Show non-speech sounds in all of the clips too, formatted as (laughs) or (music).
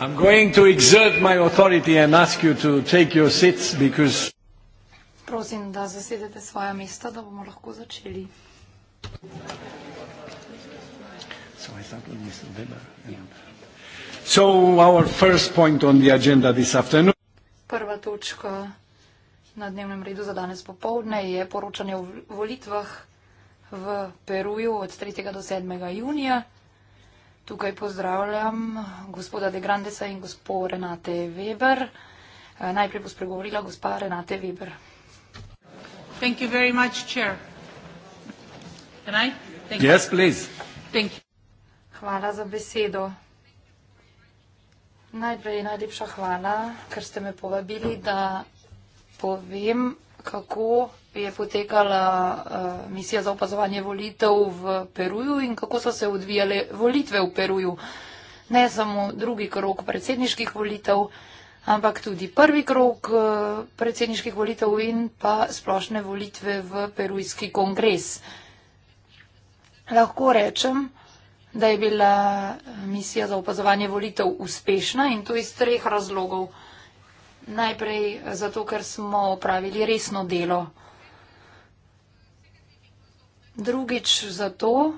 I'm going to exert my authority and ask you to take your seats because Prosim, da zasedete svoja mesta, da bomo lahko začeli. So I start with Mr. Weber. So our first point on the agenda this afternoon. Prva točka na dnevnem redu za danes popovdne je poročanje o volitvah v Peruju od 3. do 7. junija. Tukaj pozdravljam gospoda De Grandesa in gospo Renate Weber. Eh, najprej bo spregovorila gospa Renate Weber. Thank you very much, chair. Can I? Thank yes, you. please. Thank you. Hvala za besedo. Najprej najlepša hvala, ker ste me povabili, da povem, kako je potekala uh, misija za opazovanje volitev v Peruju in kako so se odvijale volitve v Peruju. Ne samo drugi krok predsedniških volitev, ampak tudi prvi krok uh, eh, predsedniških volitev in pa splošne volitve v Perujski kongres. Lahko rečem, da je bila eh, misija za opazovanje volitev uspešna in to iz treh razlogov. Najprej zato, ker smo opravili resno delo. Drugič zato,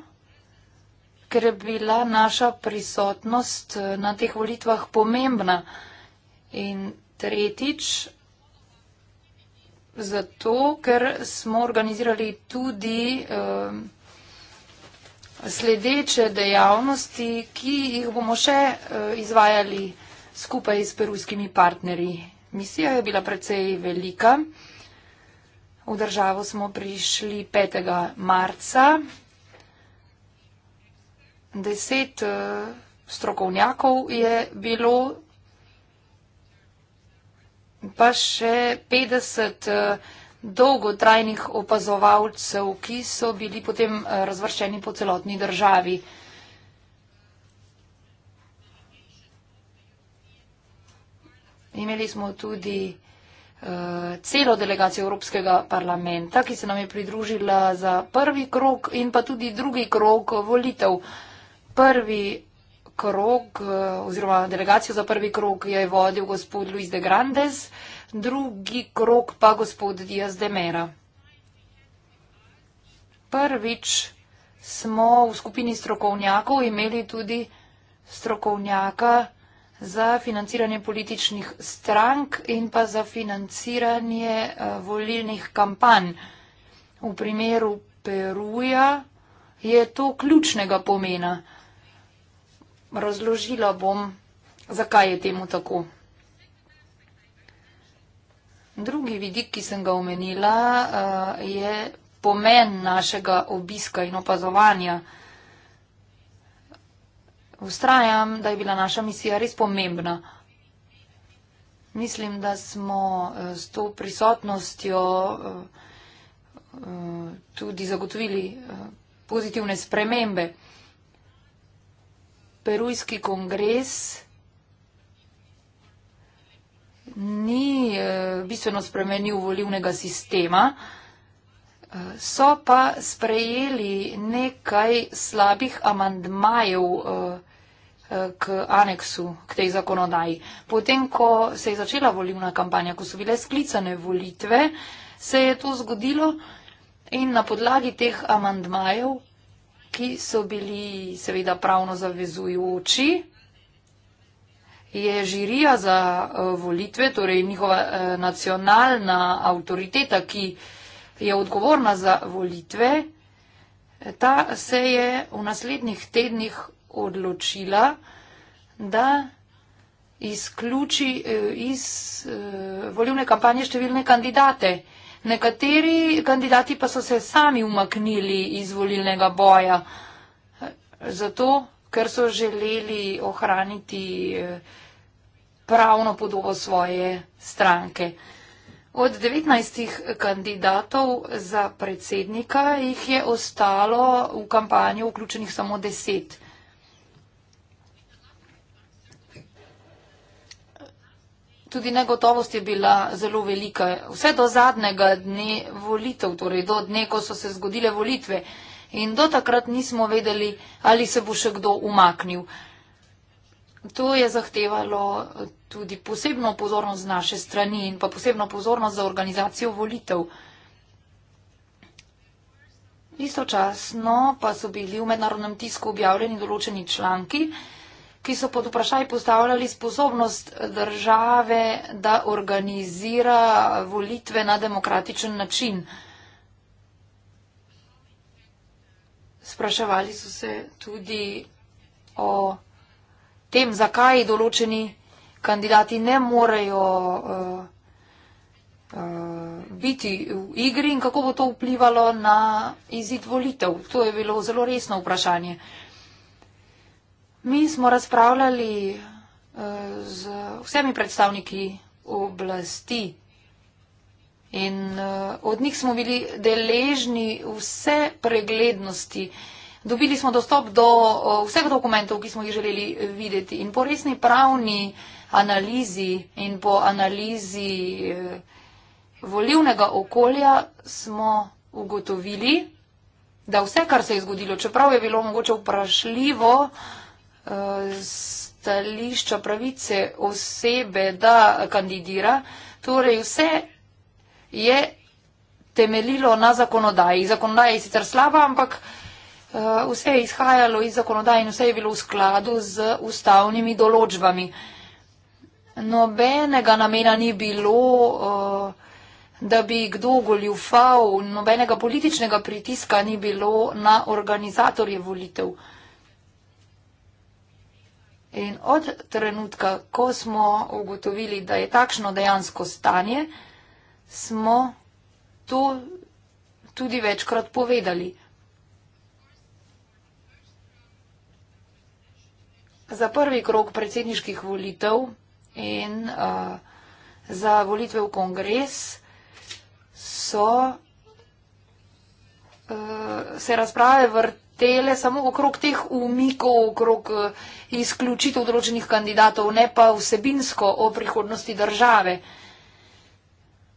ker je bila naša prisotnost eh, na teh volitvah pomembna. In tretjič, zato, ker smo organizirali tudi uh, sledeče dejavnosti, ki jih bomo še uh, izvajali skupaj s peruskimi partnerji. Misija je bila precej velika. V državo smo prišli 5. marca. Deset eh, strokovnjakov je bilo, pa še 50 eh, dolgotrajnih opazovalcev, ki so bili potem eh, razvrščeni po celotni državi. Imeli smo tudi uh, celo delegacijo Evropskega parlamenta, ki se nam je pridružila za prvi krok in pa tudi drugi krok volitev. Prvi krok uh, eh, oziroma delegacijo za prvi krok je vodil gospod Luis de Grandes, drugi krok pa gospod Diaz de Mera. Prvič smo v skupini strokovnjakov imeli tudi strokovnjaka, za financiranje političnih strank in pa za financiranje eh, volilnih kampanj. V primeru Peruja je to ključnega pomena. Razložila bom, zakaj je temu tako. Drugi vidik, ki sem ga omenila, eh, je pomen našega obiska in opazovanja. Vztrajam, da je bila naša misija res pomembna. Mislim, da smo eh, s to prisotnostjo eh, eh, tudi zagotovili pozitivne spremembe. Perujski kongres ni bistveno spremenil volivnega sistema, so pa sprejeli nekaj slabih amandmajev Eh, k aneksu, k tej zakonodaji. Potem, ko se je začela volivna kampanja, ko so bile sklicane volitve, se je to zgodilo in na podlagi teh amandmajev, ki so bili seveda pravno zavezujoči, je žirija za eh, volitve, torej njihova eh, nacionalna avtoriteta, ki je odgovorna za volitve, ta se je v naslednjih tednih odločila, da izključi eh, iz eh, volilne kampanje številne kandidate. Nekateri kandidati pa so se sami umaknili iz volilnega boja, eh, zato ker so želeli ohraniti pravno podobo svoje stranke. Od 19 kandidatov za predsednika jih je ostalo v kampanjo vključenih samo 10. Tudi negotovost je bila zelo velika. Vse do zadnjega dne volitev, torej do dne, ko so se zgodile volitve. In do takrat nismo vedeli, ali se bo še kdo umaknil. To je zahtevalo tudi posebno pozornost z naše strani in pa posebno pozornost za organizacijo volitev. Istočasno pa so bili v mednarodnem tisku objavljeni določeni članki, ki so pod vprašaj postavljali sposobnost države, da organizira volitve na demokratičen način. Spraševali so se tudi o tem, zakaj določeni kandidati ne morejo eh, eh, biti v igri in kako bo to vplivalo na izid volitev. To je bilo zelo resno vprašanje. Mi smo razpravljali uh, z vsemi predstavniki oblasti in uh, od njih smo bili deležni vse preglednosti. Dobili smo dostop do uh, vseh dokumentov, ki smo jih želeli videti in po resni pravni analizi in po analizi uh, volivnega okolja smo ugotovili, da vse, kar se je zgodilo, čeprav je bilo mogoče vprašljivo, uh, stališča pravice osebe, da kandidira. Torej vse je temeljilo na zakonodaji. Zakonodaja je sicer slaba, ampak eh, vse je izhajalo iz zakonodaje in vse je bilo v skladu z ustavnimi določbami. Nobenega namena ni bilo, eh, da bi kdo goljufal, nobenega političnega pritiska ni bilo na organizatorje volitev. In od trenutka, ko smo ugotovili, da je takšno dejansko stanje, smo to tudi večkrat povedali. Za prvi krok predsedniških volitev in uh, za volitve v kongres so uh, se razprave vrt, vrtele samo okrog teh umikov, okrog eh, izključitev določenih kandidatov, ne pa vsebinsko o prihodnosti države.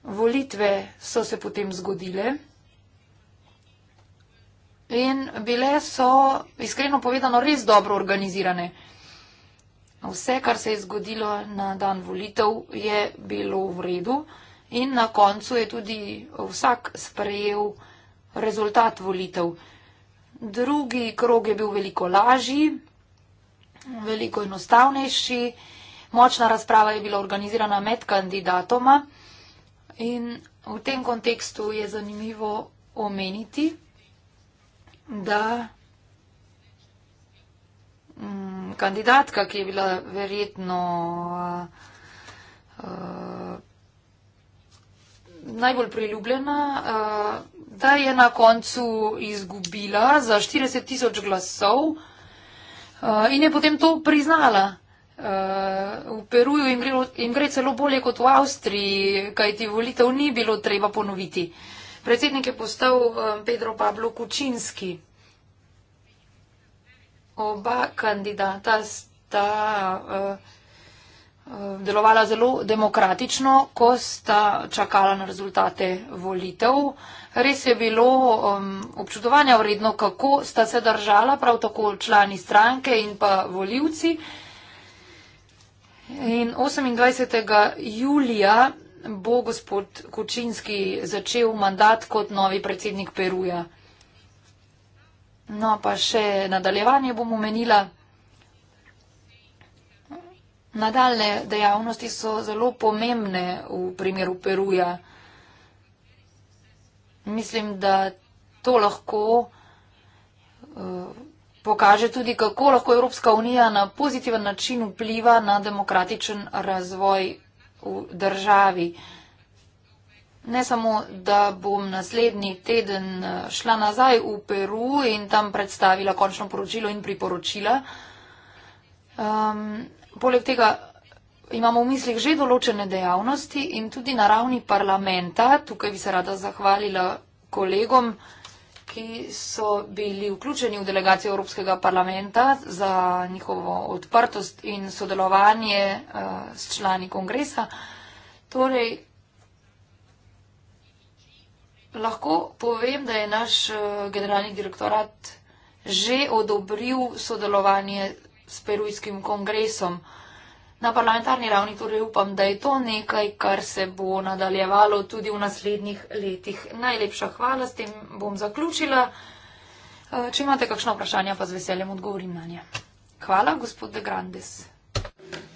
Volitve so se potem zgodile in bile so, iskreno povedano, res dobro organizirane. Vse, kar se je zgodilo na dan volitev, je bilo v redu in na koncu je tudi vsak sprejel rezultat volitev drugi krog je bil veliko lažji, veliko enostavnejši, močna razprava je bila organizirana med kandidatoma in v tem kontekstu je zanimivo omeniti, da mm, kandidatka, ki je bila verjetno uh, najbolj priljubljena, uh, da je na koncu izgubila za 40 tisoč glasov eh, in je potem to priznala. Eh, v Peruju jim gre celo bolje kot v Avstriji, kajti volitev ni bilo treba ponoviti. Predsednik je postal eh, Pedro Pablo Kučinski. Oba kandidata sta. Uh, Eh, delovala zelo demokratično, ko sta čakala na rezultate volitev. Res je bilo um, občudovanja vredno, kako sta se držala prav tako člani stranke in pa voljivci. In 28. julija bo gospod Kučinski začel mandat kot novi predsednik Peruja. No, pa še nadaljevanje bom omenila. Nadaljne dejavnosti so zelo pomembne v primeru Peruja. Mislim, da to lahko eh, pokaže tudi, kako lahko Evropska unija na pozitiven način vpliva na demokratičen razvoj v državi. Ne samo, da bom naslednji teden eh, šla nazaj v Peru in tam predstavila končno poročilo in priporočila, um, Poleg tega imamo v mislih že določene dejavnosti in tudi na ravni parlamenta, tukaj bi se rada zahvalila kolegom, ki so bili vključeni v delegacijo Evropskega parlamenta za njihovo odprtost in sodelovanje eh, s člani kongresa. Torej, lahko povem, da je naš eh, generalni direktorat že odobril sodelovanje s perujskim kongresom. Na parlamentarni ravni torej upam, da je to nekaj, kar se bo nadaljevalo tudi v naslednjih letih. Najlepša hvala, s tem bom zaključila. Eh, če imate kakšno vprašanje, pa z veseljem odgovorim na nje. Hvala, gospod De Grandes.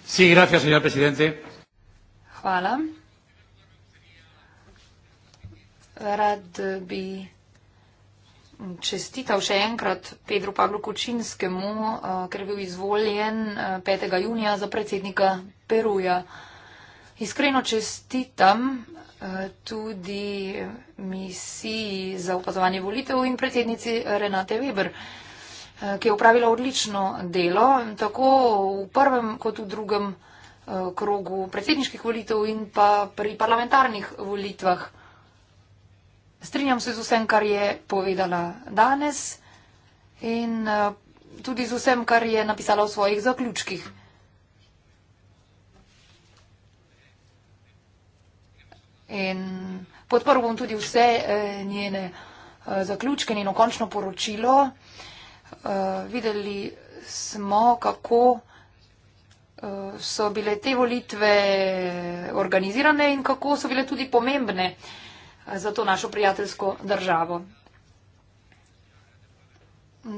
Sí, gracias, señor presidente. Hvala. Rad bi čestital še enkrat Pedro Pablo Kočinskemu, eh, ker je bil izvoljen 5. Eh, junija za predsednika Peruja. Iskreno čestitam eh, tudi misiji za opazovanje volitev in predsednici Renate Weber, ki je upravila odlično delo, tako v prvem kot v drugem krogu predsedniških volitev in pa pri parlamentarnih volitvah. Strinjam se z vsem, kar je povedala danes in eh, tudi z vsem, kar je napisala v svojih zaključkih. In podprl bom tudi vse eh, njene eh, zaključke, njeno končno poročilo. Videli smo, kako so bile te volitve organizirane in kako so bile tudi pomembne za to našo prijateljsko državo.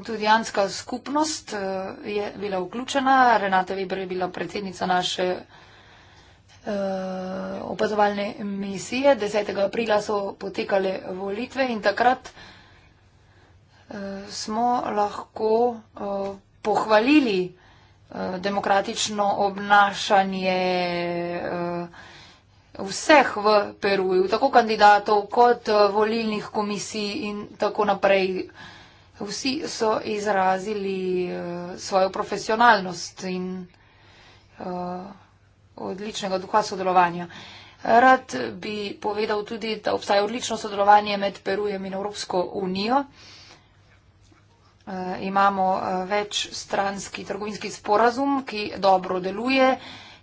Tudijanska skupnost eh, je bila vključena, Renata Weber je bila predsednica naše eh, opazovalne misije. 10. aprila so potekale volitve in takrat eh, smo lahko pohvalili demokratično obnašanje vseh v Peruju, tako kandidatov kot eh, volilnih komisij in tako naprej. Vsi so izrazili eh, svojo profesionalnost in eh, odličnega duha sodelovanja. Rad bi povedal tudi, da obstaja odlično sodelovanje med Perujem in Evropsko unijo. Imamo večstranski trgovinski sporazum, ki dobro deluje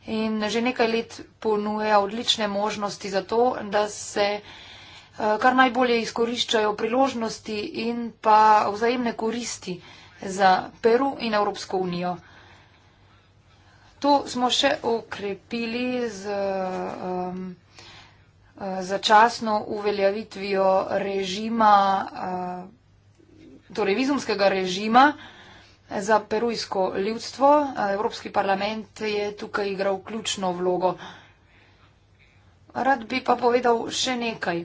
in že nekaj let ponuja odlične možnosti za to, da se eh, kar najbolje izkoriščajo priložnosti in pa vzajemne koristi za Peru in Evropsko unijo. To smo še okrepili z um, eh, začasno uveljavitvijo režima, uh, torej vizumskega režima, uh, Za perujsko ljudstvo Evropski parlament je tukaj igral ključno vlogo. Rad bi pa povedal še nekaj.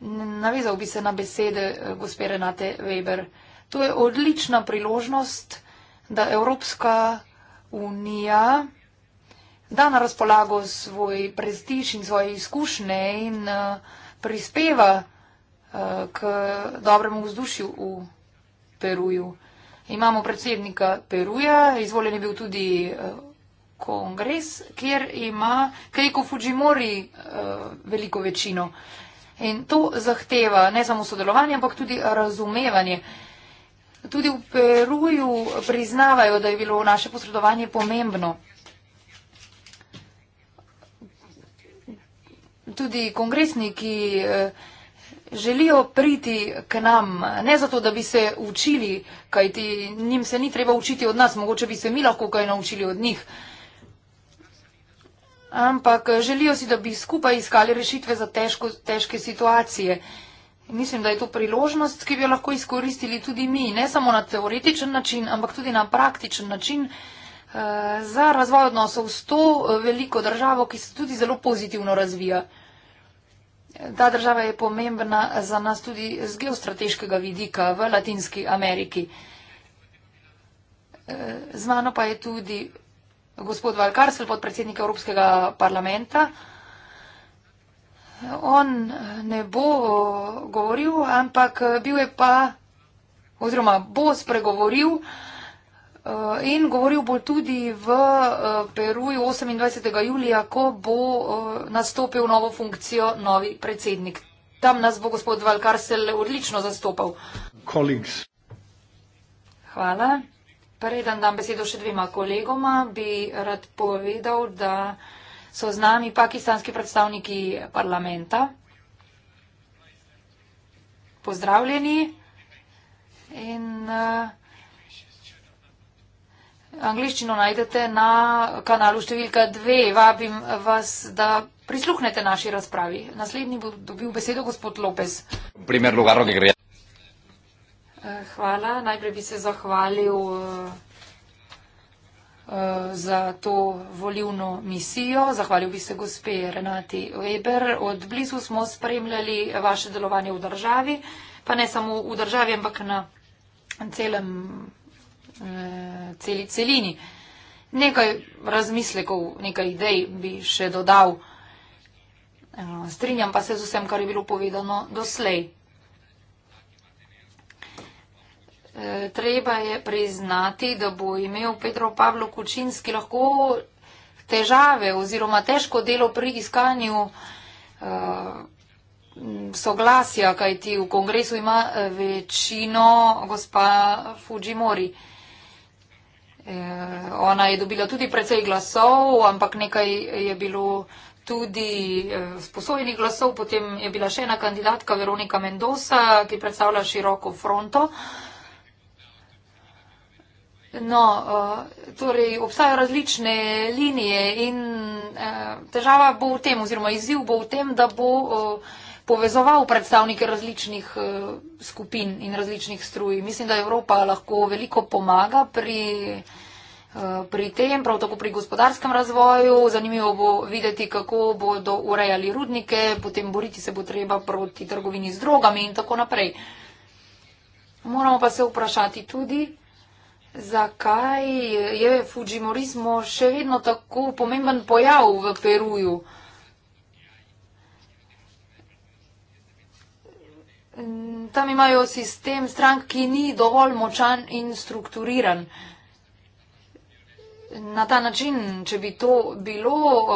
Navezal bi se na besede eh, gospe Renate Weber. To je odlična priložnost, da Evropska unija da na razpolago svoj prestiž in svoje izkušnje in eh, prispeva eh, k dobremu vzdušju v. Peruju. Imamo predsednika Peruja, izvoljen je bil tudi eh, kongres, kjer ima Keiko Fujimori eh, veliko večino. In to zahteva ne samo sodelovanje, ampak tudi razumevanje. Tudi v Peruju priznavajo, da je bilo naše posredovanje pomembno. Tudi kongresniki eh, želijo priti k nam, ne zato, da bi se učili, kajti njim se ni treba učiti od nas, mogoče bi se mi lahko kaj naučili od njih. Ampak želijo si, da bi skupaj iskali rešitve za težko, težke situacije. Mislim, da je to priložnost, ki bi jo lahko izkoristili tudi mi, ne samo na teoretičen način, ampak tudi na praktičen način eh, za razvoj odnosov s to eh, veliko državo, ki se tudi zelo pozitivno razvija. Ta država je pomembna za nas tudi z geostrateškega vidika v Latinski Ameriki. E, z mano pa je tudi gospod Valkarsel, podpredsednik Evropskega parlamenta. On ne bo e, govoril, ampak e, bil je pa, oziroma bo spregovoril. Eh, in govoril bo tudi v eh, Peruju 28. julija, ko bo eh, nastopil novo funkcijo, novi predsednik. Tam nas bo gospod Valkarsel odlično zastopal. Kolegs. Hvala. Preden dam besedo še dvema kolegoma, bi rad povedal, da so z nami pakistanski predstavniki parlamenta. Pozdravljeni. In uh, Angliščino najdete na kanalu številka 2. Vabim vas, da prisluhnete naši razpravi. Naslednji bo dobil besedo gospod Lopez. Eh, hvala. Najprej bi se zahvalil eh, eh, za to volivno misijo. Zahvalil bi se gospe Renati Weber. Od blizu smo spremljali vaše delovanje v državi, pa ne samo v državi, ampak na celem eh, celi celini. Nekaj razmislekov, nekaj idej bi še dodal. Eh, strinjam pa se z vsem, kar je bilo povedano doslej. Eh, treba je priznati, da bo imel Pedro Pablo Kučinski lahko težave oziroma težko delo pri iskanju eh, soglasja, kajti v kongresu ima eh, večino gospa Fujimori. Eh, Eh, ona je dobila tudi precej glasov, ampak nekaj je bilo tudi eh, sposojenih glasov. Potem je bila še ena kandidatka, Veronika Mendosa, ki predstavlja široko fronto. No, eh, torej obstajajo različne linije in težava bo v tem, oziroma izziv bo v tem, da bo povezoval predstavnike različnih eh, skupin in različnih struj. Mislim, da Evropa lahko veliko pomaga pri, eh, pri tem, prav tako pri gospodarskem razvoju. Zanimivo bo videti, kako bodo urejali rudnike, potem boriti se bo treba proti trgovini z drogami in tako naprej. Moramo pa se vprašati tudi, zakaj je Fujimorismo še vedno tako pomemben pojav v Peruju. Mm, tam imajo sistem strank, ki ni dovolj močan in strukturiran. Na ta način, če bi to bilo uh,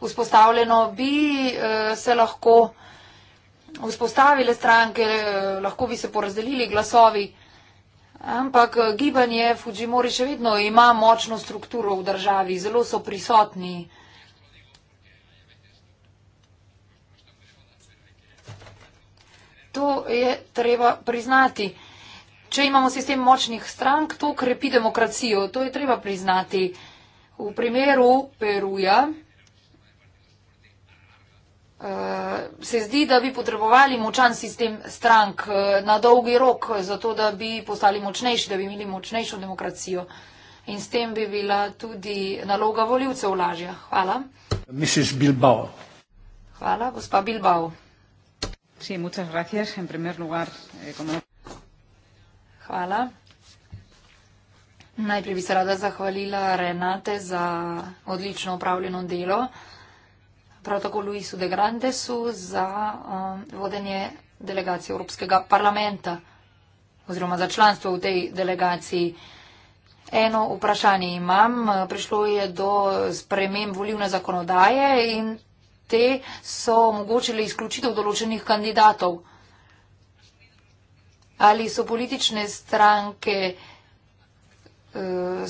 vzpostavljeno, bi uh, se lahko vzpostavile stranke, uh, lahko bi se porazdelili glasovi. Ampak gibanje Fujimori še vedno ima močno strukturo v državi, zelo so prisotni. Uh, To je treba priznati. Če imamo sistem močnih strank, to krepi demokracijo. To je treba priznati. V primeru Peruja eh, se zdi, da bi potrebovali močan sistem strank eh, na dolgi rok, zato da bi postali močnejši, da bi imeli močnejšo demokracijo. In s tem bi bila tudi naloga voljivcev lažja. Hvala. Hvala, gospa Bilbao. Sí, muchas gracias. En primer lugar, eh, como... No- Hvala. Najprej bi se rada zahvalila Renate za odlično upravljeno delo, prav tako Luisu de Grandesu za um, vodenje delegacije Evropskega parlamenta oziroma za članstvo v tej delegaciji. Eno vprašanje imam. Prišlo je do sprememb volivne zakonodaje in te so omogočile izključitev določenih kandidatov? Ali so politične stranke eh,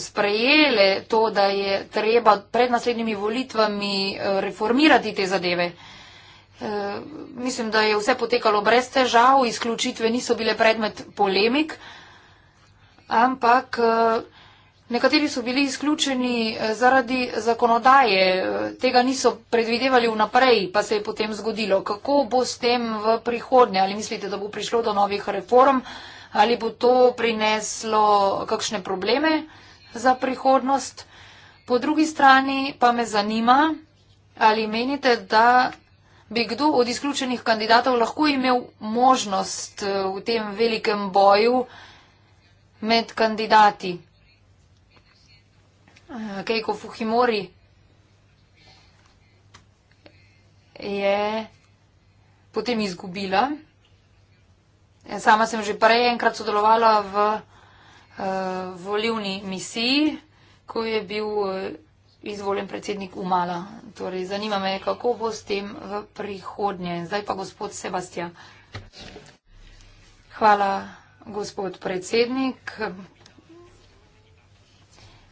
sprejele to, da je treba pred naslednjimi volitvami eh, reformirati te zadeve? Eh, mislim, da je vse potekalo brez težav, izključitve niso bile predmet polemik, ampak Nekateri so bili izključeni eh, zaradi zakonodaje, eh, tega niso predvidevali vnaprej, pa se je potem zgodilo. Kako bo s tem v prihodnje? Ali mislite, da bo prišlo do novih reform? Ali bo to prineslo kakšne probleme za prihodnost? Po drugi strani pa me zanima, ali menite, da bi kdo od izključenih kandidatov lahko imel možnost eh, v tem velikem boju med kandidati? Eh, Keiko Fujimori je potem izgubila. Eh, sama sem že prej enkrat sodelovala v uh, volivni misiji, ko je bil uh, izvoljen predsednik Umala. Torej, zanima me, kako bo s tem v prihodnje. Zdaj pa gospod Sebastian. Hvala, gospod predsednik.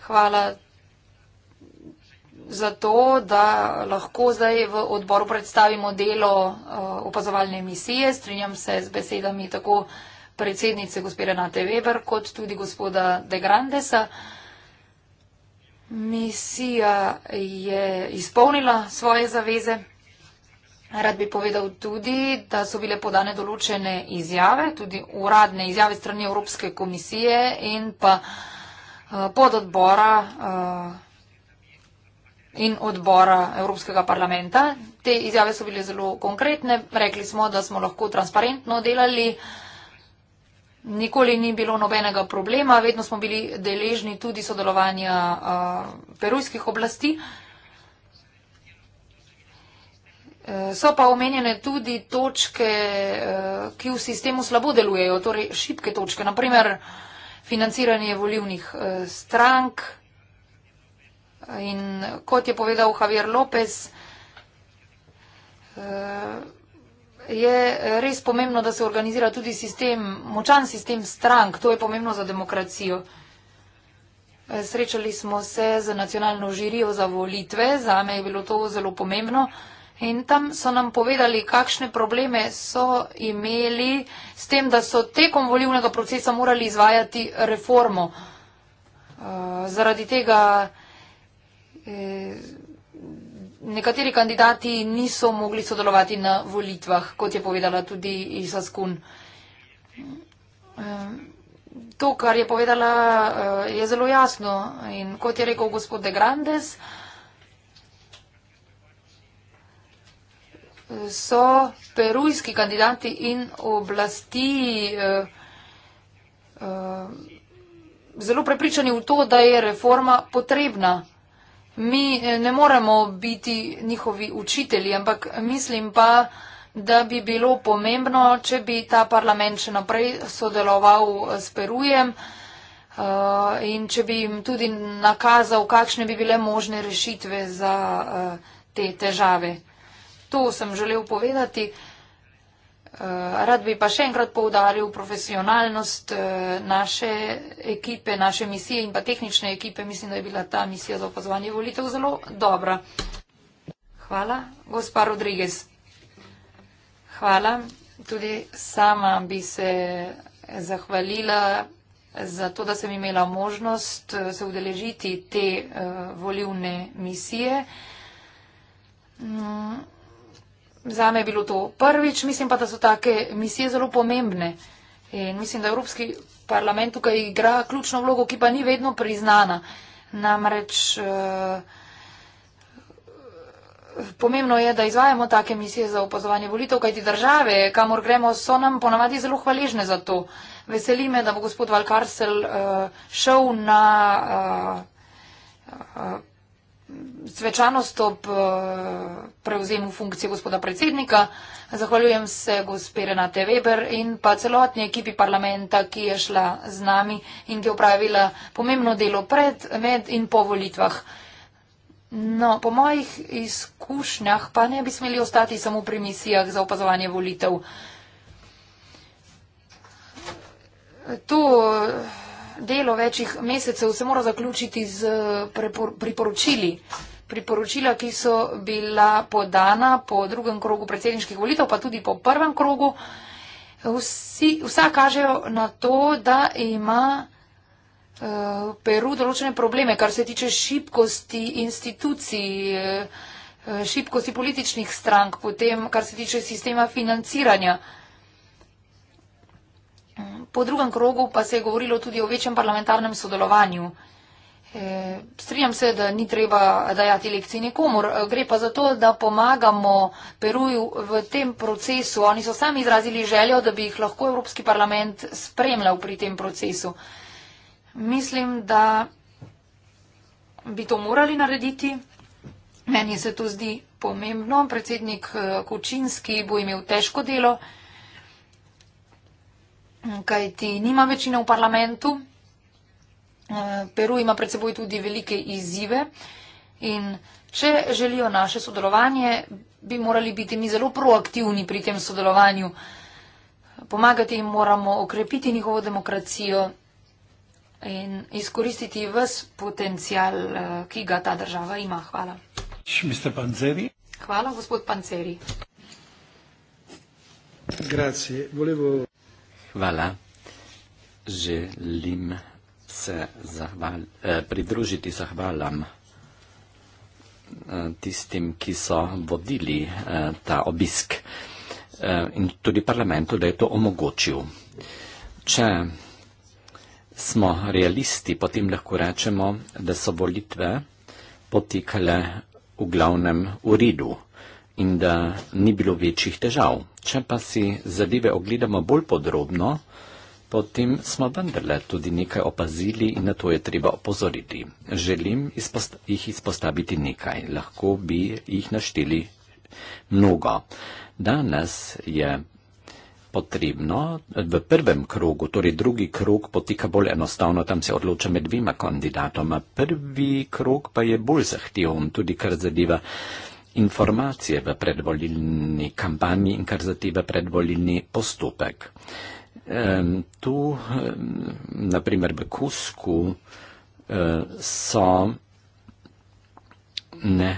Hvala zato, da lahko zdaj v odboru predstavimo delo eh, opazovalne misije. Strinjam se z besedami tako predsednice gospoda Nate Weber kot tudi gospoda De Grandesa. Misija je izpolnila svoje zaveze. Rad bi povedal tudi, da so bile podane določene izjave, tudi uradne izjave strani Evropske komisije in pa eh, pododbora. Uh, in odbora Evropskega parlamenta. Te izjave so bile zelo konkretne. Rekli smo, da smo lahko transparentno delali. Nikoli ni bilo nobenega problema, vedno smo bili deležni tudi sodelovanja uh, perujskih oblasti. E, so pa omenjene tudi točke, e, ki v sistemu slabo delujejo, torej šibke točke, naprimer financiranje volivnih e, strank. In kot je povedal Javier Lopez, eh, je res pomembno, da se organizira tudi sistem, močan sistem strank. To je pomembno za demokracijo. Eh, srečali smo se z nacionalno žirijo za volitve, zame je bilo to zelo pomembno. In tam so nam povedali, kakšne probleme so imeli s tem, da so tekom volivnega procesa morali izvajati reformo. Uh, zaradi tega uh, Eh, nekateri kandidati niso mogli sodelovati na volitvah, kot je povedala tudi Isa Skun. Eh, to, kar je povedala, eh, je zelo jasno in kot je rekel gospod De Grandes, so perujski kandidati in oblasti zelo prepričani v to, da je reforma potrebna mi eh, ne moremo biti njihovi učitelji, ampak mislim pa, da bi bilo pomembno, če bi ta parlament še naprej sodeloval eh, s Perujem eh, in če bi jim tudi nakazal, kakšne bi bile možne rešitve za te težave. To sem želel povedati. Eh, rad bi pa še enkrat poudaril profesionalnost eh, naše ekipe, naše misije in pa tehnične ekipe. Mislim, da je bila ta misija za opazovanje volitev zelo dobra. Hvala, gospa Rodriguez. Hvala. Tudi sama bi se zahvalila za to, da sem imela možnost eh, se udeležiti te volivne misije. Mm. Za me je bilo to prvič, mislim pa, da so take misije zelo pomembne. In mislim, da Evropski parlament tukaj igra ključno vlogo, ki pa ni vedno priznana. Namreč eh, pomembno je, da izvajamo take misije za opazovanje volitev, kajti države, kamor gremo, so nam ponavadi zelo hvaležne za to. Veseli me, da bo gospod Valkarsel eh, šel na. Eh, eh svečanost ob eh, prevzemu funkcije gospoda predsednika. Zahvaljujem se gospe Renate Weber in pa celotni ekipi parlamenta, ki je šla z nami in ki je upravila pomembno delo pred, med in po volitvah. No, po mojih izkušnjah pa ne bi smeli ostati samo pri misijah za opazovanje volitev. To delo večjih mesecev se mora zaključiti z priporočili. Priporočila, ki so bila podana po drugem krogu predsedniških volitev, pa tudi po prvem krogu, vsi, vsa kažejo na to, da ima uh, Peru določene probleme, kar se tiče šibkosti institucij, eh, eh, šibkosti političnih strank, potem kar se tiče sistema financiranja. Uh, po drugem krogu pa se je govorilo tudi o večjem parlamentarnem sodelovanju. E, strijam se, da ni treba dajati lekcij nikomor. E, gre pa za to, da pomagamo Peruju v tem procesu. Oni so sami izrazili željo, da bi jih lahko Evropski parlament spremljal pri tem procesu. Mislim, da bi to morali narediti. Meni se to zdi pomembno. Predsednik e, Kučinski bo imel težko delo kajti nima večine v parlamentu. Eh, Peru ima pred seboj tudi velike izzive in če želijo naše sodelovanje, bi morali biti mi zelo proaktivni pri tem sodelovanju. Pomagati jim moramo okrepiti njihovo demokracijo in izkoristiti ves potencial, eh, ki ga ta država ima. Hvala. Hvala, gospod Panceri. Grazie. Volevo... Hvala. Želim se zahval, eh, pridružiti zahvalam eh, tistim, ki so vodili eh, ta obisk eh, in tudi parlamentu, da je to omogočil. Če smo realisti, potem lahko rečemo, da so volitve potekale v glavnem uredu in da ni bilo večjih težav če pa si zadeve ogledamo bolj podrobno, potem smo vendarle tudi nekaj opazili in na to je treba opozoriti. Želim izpost jih izpostaviti nekaj, lahko bi jih našteli mnogo. Danes je potrebno v prvem krogu, torej drugi krog poteka bolj enostavno, tam se odloča med dvima kandidatoma. Prvi krog pa je bolj zahteven, tudi kar zadeva informacije v predvolilni kampanji in kar zadeva predvolilni postopek. Tu, naprimer, v Kusku so ne,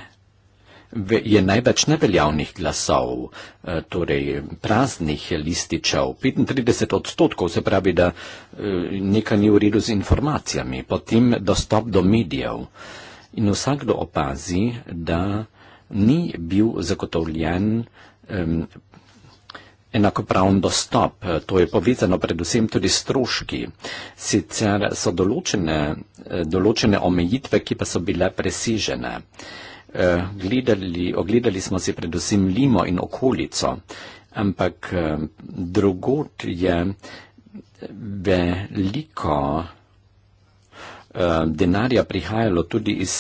je največ neveljavnih glasov, e, torej praznih lističev, 35 odstotkov, se pravi, da e, nekaj ni v redu z informacijami, potem dostop do medijev. In vsakdo opazi, da ni bil zagotovljen um, enakopraven dostop. To je povezano predvsem tudi s stroški. Sicer so določene, eh, določene omejitve, ki pa so bile presežene. Eh, gledali, ogledali smo si predvsem limo in okolico, ampak drugot je veliko eh, denarja prihajalo tudi iz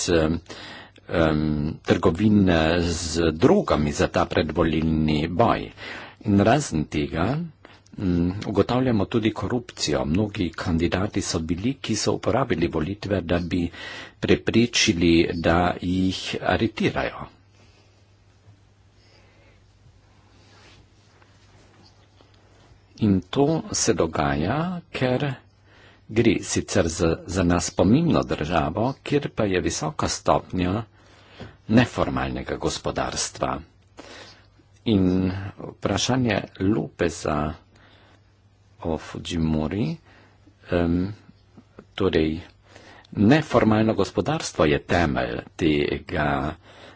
um, trgovine z drogami za ta predvolilni boj. In razen tega um, ugotavljamo tudi korupcijo. Mnogi kandidati so bili, ki so uporabili volitve, da bi preprečili, da jih aretirajo. In to se dogaja, ker gre sicer za, za nas pomembno državo, kjer pa je visoka stopnja neformalnega gospodarstva. In vprašanje Lopeza o Fujimori, um, torej neformalno gospodarstvo je temelj tega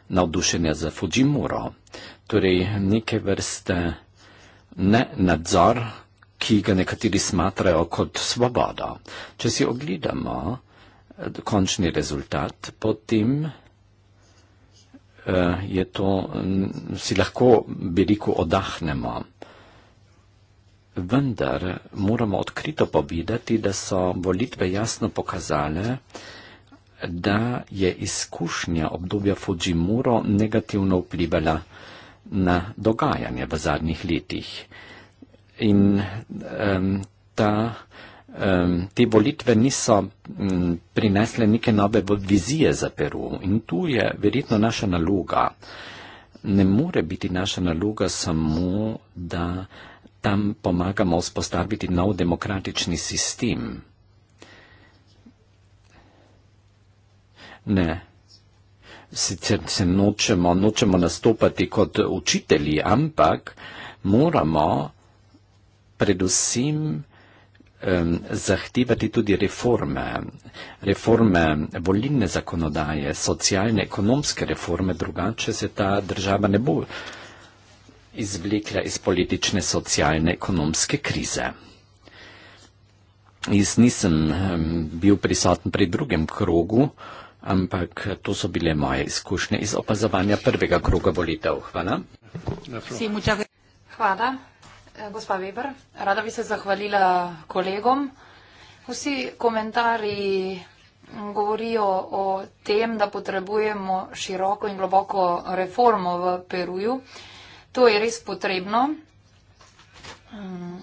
navdušenja za Fujimuro, torej neke vrste ne nadzor, ki ga nekateri smatrajo kot svobodo. Če si ogledamo eh, končni rezultat, potem Eh, je to, si lahko veliko odahnemo. Vendar moramo odkrito povedati, da so volitve jasno pokazale, da je izkušnja obdobja Fujimuro negativno vplivala na dogajanje v zadnjih letih. In um, ta te volitve niso mm, prinesle neke nove vizije za Peru in tu je verjetno naša naloga. Ne more biti naša naloga samo, da tam pomagamo vzpostaviti nov demokratični sistem. Ne. Sicer se nočemo, nočemo nastopati kot učitelji, ampak moramo predvsem um, zahtevati tudi reforme, reforme volilne zakonodaje, socialne, ekonomske reforme, drugače se ta država ne bo izvlekla iz politične, socialne, ekonomske krize. Jaz nisem bil prisoten pri drugem krogu, ampak to so bile moje izkušnje iz opazovanja prvega kroga volitev. Hvala. Hvala. Eh, gospa Weber, rada bi se zahvalila kolegom. Vsi komentarji mm, govorijo o tem, da potrebujemo široko in globoko reformo v Peruju. To je res potrebno. Mm,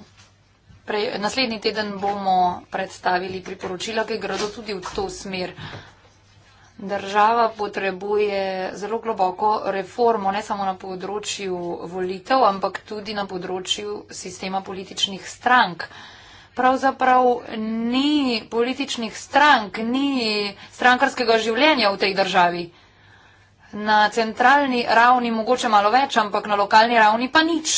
Pre, naslednji teden bomo predstavili priporočila, ki gredo tudi v to smer. Država potrebuje zelo globoko reformo, ne samo na področju volitev, ampak tudi na področju sistema političnih strank. Pravzaprav ni političnih strank, ni strankarskega življenja v tej državi. Na centralni ravni mogoče malo več, ampak na lokalni ravni pa nič.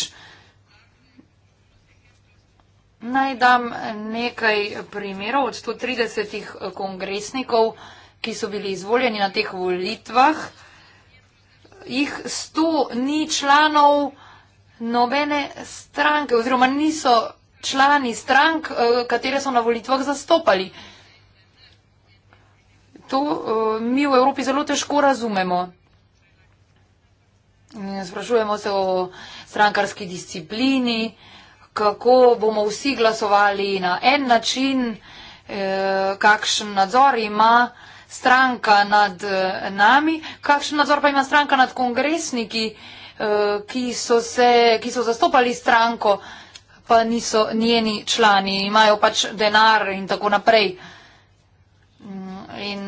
Naj dam nekaj primerov od 130 kongresnikov ki so bili izvoljeni na teh volitvah, jih sto ni članov nobene stranke oziroma niso člani strank, eh, katere so na volitvah zastopali. To eh, mi v Evropi zelo težko razumemo. Sprašujemo se o strankarski disciplini, kako bomo vsi glasovali na en način, eh, kakšen nadzor ima stranka nad eh, nami, kakšen nadzor pa ima stranka nad kongresniki, eh, ki so, se, ki so zastopali stranko, pa niso njeni člani, imajo pač denar in tako naprej. Mm, in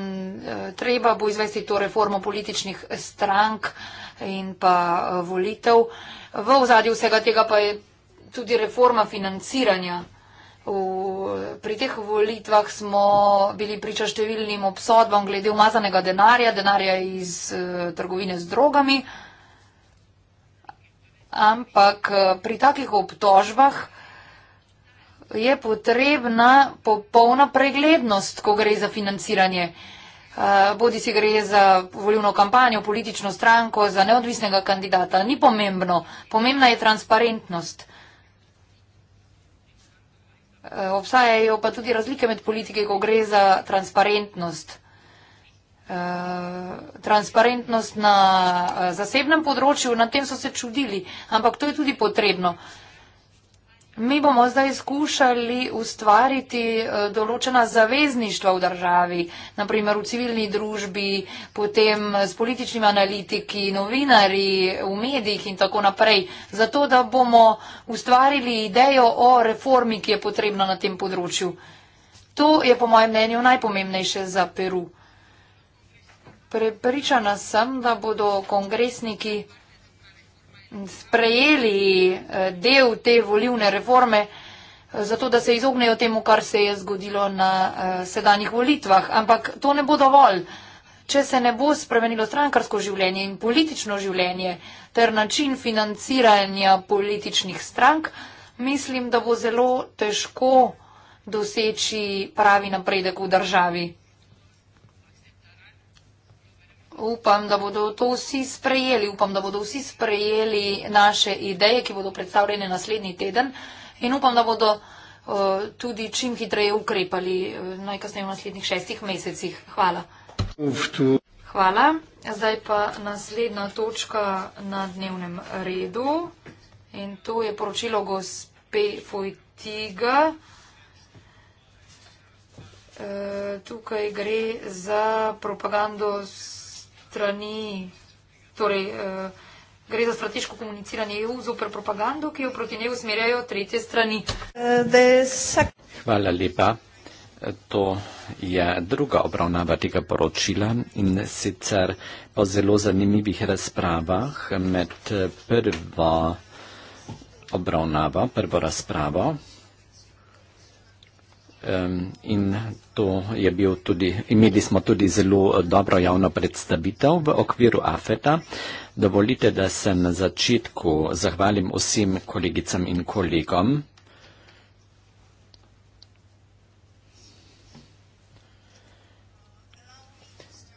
eh, treba bo izvesti to reformo političnih strank in pa volitev. V ozadju vsega tega pa je tudi reforma financiranja. V, pri teh volitvah smo bili priča številnim obsodbam glede umazanega denarja, denarja iz uh, trgovine z drogami. Ampak eh, pri takih obtožbah je potrebna popolna preglednost, ko gre za financiranje. Uh, eh, bodi si gre za volivno kampanjo, politično stranko, za neodvisnega kandidata. Ni pomembno. Pomembna je transparentnost. Eh, obstajajo pa tudi razlike med politike, ko gre za transparentnost. Eh, transparentnost na eh, zasebnem področju, na tem so se čudili, ampak to je tudi potrebno. Mi bomo zdaj skušali ustvariti eh, določena zavezništva v državi, naprimer v civilni družbi, potem s političnimi analitiki, novinari, v medijih in tako naprej, zato da bomo ustvarili idejo o reformi, ki je potrebna na tem področju. To je po mojem mnenju najpomembnejše za Peru. Prepričana sem, da bodo kongresniki sprejeli eh, del te volivne reforme, eh, zato da se izognejo temu, kar se je zgodilo na eh, sedanjih volitvah. Ampak to ne bo dovolj. Če se ne bo spremenilo strankarsko življenje in politično življenje ter način financiranja političnih strank, mislim, da bo zelo težko doseči pravi napredek v državi. Upam, da bodo to vsi sprejeli, upam, da bodo vsi sprejeli naše ideje, ki bodo predstavljene naslednji teden in upam, da bodo uh, tudi čim hitreje ukrepali, uh, najkasneje v naslednjih šestih mesecih. Hvala. Hvala. Zdaj pa naslednja točka na dnevnem redu in to je poročilo gospe Fojtiga. Uh, tukaj gre za propagando s strani, torej uh, gre za strateško komuniciranje EU z opr propagando, ki jo proti njej usmerjajo tretje strani. Hvala lepa. To je druga obravnava tega poročila in sicer po zelo zanimivih razpravah med prvo obravnavo, prvo razpravo. In to je bil tudi, imeli smo tudi zelo eh, dobro javno predstavitev v okviru AFETA. Dovolite, da se na začetku zahvalim vsem kolegicam in kolegom.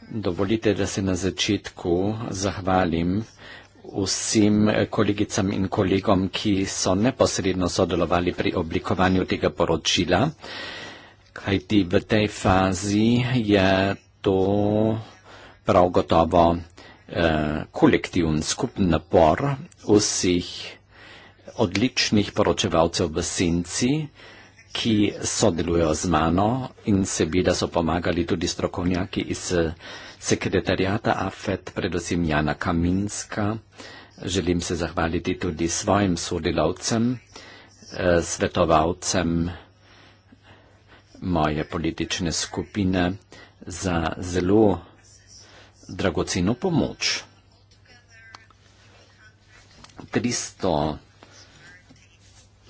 Dovolite, da se na začetku zahvalim vsem kolegicam in kolegom, ki so neposredno sodelovali pri oblikovanju tega poročila kajti v tej fazi je to prav gotovo eh, kolektivn skupen napor vseh odličnih poročevalcev v senci, ki sodelujo z mano in seveda so pomagali tudi strokovnjaki iz eh, sekretarijata AFET, predvsem Jana Kaminska. Želim se zahvaliti tudi svojim sodelavcem, eh, svetovalcem, moje politične skupine za zelo dragoceno pomoč. 358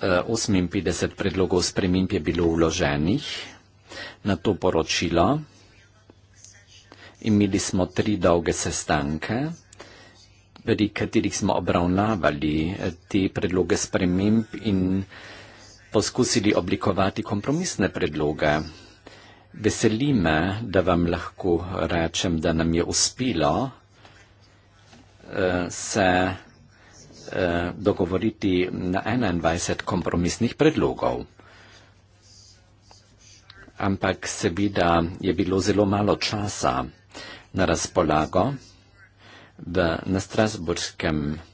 eh, predlogov sprememb je bilo vloženih na to poročilo. Imeli smo tri dolge sestanke, pri katerih smo obravnavali eh, te predloge sprememb in predloge poskusili oblikovati kompromisne predloge. Veseli me, da vam lahko rečem, da nam je uspelo eh, se eh, dogovoriti na 21 kompromisnih predlogov. Ampak seveda je bilo zelo malo časa na razpolago v nastrasburskem predlogu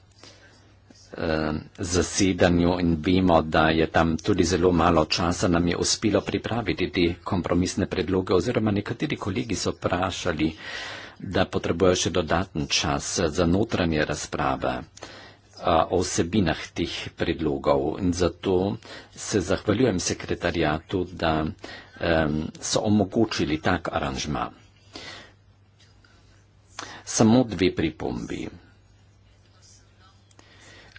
eh, zasedanju in vemo, da je tam tudi zelo malo časa, nam je uspelo pripraviti te kompromisne predloge oziroma nekateri kolegi so vprašali, da potrebujejo še dodaten čas za notranje razprave eh, o vsebinah teh predlogov in zato se zahvaljujem sekretarjatu, da um, so omogočili tak aranžma. Samo dve pripombi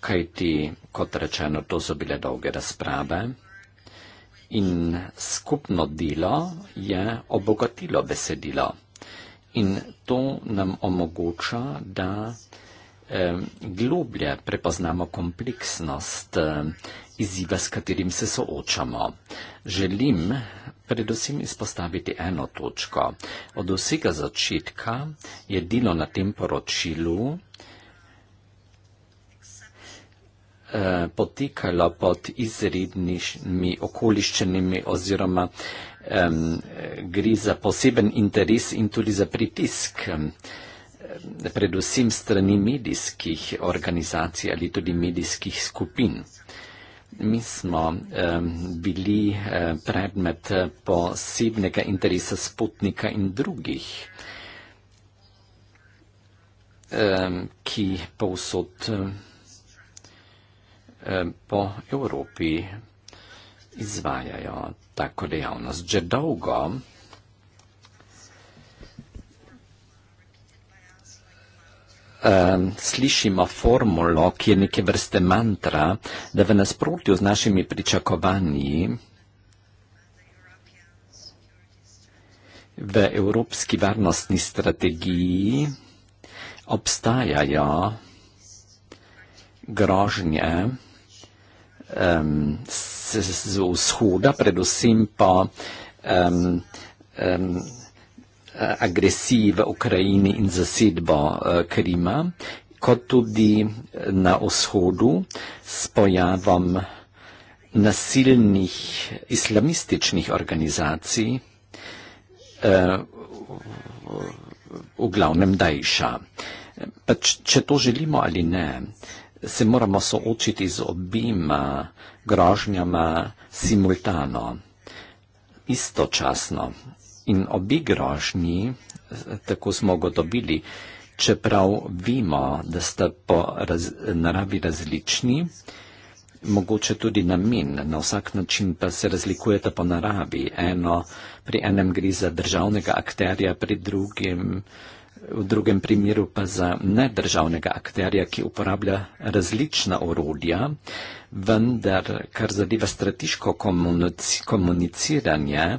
kajti, kot rečeno, to so bile dolge razprave in skupno delo je obogatilo besedilo. In to nam omogoča, da eh, globlje prepoznamo kompleksnost eh, izziva, s katerim se soočamo. Želim predvsem izpostaviti eno točko. Od vsega začetka je delo na tem poročilu Eh, potekala pod izrednimi okoliščenimi oziroma um, gre za poseben interes in tudi za pritisk, um, predvsem strani medijskih organizacij ali tudi medijskih skupin. Mi smo um, bili um, predmet posebnega interesa spotnika in drugih, um, ki povsod. Um, Eh, po Evropi izvajajo tako dejavnost. Že dolgo eh, slišimo formulo, ki je neke vrste mantra, da v nasprotju z našimi pričakovanji v evropski varnostni strategiji obstajajo grožnje, um, s, s, vzhoda, predvsem pa um, um, agresiji v Ukrajini in zasedbo uh, Krima, kot tudi na vzhodu s pojavom nasilnih islamističnih organizacij, uh, v glavnem Dajša. Pa če to želimo ali ne, se moramo soočiti z obima grožnjama simultano, istočasno. In obi grožnji, tako smo ugotovili, čeprav vemo, da sta po raz, naravi različni, mogoče tudi namen, na vsak način pa se razlikujete po naravi. Eno, pri enem gre za državnega akterja, pri drugem v drugem primeru pa za nedržavnega akterja, ki uporablja različna orodja, vendar, kar zadeva strateško komuniciranje,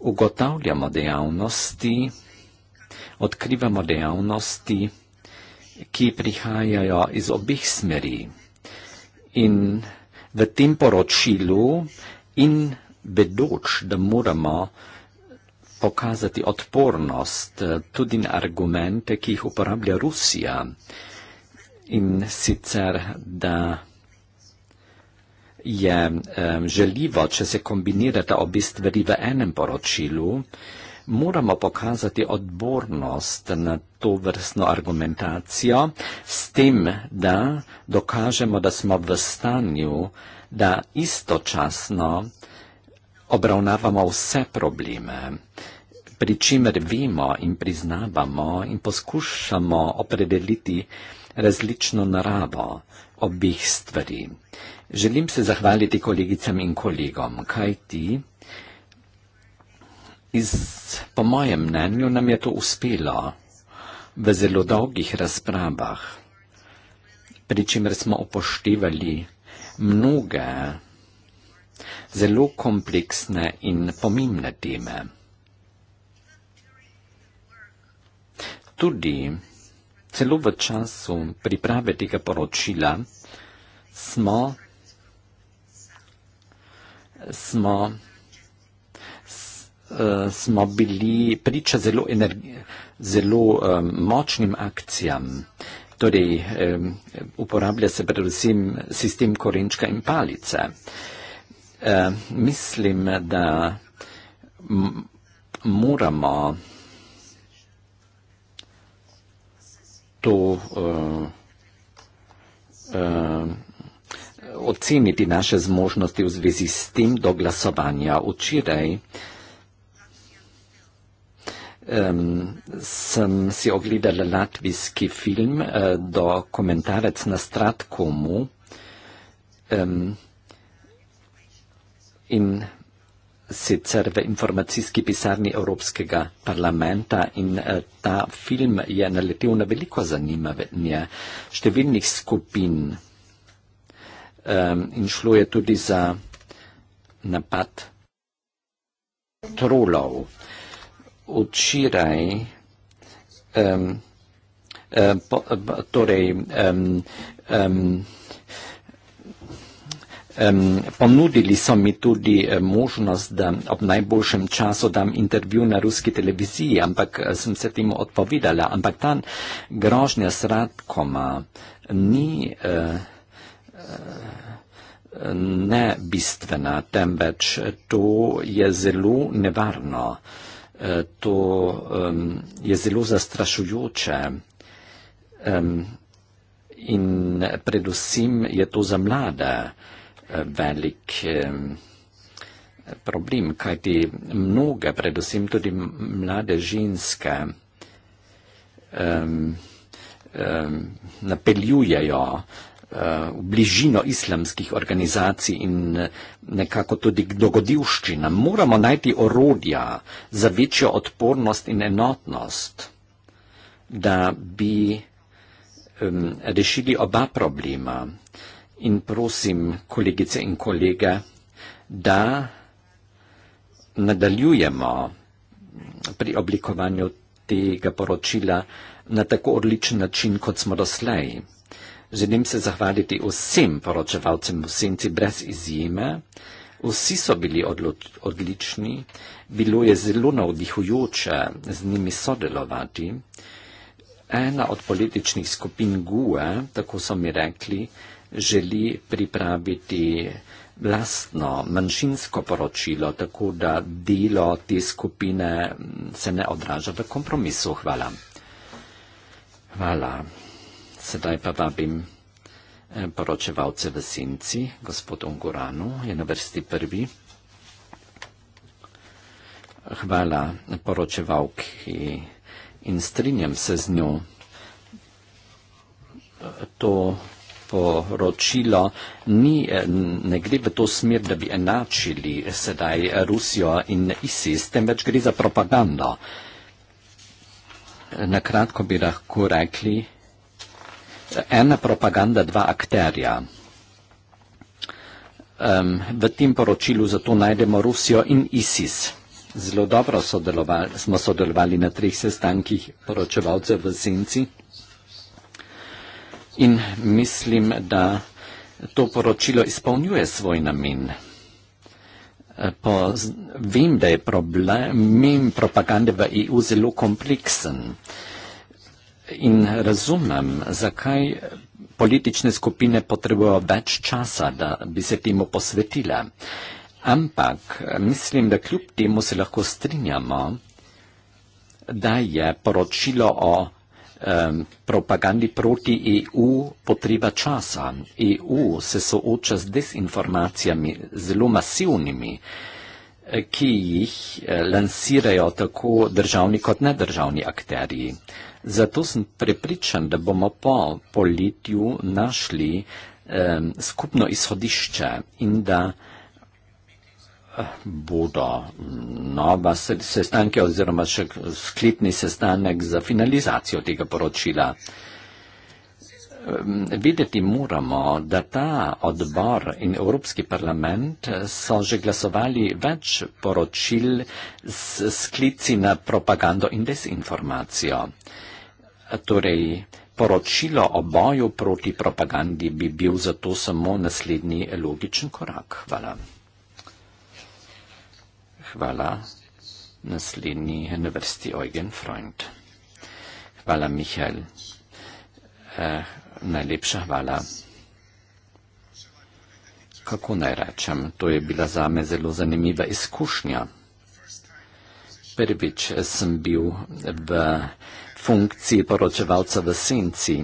ugotavljamo dejavnosti, odkrivamo dejavnosti, ki prihajajo iz obih smeri. In v tem poročilu in vedoč, da moramo pokazati odpornost eh, tudi na argumente, ki jih uporablja Rusija. In sicer, da je um, eh, želivo, če se kombinirata obi stvari v enem poročilu, moramo pokazati odbornost na to vrstno argumentacijo s tem, da dokažemo, da smo v stanju, da istočasno obravnavamo vse probleme, pri čemer vemo in priznavamo in poskušamo opredeliti različno naravo obih stvari. Želim se zahvaliti kolegicam in kolegom, kaj ti? Iz, po mojem mnenju nam je to uspelo v zelo dolgih razpravah, pri čemer smo upoštevali mnoge zelo kompleksne in pomembne teme. Tudi celo v času priprave tega poročila smo, smo, eh, smo bili priča zelo, zelo eh, močnim akcijam. Torej, eh, uporablja se predvsem sistem korenčka in palice. Eh, mislim, da moramo to uh, uh, oceniti naše zmožnosti v zvezi s tem do glasovanja. Včeraj um, sem si ogledala latvijski film uh, do komentarec na Stratkomu. Um, in sicer v informacijski pisarni Evropskega parlamenta in eh, ta film je naletel na veliko zanimanje številnih skupin in šlo je tudi za napad trolov. Včeraj, eh, eh, torej, Ponudili so mi tudi eh, možnost, da ob najboljšem času dam intervju na ruski televiziji, ampak eh, sem se temu odpovedala. Ampak ta grožnja s radkoma ni eh, ne bistvena, temveč to je zelo nevarno, to je zelo zastrašujoče. In predvsem je to za mlade velik problem, kajti mnoge, predvsem tudi mlade ženske, napeljujejo eh, v bližino islamskih organizacij in eh, nekako tudi dogodivščina. Moramo najti orodja za večjo odpornost in enotnost, da bi rešili oba problema in prosim, kolegice in kolege, da nadaljujemo pri oblikovanju tega poročila na tako odličen način, kot smo doslej. Želim se zahvaliti vsem poročevalcem v senci brez izjeme. Vsi so bili odlični, bilo je zelo navdihujoče z njimi sodelovati. Ena od političnih skupin GUE, tako so mi rekli, želi pripraviti vlastno manjšinsko poročilo, tako da delo te skupine se ne odraža v kompromisu. Hvala. Hvala. Sedaj pa vabim eh, poročevalce v Sinci, gospod Unguranu, je na vrsti prvi. Hvala poročevalki in strinjam se z njo. To poročilo ni, eh, ne gre v to smer, da bi enačili sedaj Rusijo in ISIS, temveč gre za propagando. Na kratko bi lahko rekli, ena propaganda, dva akterja. Um, v tem poročilu zato najdemo Rusijo in ISIS. Zelo dobro sodelovali, smo sodelovali na treh sestankih poročevalcev v Senci. In mislim, da to poročilo izpolnjuje svoj namen. E, po, vem, da je problem propagande v EU zelo kompleksen in razumem, zakaj politične skupine potrebujejo več časa, da bi se temu posvetile. Ampak mislim, da kljub temu se lahko strinjamo, da je poročilo o um, propagandi proti EU potreba časa. EU se sooča z dezinformacijami, zelo masivnimi, eh, ki jih eh, lansirajo tako državni kot nedržavni akterji. Zato sem prepričan, da bomo po politju našli um, skupno izhodišče in da bodo nova sestanke oziroma še sklepni sestanek za finalizacijo tega poročila. Videti moramo, da ta odbor in Evropski parlament so že glasovali več poročil s sklici na propagando in desinformacijo. Torej, poročilo o boju proti propagandi bi bil zato samo naslednji logičen korak. Hvala. Hvala, naslednji na vrsti Eugen Freund. Hvala, Michael. Eh, najlepša hvala. Kako naj rečem, to je bila zame zelo zanimiva izkušnja. Prvič sem bil v funkciji poročevalca v senci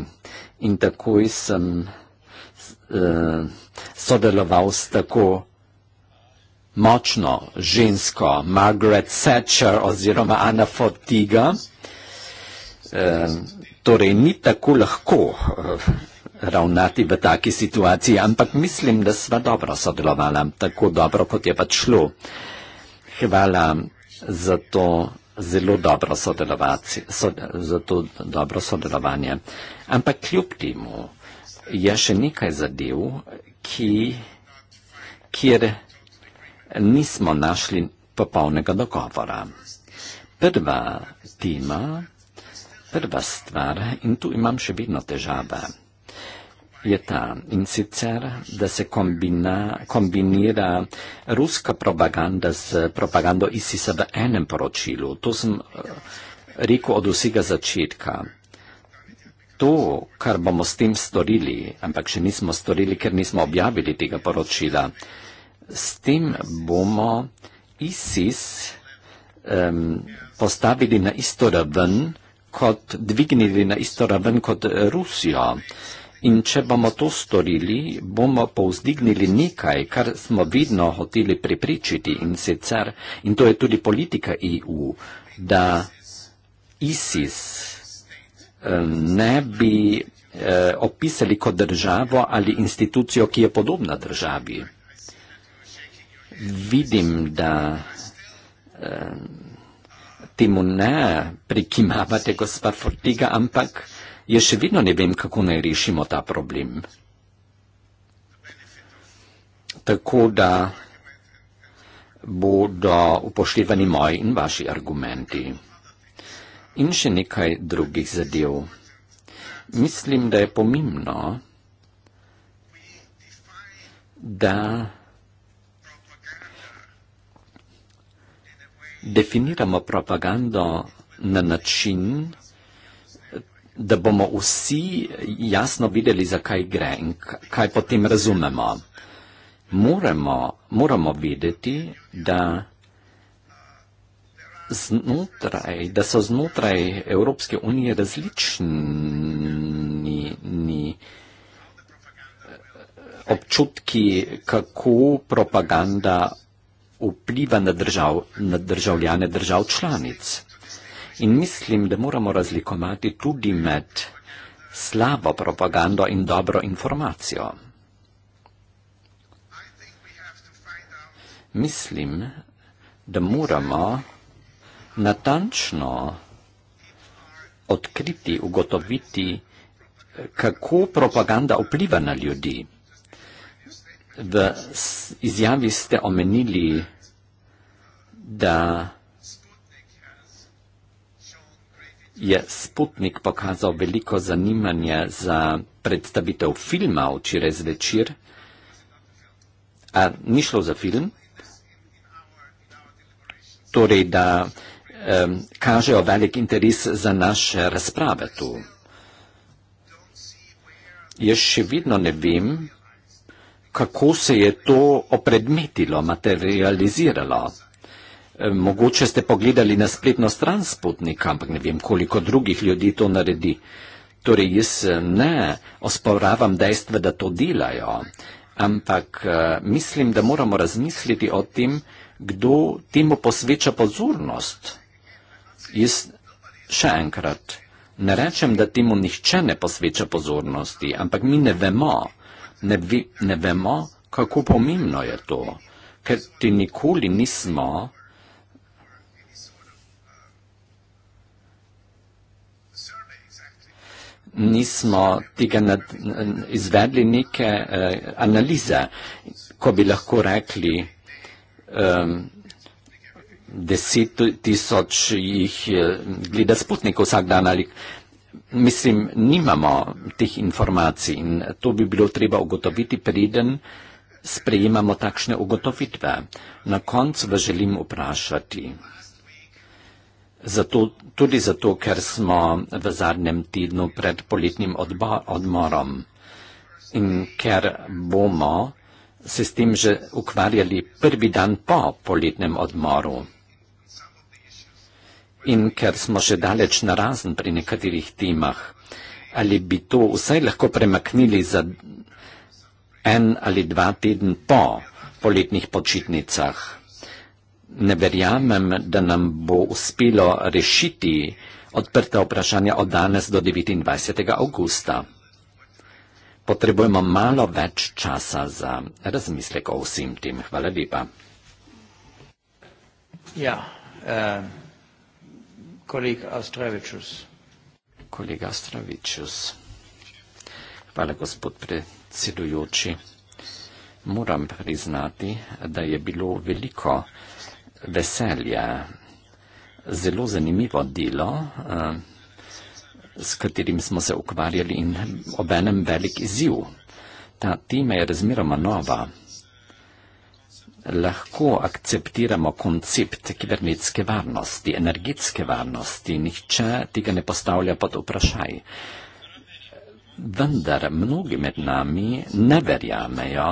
in takoj sem eh, sodeloval s tako močno žensko, Margaret Thatcher oziroma Anna Fortiga. E, torej, ni tako lahko eh, ravnati v taki situaciji, ampak mislim, da sva dobro sodelovala, tako dobro, kot je pač šlo. Hvala za to zelo dobro, sod, za to dobro sodelovanje. Ampak kljub temu je še nekaj zadev, ki, kjer nismo našli popolnega dogovora. Prva tema, prva stvar, in tu imam še vedno težave, je ta in sicer, da se kombina, kombinira ruska propaganda z propagando ISIS-a v enem poročilu. To sem eh, rekel od vsega začetka. To, kar bomo s tem storili, ampak še nismo storili, ker nismo objavili tega poročila, S tem bomo ISIS um, postavili na isto raven, kot dvignili na isto raven kot e, Rusijo. In če bomo to storili, bomo povzdignili nekaj, kar smo vidno hoteli prepričiti in sicer, in to je tudi politika EU, da ISIS ne bi eh, opisali kot državo ali institucijo, ki je podobna državi vidim, da uh, temu ne prikimavate, gospod Fortiga, ampak jaz še vedno ne vem, kako naj rešimo ta problem. Tako da bodo upoštevani moji in vaši argumenti. In še nekaj drugih zadev. Mislim, da je pomembno, da definiramo propagando na način, da bomo vsi jasno videli, zakaj gre in kaj potem razumemo. Moramo, moramo videti, da, znotraj, da so znotraj Evropske unije različni ni, občutki, kako propaganda vpliva na, držav, na državljane držav članic. In mislim, da moramo razlikovati tudi med slabo propagando in dobro informacijo. Mislim, da moramo natančno odkriti, ugotoviti, kako propaganda vpliva na ljudi. V izjavi ste omenili, da je Sputnik pokazal veliko zanimanje za predstavitev filma včeraj zvečer. A ni šlo za film? Torej, da um, kažejo velik interes za naše razprave tu. Jaz še vedno ne vem, kako se je to opredmetilo, materializiralo. E, mogoče ste pogledali na spletno stran Sputnika, ampak ne vem, koliko drugih ljudi to naredi. Torej, jaz e, ne osporavam dejstva, da to delajo, ampak e, mislim, da moramo razmisliti o tem, kdo temu posveča pozornost. Jaz še enkrat ne rečem, da temu nihče ne posveča pozornosti, ampak mi ne vemo, ne, vi, ne vemo, kako pomembno je to, ker ti nikoli nismo nismo tega nad, izvedli neke eh, analize, ko bi lahko rekli, eh, deset tisoč jih eh, gleda sputnikov vsak dan ali mislim, nimamo teh informacij in to bi bilo treba ugotoviti, preden sprejemamo takšne ugotovitve. Na koncu vas želim vprašati, zato, tudi zato, ker smo v zadnjem tednu pred poletnim odmorom in ker bomo se s tem že ukvarjali prvi dan po poletnem odmoru in ker smo še daleč na razen pri nekaterih timah, ali bi to vsaj lahko premaknili za en ali dva teden po poletnih počitnicah. Ne verjamem, da nam bo uspelo rešiti odprta vprašanja od danes do 29. augusta. Potrebujemo malo več časa za razmislek o vsem tem. Hvala lepa. Ja, eh, Kolega Astravičus. Kolega Astravičus. Hvala, gospod predsedujoči. Moram priznati, da je bilo veliko veselja, zelo zanimivo delo, eh, s katerim smo se ukvarjali in obenem velik izziv. Ta tema je razmeroma nova lahko akceptiramo koncept kibernetske varnosti, energetske varnosti. Nihče tega ne postavlja pod vprašaj. Vendar mnogi med nami ne verjamejo,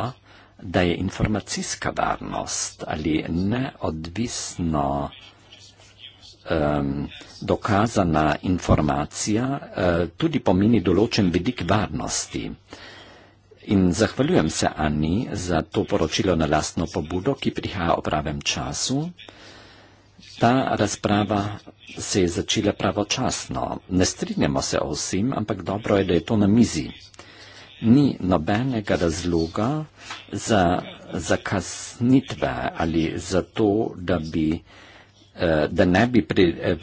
da je informacijska varnost ali neodvisno um, dokazana informacija uh, tudi pomeni določen vidik varnosti. Uh, In zahvaljujem se Ani za to poročilo na lastno pobudo, ki prihaja o pravem času. Ta razprava se je začela pravočasno. Ne strinjamo se o vsem, ampak dobro je, da je to na mizi. Ni nobenega razloga za zakasnitve ali za to, da, bi, eh, da, ne bi pri, eh,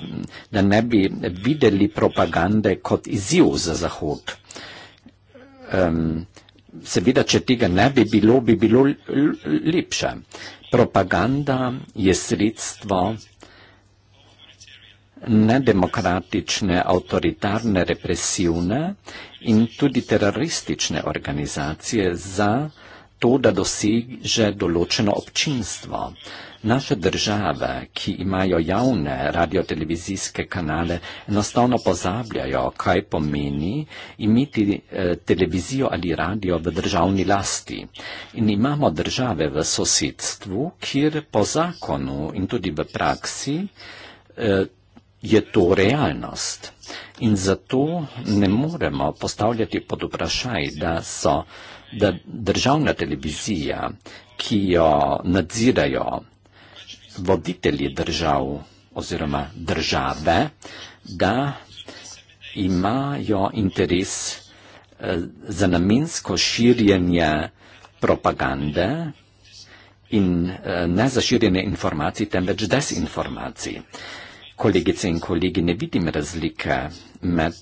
da ne bi videli propagande kot izziv za Zahod. Seveda, če tega ne bi bilo, bi bilo lepše. Propaganda je sredstvo nedemokratične, avtoritarne, represivne in tudi teroristične organizacije za to, da doseže določeno občinstvo. Naše države, ki imajo javne radiotelevizijske kanale, enostavno pozabljajo, kaj pomeni imeti eh, televizijo ali radio v državni lasti. In imamo države v sosedstvu, kjer po zakonu in tudi v praksi eh, je to realnost. In zato ne moremo postavljati pod vprašaj, da so da državna televizija, ki jo nadzirajo, voditelji držav oziroma države, da imajo interes eh, za namensko širjenje propagande in eh, ne za širjenje informacij, temveč desinformacij. Kolegice in kolegi, ne vidim razlike med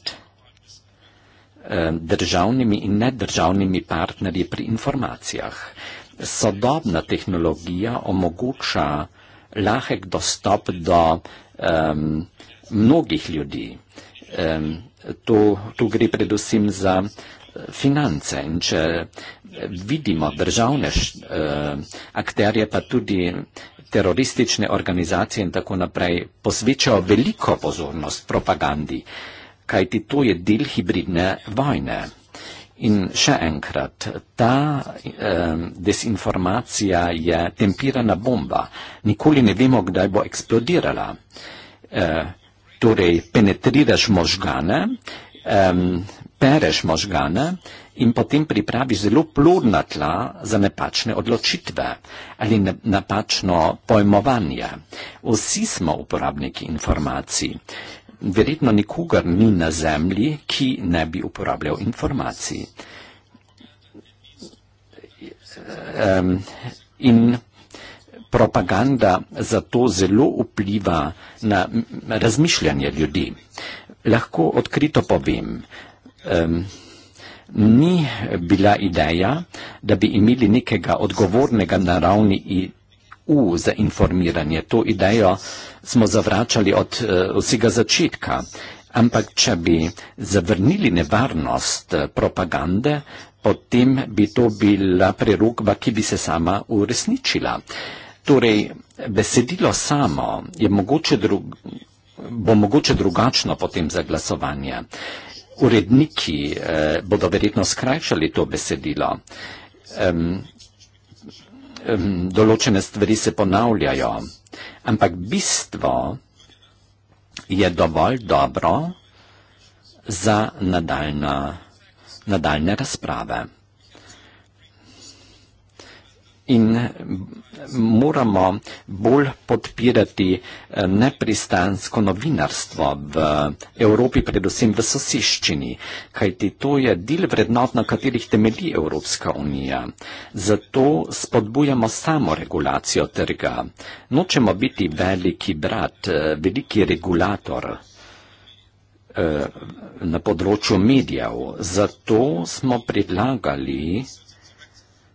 eh, državnimi in nedržavnimi partnerji pri informacijah. Sodobna tehnologija omogoča lahek dostop do um, mnogih ljudi. Um, tu, tu gre predvsem za eh, finance in če vidimo državne uh, akterje, pa tudi teroristične organizacije in tako naprej, posvečajo veliko pozornost propagandi, kajti to je del hibridne vojne. In še enkrat, ta eh, desinformacija je tempirana bomba. Nikoli ne vemo, kdaj bo eksplodirala. Eh, torej, penetriraš možgane, eh, pereš možgane in potem pripraviš zelo plodna tla za napačne odločitve ali napačno pojmovanje. Vsi smo uporabniki informacij verjetno nikogar ni na zemlji, ki ne bi uporabljal informacij. Um, in propaganda zato zelo vpliva na razmišljanje ljudi. Lahko odkrito povem, um, ni bila ideja, da bi imeli nekega odgovornega na ravni EU za informiranje. To idejo smo zavračali od eh, vsega začetka. Ampak, če bi zavrnili nevarnost eh, propagande, potem bi to bila prerokba, ki bi se sama uresničila. Torej, besedilo samo je mogoče drug bo mogoče drugačno potem za glasovanje. Uredniki eh, bodo verjetno skrajšali to besedilo. Um, um, določene stvari se ponavljajo, ampak bistvo je dovolj dobro za nadaljne razprave in moramo bolj podpirati eh, nepristansko novinarstvo v eh, Evropi, predvsem v sosiščini, kajti to je del vrednot, na katerih temelji Evropska unija. Zato spodbujamo samo regulacijo trga. Nočemo biti veliki brat, eh, veliki regulator na področju medijev. Zato smo predlagali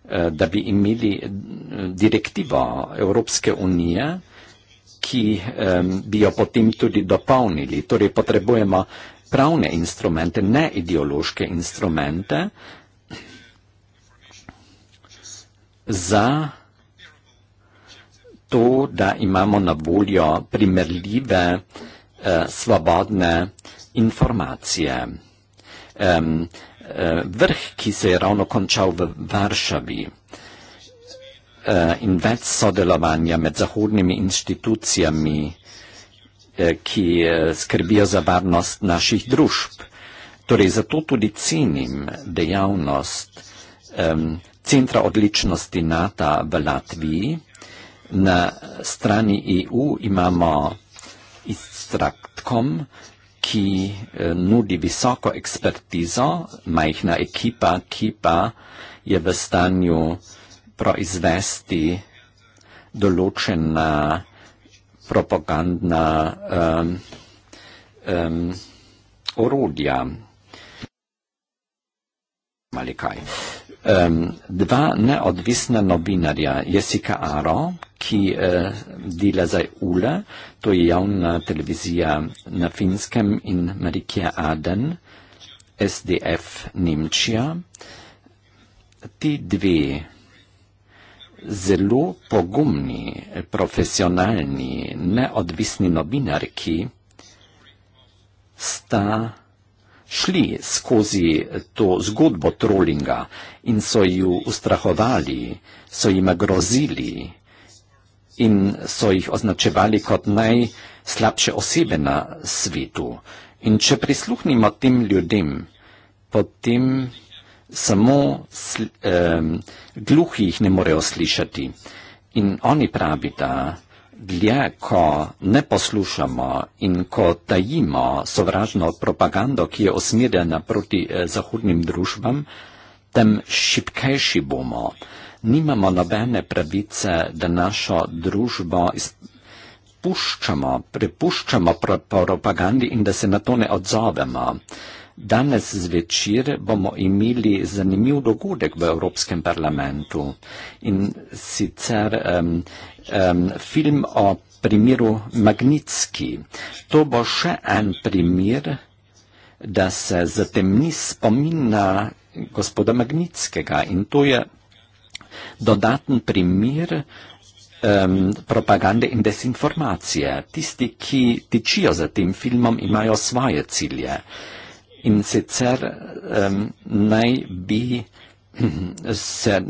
Eh, da bi imeli eh, direktivo Evropske unije, ki bi jo potem tudi dopolnili. Torej potrebujemo pravne instrumente, ne ideološke instrumente za to, da imamo na voljo primerljive, eh, svobodne informacije. Eh, vrh, ki se je ravno končal v Varšavi eh, in več sodelovanja med zahodnimi inštitucijami, eh, ki skrbijo za varnost naših družb. Torej, zato tudi cenim dejavnost Centra odličnosti NATO v Latviji. Na strani EU imamo istraktkom, ki eh, nudi visoko ekspertizo, majhna ekipa, ki pa je v stanju proizvesti določena propagandna um, um, orodja ali kaj. Um, dva neodvisna novinarja, Jessica Aro, ki uh, dela za ULA, to je javna televizija na finskem, in Marikija Aden, SDF Nemčija. Ti dve zelo pogumni, profesionalni, neodvisni novinarki sta šli skozi to zgodbo trolinga in so ju ustrahovali, so jima grozili in so jih označevali kot najslabše osebe na svetu. In če prisluhnimo tem ljudem, potem samo eh, gluhi jih ne morejo slišati. In oni pravijo, dlje, ko ne poslušamo in ko tajimo sovražno propagando, ki je osmirjena proti eh, zahodnim družbam, tem šipkejši bomo. Nimamo nobene pravice, da našo družbo puščamo, prepuščamo propagandi in da se na to ne odzovemo. Danes zvečer bomo imeli zanimiv dogodek v Evropskem parlamentu in sicer um, um, film o primeru Magnitski. To bo še en primer, da se zatem ni spomina gospoda Magnitskega in to je dodaten primer um, propagande in desinformacije. Tisti, ki tičijo za tem filmom, imajo svoje cilje in sicer um, naj bi se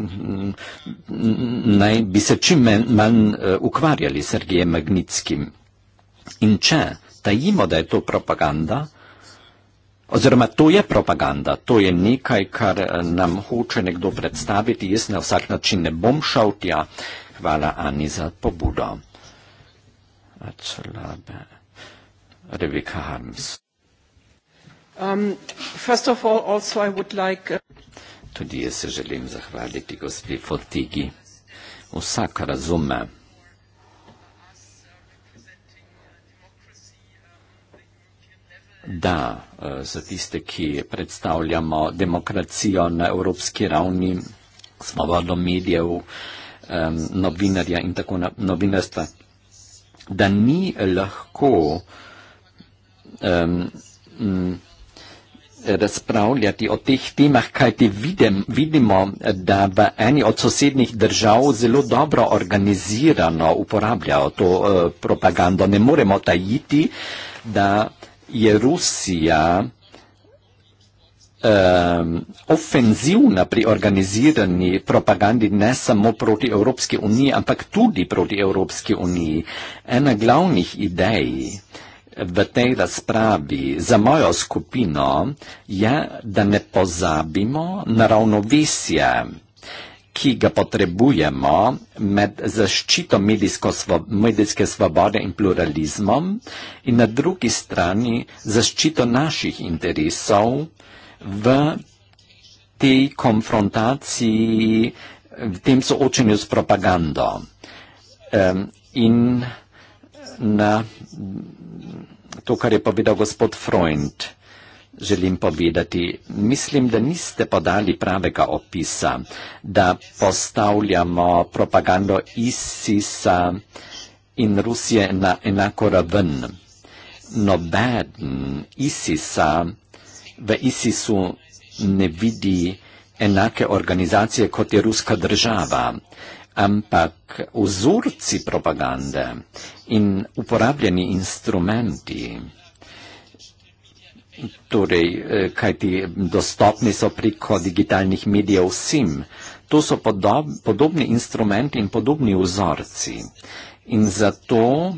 naj bi se čim manj e, ukvarjali s Sergejem Magnitskim. In če tajimo, da je to propaganda, oziroma to je propaganda, to je nekaj, kar e, nam hoče nekdo predstaviti, jaz na vsak način ne bom šel tja. Hvala Ani za pobudo. Rebecca Harms. Um, first of all, also I would like, uh... Tudi jaz se želim zahvaliti gospi Fotigi. Vsak razume, da uh, za tiste, ki predstavljamo demokracijo na evropski ravni, svobodo medijev, um, novinarja in tako na, novinarstva, da ni lahko um, razpravljati o teh temah, kajti vidim, vidimo, da v eni od sosednjih držav zelo dobro organizirano uporabljajo to uh, propagando. Ne moremo tajiti, da je Rusija um, ofenzivna pri organizirani propagandi ne samo proti Evropski uniji, ampak tudi proti Evropski uniji. Ena glavnih idej v tej razpravi za mojo skupino je, da ne pozabimo na ravnovesje, ki ga potrebujemo med zaščito medijske svo svobode in pluralizmom in na drugi strani zaščito naših interesov v tej konfrontaciji, v tem soočenju s propagando. Um, in na to, kar je povedal gospod Freund. Želim povedati, mislim, da niste podali pravega opisa, da postavljamo propagando ISIS-a in Rusije na enako raven. Nobeden ISIS-a v ISIS-u ne vidi enake organizacije kot je ruska država ampak vzorci propagande in uporabljeni instrumenti. Torej, eh, kajti dostopni so preko digitalnih medijev vsem. To so podob, podobni instrumenti in podobni vzorci. In zato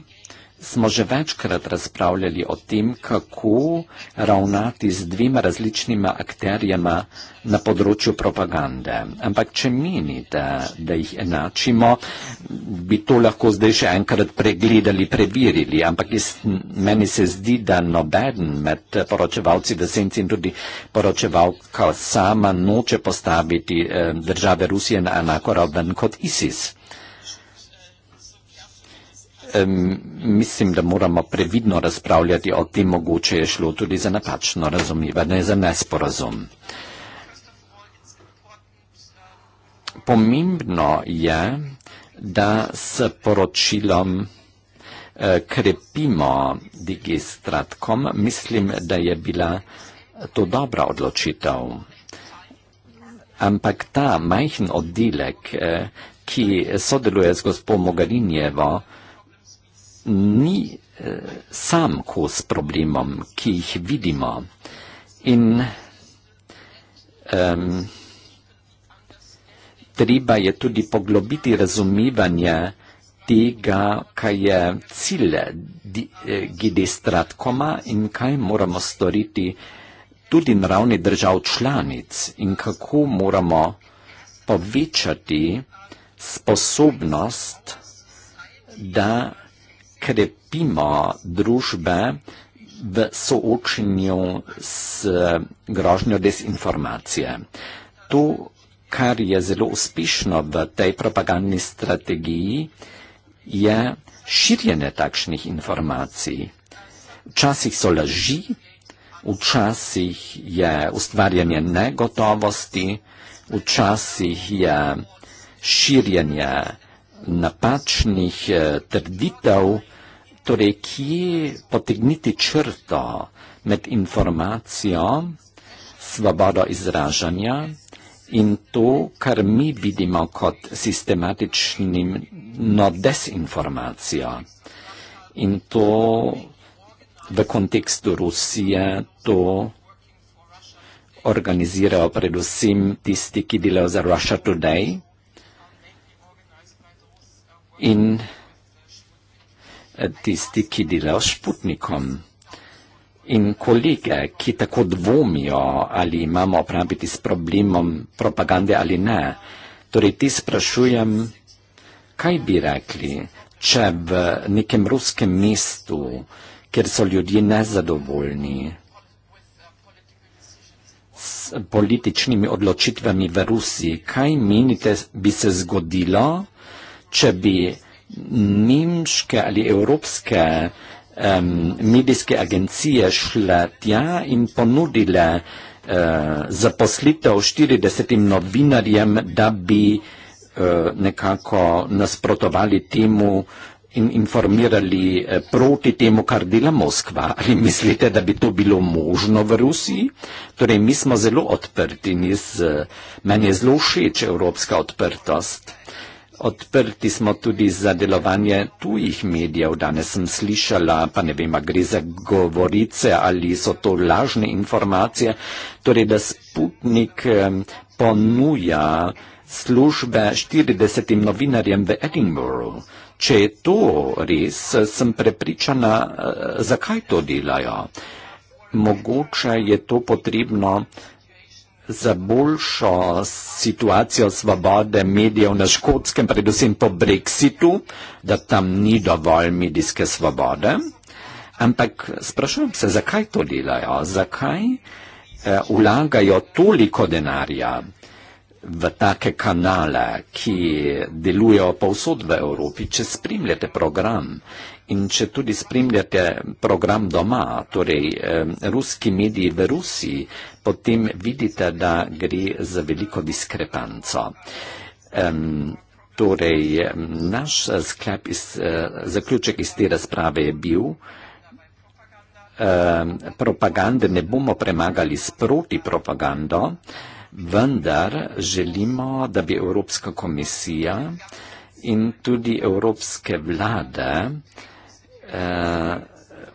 smo že večkrat razpravljali o tem, kako ravnati z dvema različnima akterjema na področju propagande. Ampak če menite, da jih enačimo, bi to lahko zdaj še enkrat pregledali, prebirili. Ampak jaz, meni se zdi, da nobeden med poročevalci v senci in tudi poročevalka sama noče postaviti eh, države Rusije na enako raven kot ISIS. Um, mislim, da moramo previdno razpravljati o tem, mogoče je šlo tudi za napačno razumivanje, za nesporazum. Pomembno je, da s poročilom uh, krepimo digistratkom. Mislim, da je bila to dobra odločitev. Ampak ta majhen oddelek, uh, ki sodeluje z gospod Mogarinjevo, uh, ni eh, sam kos problemom, ki jih vidimo. In um, treba je tudi poglobiti razumevanje tega, kaj je cilj eh, GD-stratkoma in kaj moramo storiti tudi na ravni držav članic in kako moramo povečati sposobnost, da krepimo družbe v soočenju s grožnjo desinformacije. To, kar je zelo uspešno v tej propagandni strategiji, je širjenje takšnih informacij. Včasih so laži, včasih je ustvarjanje negotovosti, včasih je širjenje napačnih eh, trditev, Torej, kje potegniti črto med informacijo, svobodo izražanja in to, kar mi vidimo kot sistematično no, desinformacijo. In to v kontekstu Rusije to organizirajo predvsem tisti, ki delajo za Russia Today. In tisti, ki delajo športnikom. In kolege, ki tako dvomijo, ali imamo opraviti s problemom propagande ali ne, torej ti sprašujem, kaj bi rekli, če v nekem ruskem mestu, kjer so ljudje nezadovoljni s političnimi odločitvami v Rusiji, kaj menite bi se zgodilo, če bi nemške ali evropske um, medijske agencije šle tja in ponudile uh, zaposlitev 40 novinarjem, da bi uh, nekako nasprotovali temu in informirali eh, proti temu, kar dela Moskva. (laughs) Ali mislite, da bi to bilo možno v Rusiji? Torej, mi smo zelo odprti in iz, meni je zelo všeč evropska odprtost. Odprti smo tudi za delovanje tujih medijev. Danes sem slišala, pa ne vem, gre za govorice ali so to lažne informacije, torej da Sputnik ponuja službe 40 novinarjem v Edinburghu. Če je to res, sem prepričana, eh, zakaj to delajo. Mogoče je to potrebno za boljšo situacijo svobode medijev na škotskem, predvsem po brexitu, da tam ni dovolj medijske svobode. Ampak sprašujem se, zakaj to delajo, zakaj eh, vlagajo toliko denarja v take kanale, ki delujejo povsod v Evropi, če spremljate program In če tudi spremljate program doma, torej eh, ruski mediji v Rusiji, potem vidite, da gre za veliko diskrepanco. Um, torej, naš eh, sklep iz, eh, zaključek iz te razprave je bil, eh, propagande ne bomo premagali s protipropagando, vendar želimo, da bi Evropska komisija in tudi Evropske vlade eh, eh,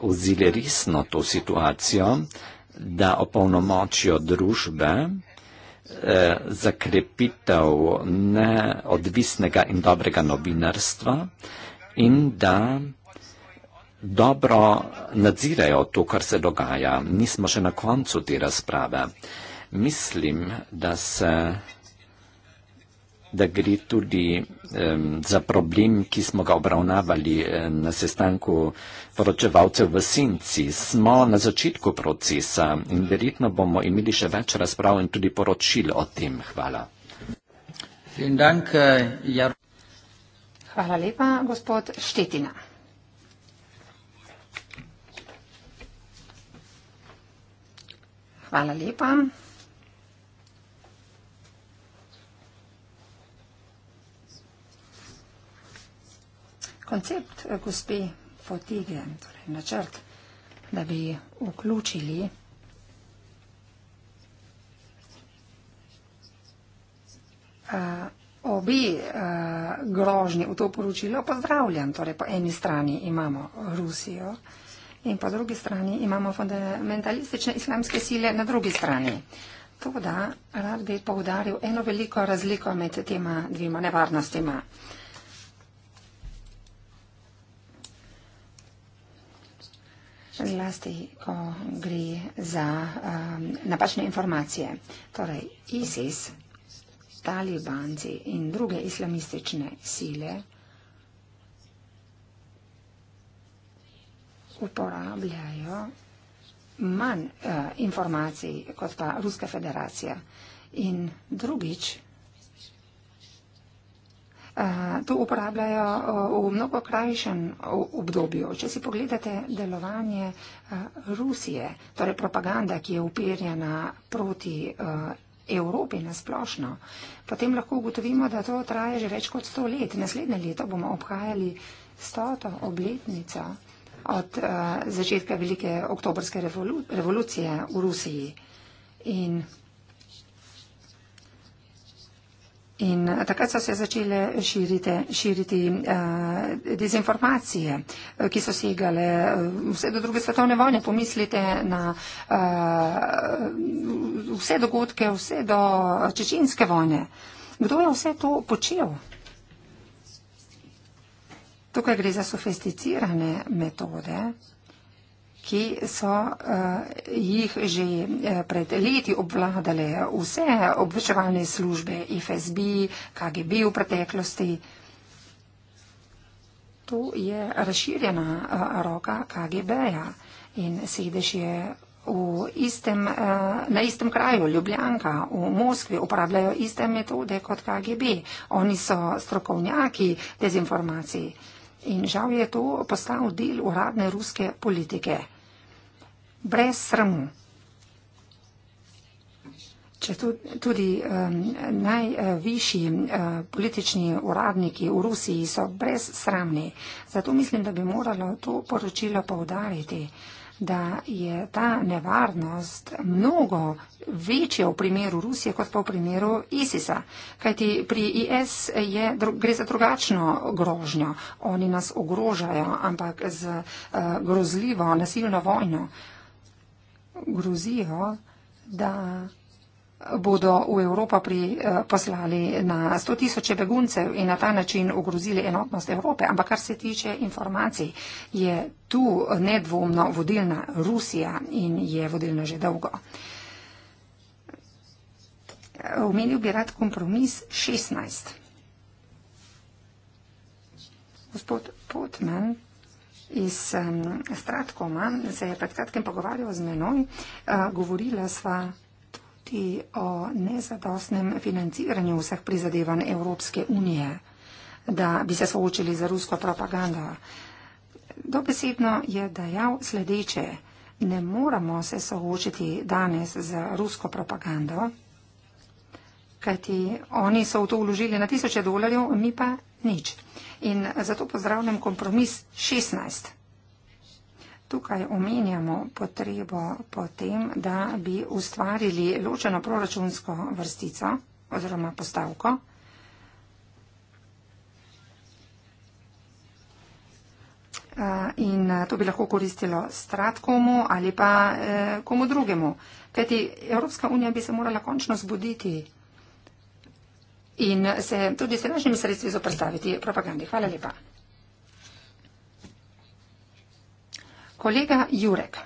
vzeli resno to situacijo, da opolnomočijo družbe eh, za krepitev neodvisnega in dobrega novinarstva in da dobro nadzirajo to, kar se dogaja. Nismo še na koncu te razprave. Mislim, da se da gre tudi um, za problem, ki smo ga obravnavali eh, na sestanku poročevalcev v Sinci. Smo na začetku procesa in verjetno bomo imeli še več razprav in tudi poročil o tem. Hvala. Eh, Hvala lepa, gospod Štetina. Hvala lepa. koncept eh, gospe Fotige, torej načrt, da bi vključili uh, eh, obi uh, eh, grožnje v to poročilo, pozdravljam. Torej po eni strani imamo Rusijo in po drugi strani imamo fundamentalistične islamske sile na drugi strani. To da, rad bi poudaril eno veliko razliko med tema dvima nevarnostima. Uh, zlasti ko gre za um, napačne informacije. Torej, ISIS, talibanci in druge islamistične sile uporabljajo manj uh, informacij kot pa Ruska federacija. In drugič, Eh, to uporabljajo eh, v mnogo krajšem eh, obdobju. Če si pogledate delovanje Rusije, torej propaganda, ki je upirjena proti Evropi na splošno, potem lahko ugotovimo, da to traje že več kot sto let. Naslednje leto bomo obhajali stoto obletnico od začetka velike oktobrske revolucije v Rusiji. In In takrat so se začele širite, širiti uh, dezinformacije, eh, ki so segale eh, vse do druge svetovne vojne. Pomislite na uh, vse dogodke, vse do čečinske vojne. Kdo je vse to počel? Tukaj gre za sofisticirane metode ki so uh, jih že eh, pred leti obvladale vse obveščevalne službe FSB, KGB v preteklosti. To je razširjena uh, roka KGB-ja in sedež je v istem, uh, na istem kraju, Ljubljanka, v Moskvi, uporabljajo iste metode kot KGB. Oni so strokovnjaki dezinformacij. In žal je to postal del uradne ruske politike brez sramu. Če tudi um, najvišji uh, politični uradniki v Rusiji so brezsramni, zato mislim, da bi moralo to poročilo povdariti, da je ta nevarnost mnogo večja v primeru Rusije kot pa v primeru ISIS-a. Kajti pri IS je, gre za drugačno grožnjo. Oni nas ogrožajo, ampak z uh, grozljivo nasilno vojno. Uh, grozijo, da bodo v Evropo pri, eh, poslali na 100 tisoče beguncev in na ta način ogrozili enotnost Evrope. Ampak kar se tiče informacij, je tu nedvomno vodilna Rusija in je vodilna že dolgo. Omenil bi rad kompromis 16. Gospod Potman iz um, Stratkoma se je pred kratkim pogovarjal z menoj. Uh, govorila sva tudi o nezadostnem financiranju vseh prizadevanj Evropske unije, da bi se soočili za rusko propagando. Dobesedno je dejal sledeče. Ne moramo se soočiti danes z rusko propagando, kajti oni so v to vložili na tisoče dolarjev, mi pa nič in zato pozdravljam kompromis 16. Tukaj omenjamo potrebo po tem, da bi ustvarili ločeno proračunsko vrstico oziroma postavko. In to bi lahko koristilo stratkomu ali pa e, komu drugemu. Kajti Evropska unija bi se morala končno zbuditi in se tudi s finančnimi sredstvi zoprstaviti propagandi. Hvala lepa. Kolega Jurek.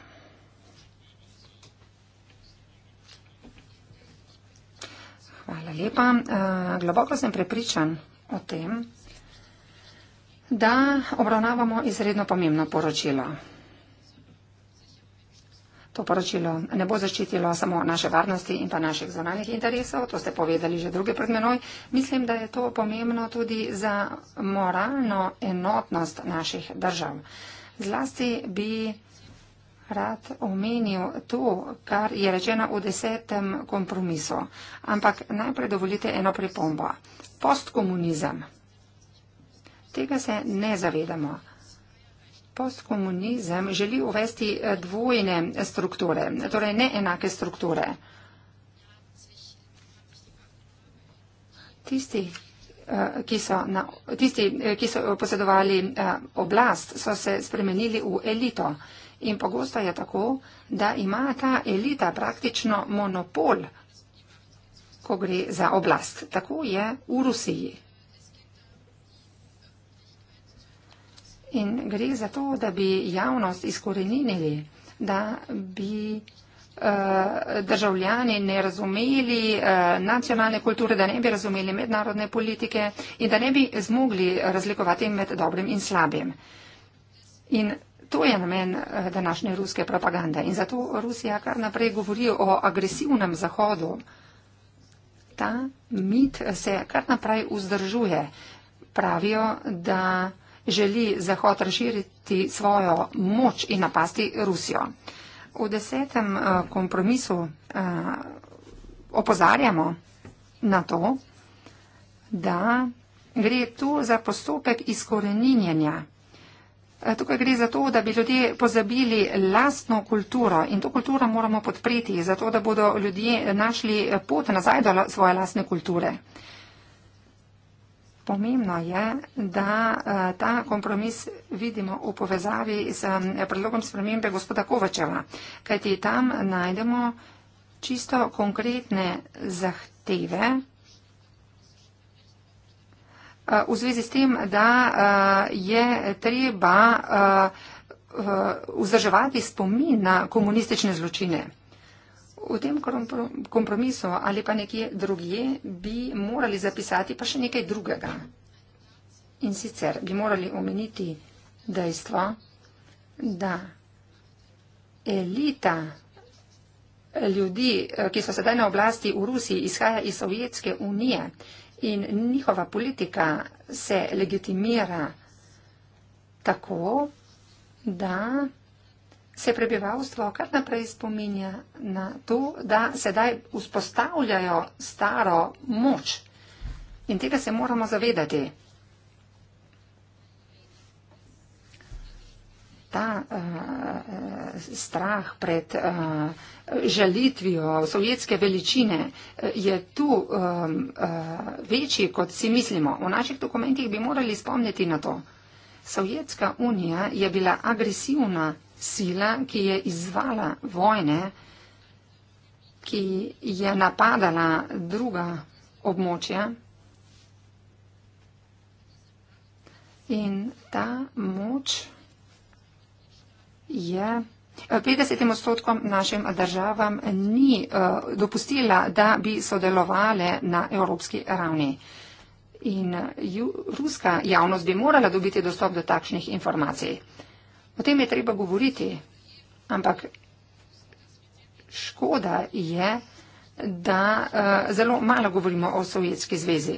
Hvala lepa. Eh, globoko sem prepričan o tem, da obravnavamo izredno pomembno poročilo to poročilo ne bo zaščitilo samo naše varnosti in pa naših zvonanih interesov, to ste povedali že druge pred menoj. Mislim, da je to pomembno tudi za moralno enotnost naših držav. Zlasti bi rad omenil to, kar je rečeno v desetem kompromisu. Ampak najprej dovolite eno pripombo. Postkomunizem. Tega se ne zavedamo postkomunizem želi uvesti eh, dvojne strukture, torej neenake strukture. Tisti eh, ki, so na, tisti, eh, ki so posedovali oblast, so se spremenili v elito. In pogosto je tako, da ima ta elita praktično monopol, ko gre za oblast. Tako je v Rusiji. In gre za to, da bi javnost izkorenili, da bi eh, državljani ne razumeli eh, nacionalne kulture, da ne bi razumeli mednarodne politike in da ne bi zmogli razlikovati med dobrim in slabim. In to je namen eh, današnje ruske propagande. In zato Rusija kar naprej govori o agresivnem zahodu. Ta mit se kar naprej vzdržuje. Pravijo, da želi Zahod razširiti svojo moč in napasti Rusijo. V desetem eh, kompromisu eh, opozarjamo na to, da gre tu za postopek izkoreninjenja. Eh, tukaj gre za to, da bi ljudje pozabili lastno kulturo in to kulturo moramo podpreti, zato da bodo ljudje našli pot nazaj do svoje lastne kulture. Pomembno je, da eh, ta kompromis vidimo v povezavi z eh, predlogom spremembe gospoda Kovačeva, kajti tam najdemo čisto konkretne zahteve eh, v zvezi s tem, da je treba vzdrževati spomin na komunistične zločine v tem kompromisu ali pa nekje drugje bi morali zapisati pa še nekaj drugega. In sicer bi morali omeniti dejstvo, da elita ljudi, eh, ki so sedaj na oblasti v Rusiji, izhaja iz Sovjetske unije in njihova politika se legitimira tako, da se prebivalstvo kar naprej spominja na to, da sedaj vzpostavljajo staro moč in tega se moramo zavedati. Ta uh, strah pred uh, žalitvijo sovjetske veličine eh, je tu um, uh, večji, kot si mislimo. V naših dokumentih bi morali spomniti na to. Sovjetska unija je bila agresivna sila, ki je izvala vojne, ki je napadala druga območja. In ta moč je 50 eh, odstotkom našim državam ni uh, dopustila, da bi sodelovali na evropski ravni. In ju, ruska javnost bi morala dobiti dostop do takšnih informacij. Uh, O tem je treba govoriti. Ampak škoda je, da uh, zelo malo govorimo o Sovjetski zvezi.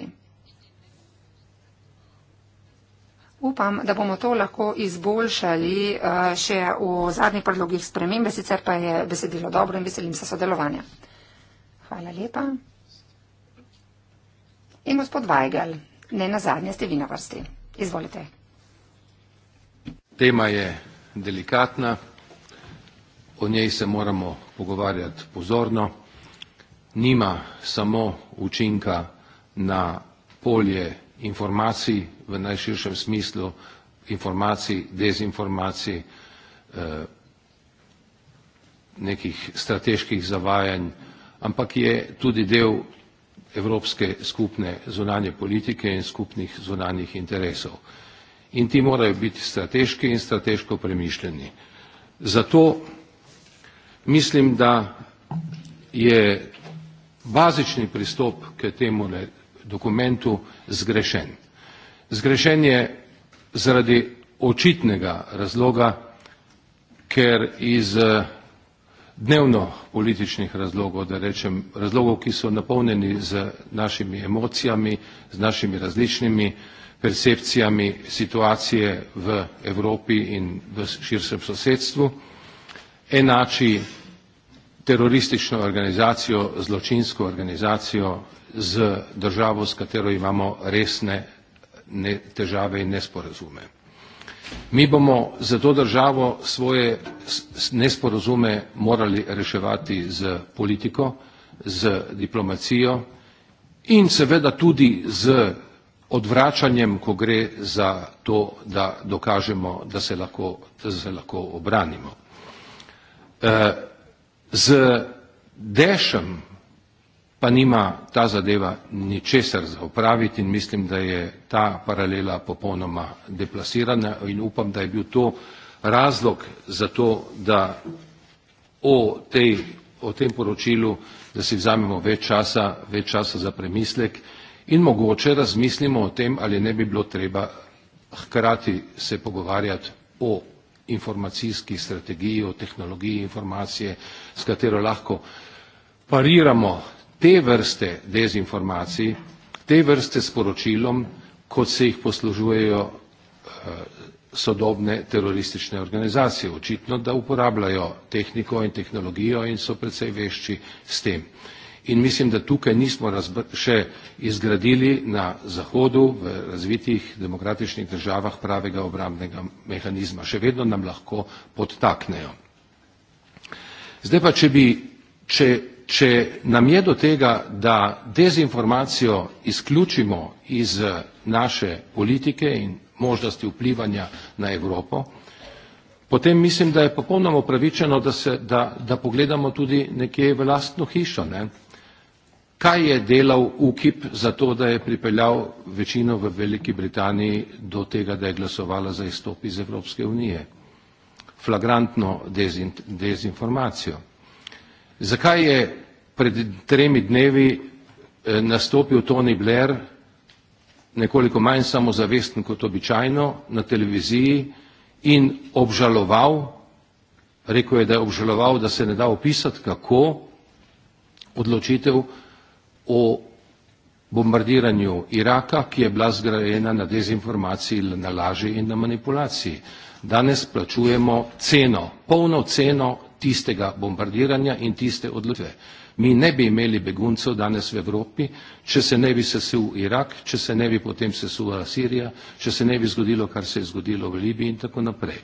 Upam, da bomo to lahko izboljšali uh, še v zadnjih predlogih spremembe, sicer pa je besedilo dobro in veselim se sodelovanja. Hvala lepa. In gospod Weigel, ne na zadnje ste vi na vrsti. Izvolite. Tema je delikatna, o njej se moramo pogovarjati pozorno, nima samo učinka na polje informacij v najširšem smislu, informacij, dezinformacij, eh, nekih strateških zavajanj, ampak je tudi del Evropske skupne zunanje politike in skupnih zunanjih interesov in ti morajo biti strateški in strateško premišljeni. Zato mislim, da je bazični pristop k temu dokumentu zgrešen. Zgrešen je zaradi očitnega razloga, ker iz dnevno političnih razlogov, da rečem, razlogov, ki so napolnjeni z našimi emocijami, z našimi različnimi percepcijami situacije v Evropi in v širšem sosedstvu, enači teroristično organizacijo, zločinsko organizacijo z državo, s katero imamo resne težave in nesporazume. Mi bomo za to državo svoje nesporozume morali reševati z politiko, z diplomacijo in seveda tudi z odvračanjem, ko gre za to, da dokažemo, da se lahko, da se lahko obranimo. Eh, z dešem pa nima ta zadeva ničesar za opraviti in mislim, da je ta paralela popolnoma deplasirana in upam, da je bil to razlog za to, da o, tej, o tem poročilu, da si vzamemo več časa, več časa za premislek in mogoče razmislimo o tem, ali ne bi bilo treba hkrati se pogovarjati o informacijski strategiji, o tehnologiji informacije, s katero lahko pariramo te vrste dezinformacij, te vrste sporočilom, kot se jih poslužujejo eh, sodobne teroristične organizacije. Očitno, da uporabljajo tehniko in tehnologijo in so predvsej vešči s tem. In mislim, da tukaj nismo še izgradili na Zahodu, v razvitih demokratičnih državah pravega obrambnega mehanizma. Še vedno nam lahko podtaknejo. Zdaj pa, če bi, če če nam je do tega, da dezinformacijo izključimo iz eh, naše politike in možnosti vplivanja na Evropo, potem mislim, da je popolnoma upravičeno, da, da, da pogledamo tudi nekje v lastno hišo. Ne? Kaj je delal UKIP za to, da je pripeljal večino v Veliki Britaniji do tega, da je glasovala za izstop iz Evropske unije? Flagrantno dezin, dezinformacijo. Zakaj je pred tremi dnevi eh, nastopil Tony Blair, nekoliko manj samozavesten kot običajno, na televiziji in obžaloval, rekel je, da je obžaloval, da se ne da opisati, kako odločitev o bombardiranju Iraka, ki je bila zgrajena na dezinformaciji, na laži in na manipulaciji. Danes plačujemo ceno, polno ceno tistega bombardiranja in tiste odločitve. Mi ne bi imeli beguncev danes v Evropi, če se ne bi sesul Irak, če se ne bi potem sesula Sirija, če se ne bi zgodilo, kar se je zgodilo v Libiji in tako naprej.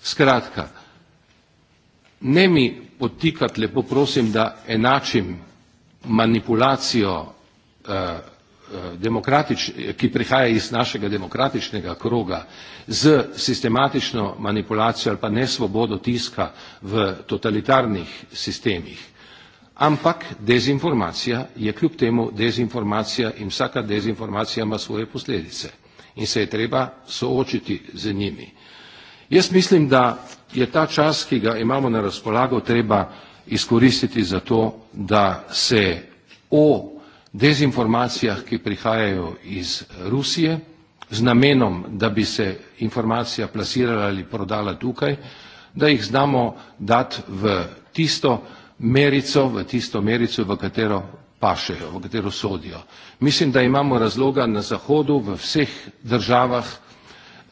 Skratka, ne mi potikati, lepo prosim, da enačim manipulacijo eh, Eh, ki prihaja iz našega demokratičnega kroga z sistematično manipulacijo ali pa nesvobodo tiska v totalitarnih sistemih. Ampak dezinformacija je kljub temu dezinformacija in vsaka dezinformacija ima svoje posledice in se je treba soočiti z njimi. Jaz mislim, da je ta čas, ki ga imamo na razpolago, treba izkoristiti za to, da se o dezinformacijah, ki prihajajo iz Rusije, z namenom, da bi se informacija plasirala ali prodala tukaj, da jih znamo dati v tisto merico, v tisto merico, v katero pašejo, v katero sodijo. Mislim, da imamo razloga na Zahodu, v vseh državah,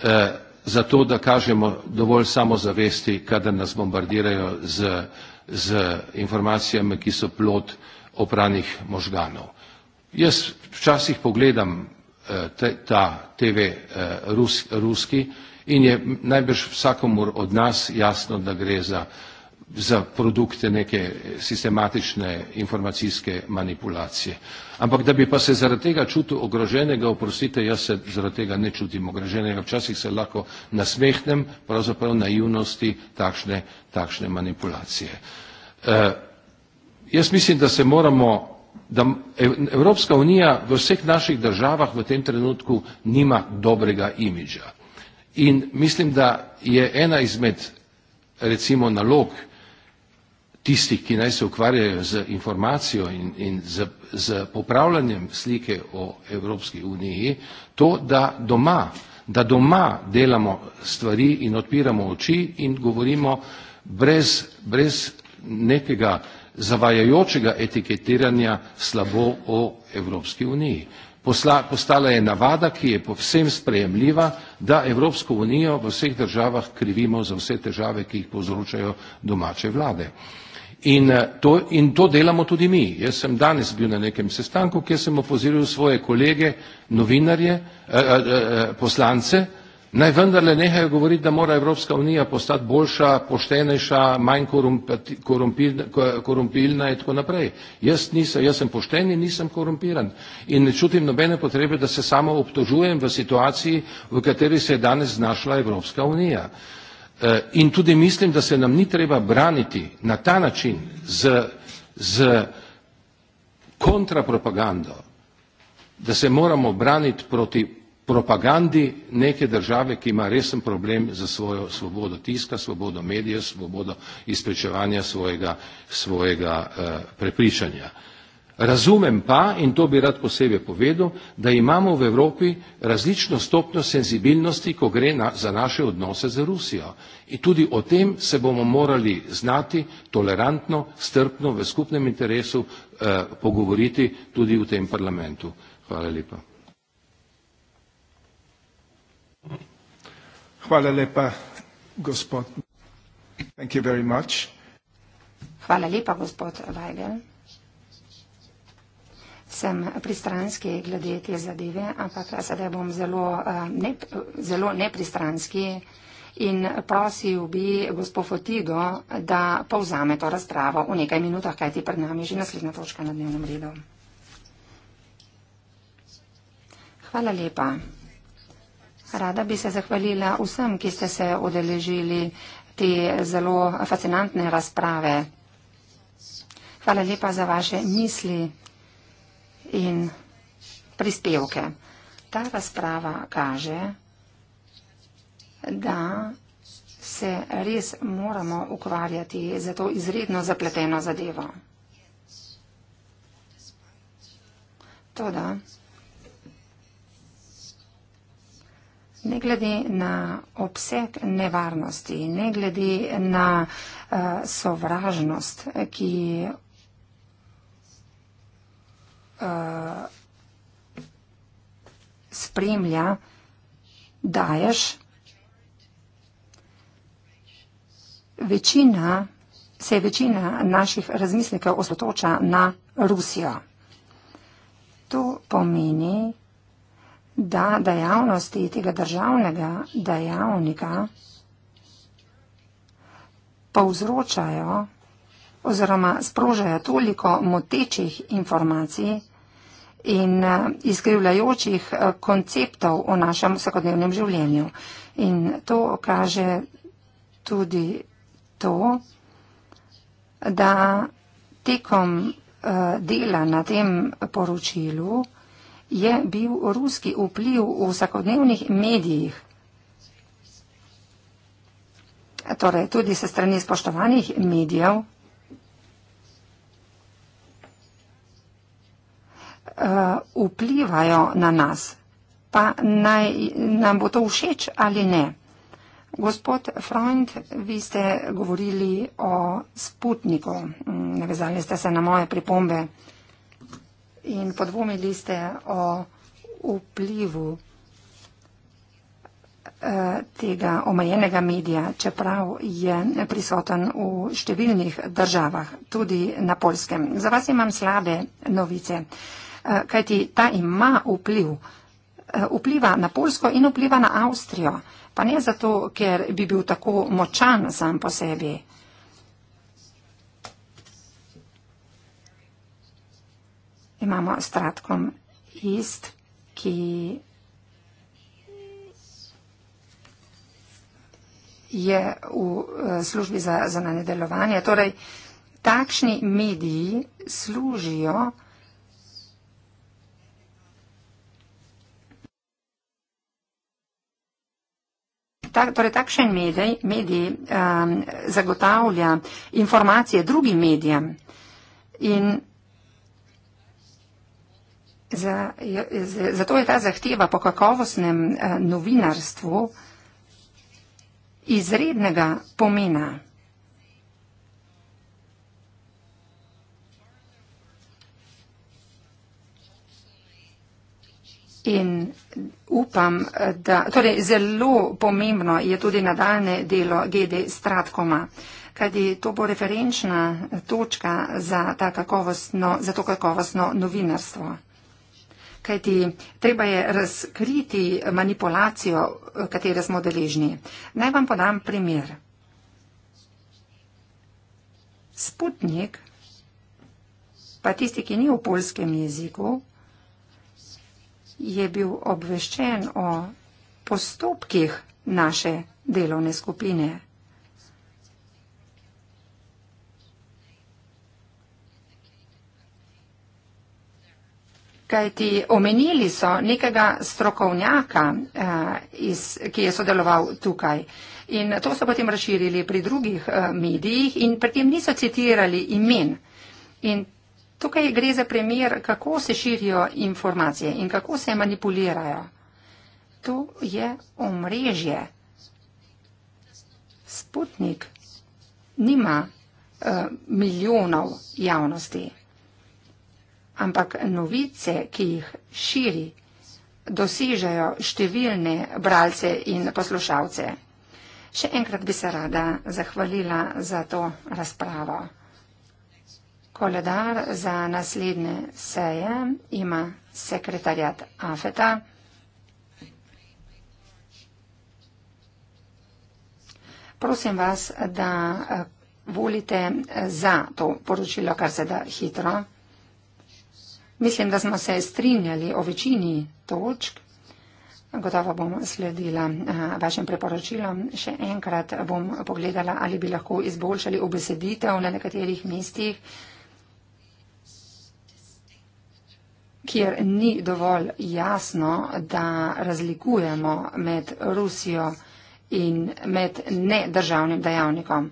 eh, za to, da kažemo dovolj samozavesti, kadar nas bombardirajo z, z informacijami, ki so plod opranih možganov. Jaz včasih pogledam eh, te, ta TV eh, rus, ruski in je najbrž vsakomur od nas jasno, da gre za, za produkte neke sistematične informacijske manipulacije. Ampak da bi pa se zaradi tega čutil ogroženega, oprostite, jaz se zaradi tega ne čutim ogroženega, včasih se lahko nasmehnem pravzaprav naivnosti takšne, takšne manipulacije. Eh, jaz mislim, da se moramo da Evropska unija v vseh naših državah v tem trenutku nima dobrega imidža. In mislim, da je ena izmed recimo nalog tistih, ki naj se ukvarjajo z informacijo in, in z, z popravljanjem slike o Evropski uniji, to, da doma, da doma delamo stvari in odpiramo oči in govorimo brez, brez nekega uh, zavajajočega etiketiranja slabo o Evropski uniji. Posla, postala je navada, ki je povsem sprejemljiva, da Evropsko unijo v vseh državah krivimo za vse težave, ki jih povzročajo domače vlade. In eh, to, in to delamo tudi mi. Jaz sem danes bil na nekem sestanku, kjer sem opozoril svoje kolege, novinarje, eh, eh, eh, eh poslance, naj vendarle nehajo govoriti, da mora Evropska unija postati boljša, poštenejša, manj korumpirana in tako naprej. Jaz, nisem, jaz sem pošten in nisem korumpiran in ne čutim nobene potrebe, da se samo obtožujem v situaciji, v kateri se je danes znašla Evropska unija. E, in tudi mislim, da se nam ni treba braniti na ta način z, z kontrapropagando, da se moramo braniti proti propagandi neke države, ki ima resen problem za svojo svobodo tiska, svobodo medijev, svobodo izprečevanja svojega, svojega eh, prepričanja. Razumem pa, in to bi rad posebej povedal, da imamo v Evropi različno stopnjo senzibilnosti, ko gre na, za naše odnose z Rusijo. In tudi o tem se bomo morali znati tolerantno, strpno, v skupnem interesu eh, pogovoriti tudi v tem parlamentu. Hvala lepa. Hvala lepa, gospod. Thank you very much. Hvala lepa, gospod Weigel. Sem pristranski glede te zadeve, ampak sedaj bom zelo, eh, ne, zelo nepristranski in prosil bi gospod Fotido, da povzame to razpravo v nekaj minutah, kajti pred nami je že naslednja točka na dnevnem redu. Hvala lepa. Rada bi se zahvalila vsem, ki ste se odeležili te zelo fascinantne razprave. Hvala lepa za vaše misli in prispevke. Ta razprava kaže, da se res moramo ukvarjati za to izredno zapleteno zadevo. Toda, ne glede na obseg nevarnosti, ne glede na uh, sovražnost, ki uh, spremlja, daješ. Večina, se večina naših razmislekov osotoča na Rusijo. To pomeni, da dejavnosti tega državnega dejavnika povzročajo oziroma sprožajo toliko motečih informacij in eh, izkrivljajočih eh, konceptov o našem vsakodnevnem življenju. In to kaže tudi to, da tekom eh, dela na tem poročilu je bil ruski vpliv v vsakodnevnih medijih. Torej, tudi se strani spoštovanih medijev uh, vplivajo na nas, pa naj nam bo to všeč ali ne. Gospod Freund, vi ste govorili o Sputniku, navezali ste se na moje pripombe. Uh, in podvomili ste o vplivu eh, tega omejenega medija, čeprav je prisoten v številnih državah, tudi na polskem. Za vas imam slabe novice, eh, kajti ta ima vpliv, eh, vpliva na Polsko in vpliva na Avstrijo, pa ne zato, ker bi bil tako močan sam po sebi. imamo stratkom ist, ki je v eh, službi za, za nanedelovanje. Torej, takšni mediji služijo Tak, torej, takšen medij, medij um, zagotavlja informacije drugim medijem in Zato je ta zahteva po kakovostnem eh, novinarstvu izrednega pomena. In upam, da torej zelo pomembno je tudi nadaljne delo GD Stratkoma, kajti to bo referenčna točka za, ta kakovostno, za to kakovostno novinarstvo kajti treba je razkriti manipulacijo, katere smo deležni. Naj vam podam primer. Sputnik, pa tisti, ki ni v polskem jeziku, je bil obveščen o postopkih naše delovne skupine. Kajti omenili so nekega strokovnjaka, uh, iz, ki je sodeloval tukaj. In to so potem razširili pri drugih uh, medijih in pri tem niso citirali imen. In tukaj gre za primer, kako se širijo informacije in kako se manipulirajo. To je omrežje. Sputnik nima uh, milijonov javnosti ampak novice, ki jih širi, dosežejo številne bralce in poslušalce. Še enkrat bi se rada zahvalila za to razpravo. Koledar za naslednje seje ima sekretarjat Afeta. Prosim vas, da eh, volite za to poročilo, kar se da hitro. Mislim, da smo se strinjali o večini točk. Gotovo bom sledila eh, vašem priporočilom. Še enkrat bom pogledala, ali bi lahko izboljšali obeseditev na nekaterih mestih, kjer ni dovolj jasno, da razlikujemo med Rusijo in med nedržavnim dejavnikom.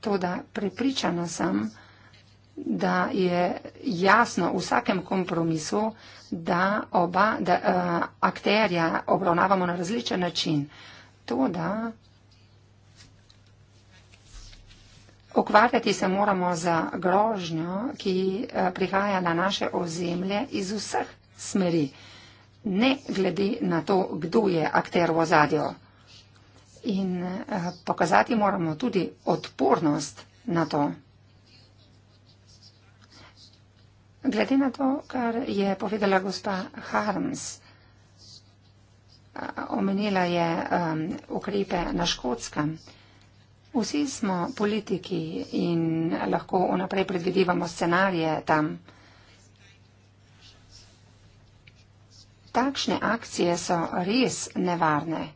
To, da prepričana sem, da je jasno v vsakem kompromisu, da oba da, uh, akterja obravnavamo na različen način. To, da ukvarjati se moramo za grožnjo, ki uh, prihaja na naše ozemlje iz vseh smeri, ne glede na to, kdo je akter v ozadju. In uh, pokazati moramo tudi odpornost na to. Glede na to, kar je povedala gospa Harms, omenila je um, ukrepe na škotskem. Vsi smo politiki in lahko vnaprej predvidivamo scenarije tam. Takšne akcije so res nevarne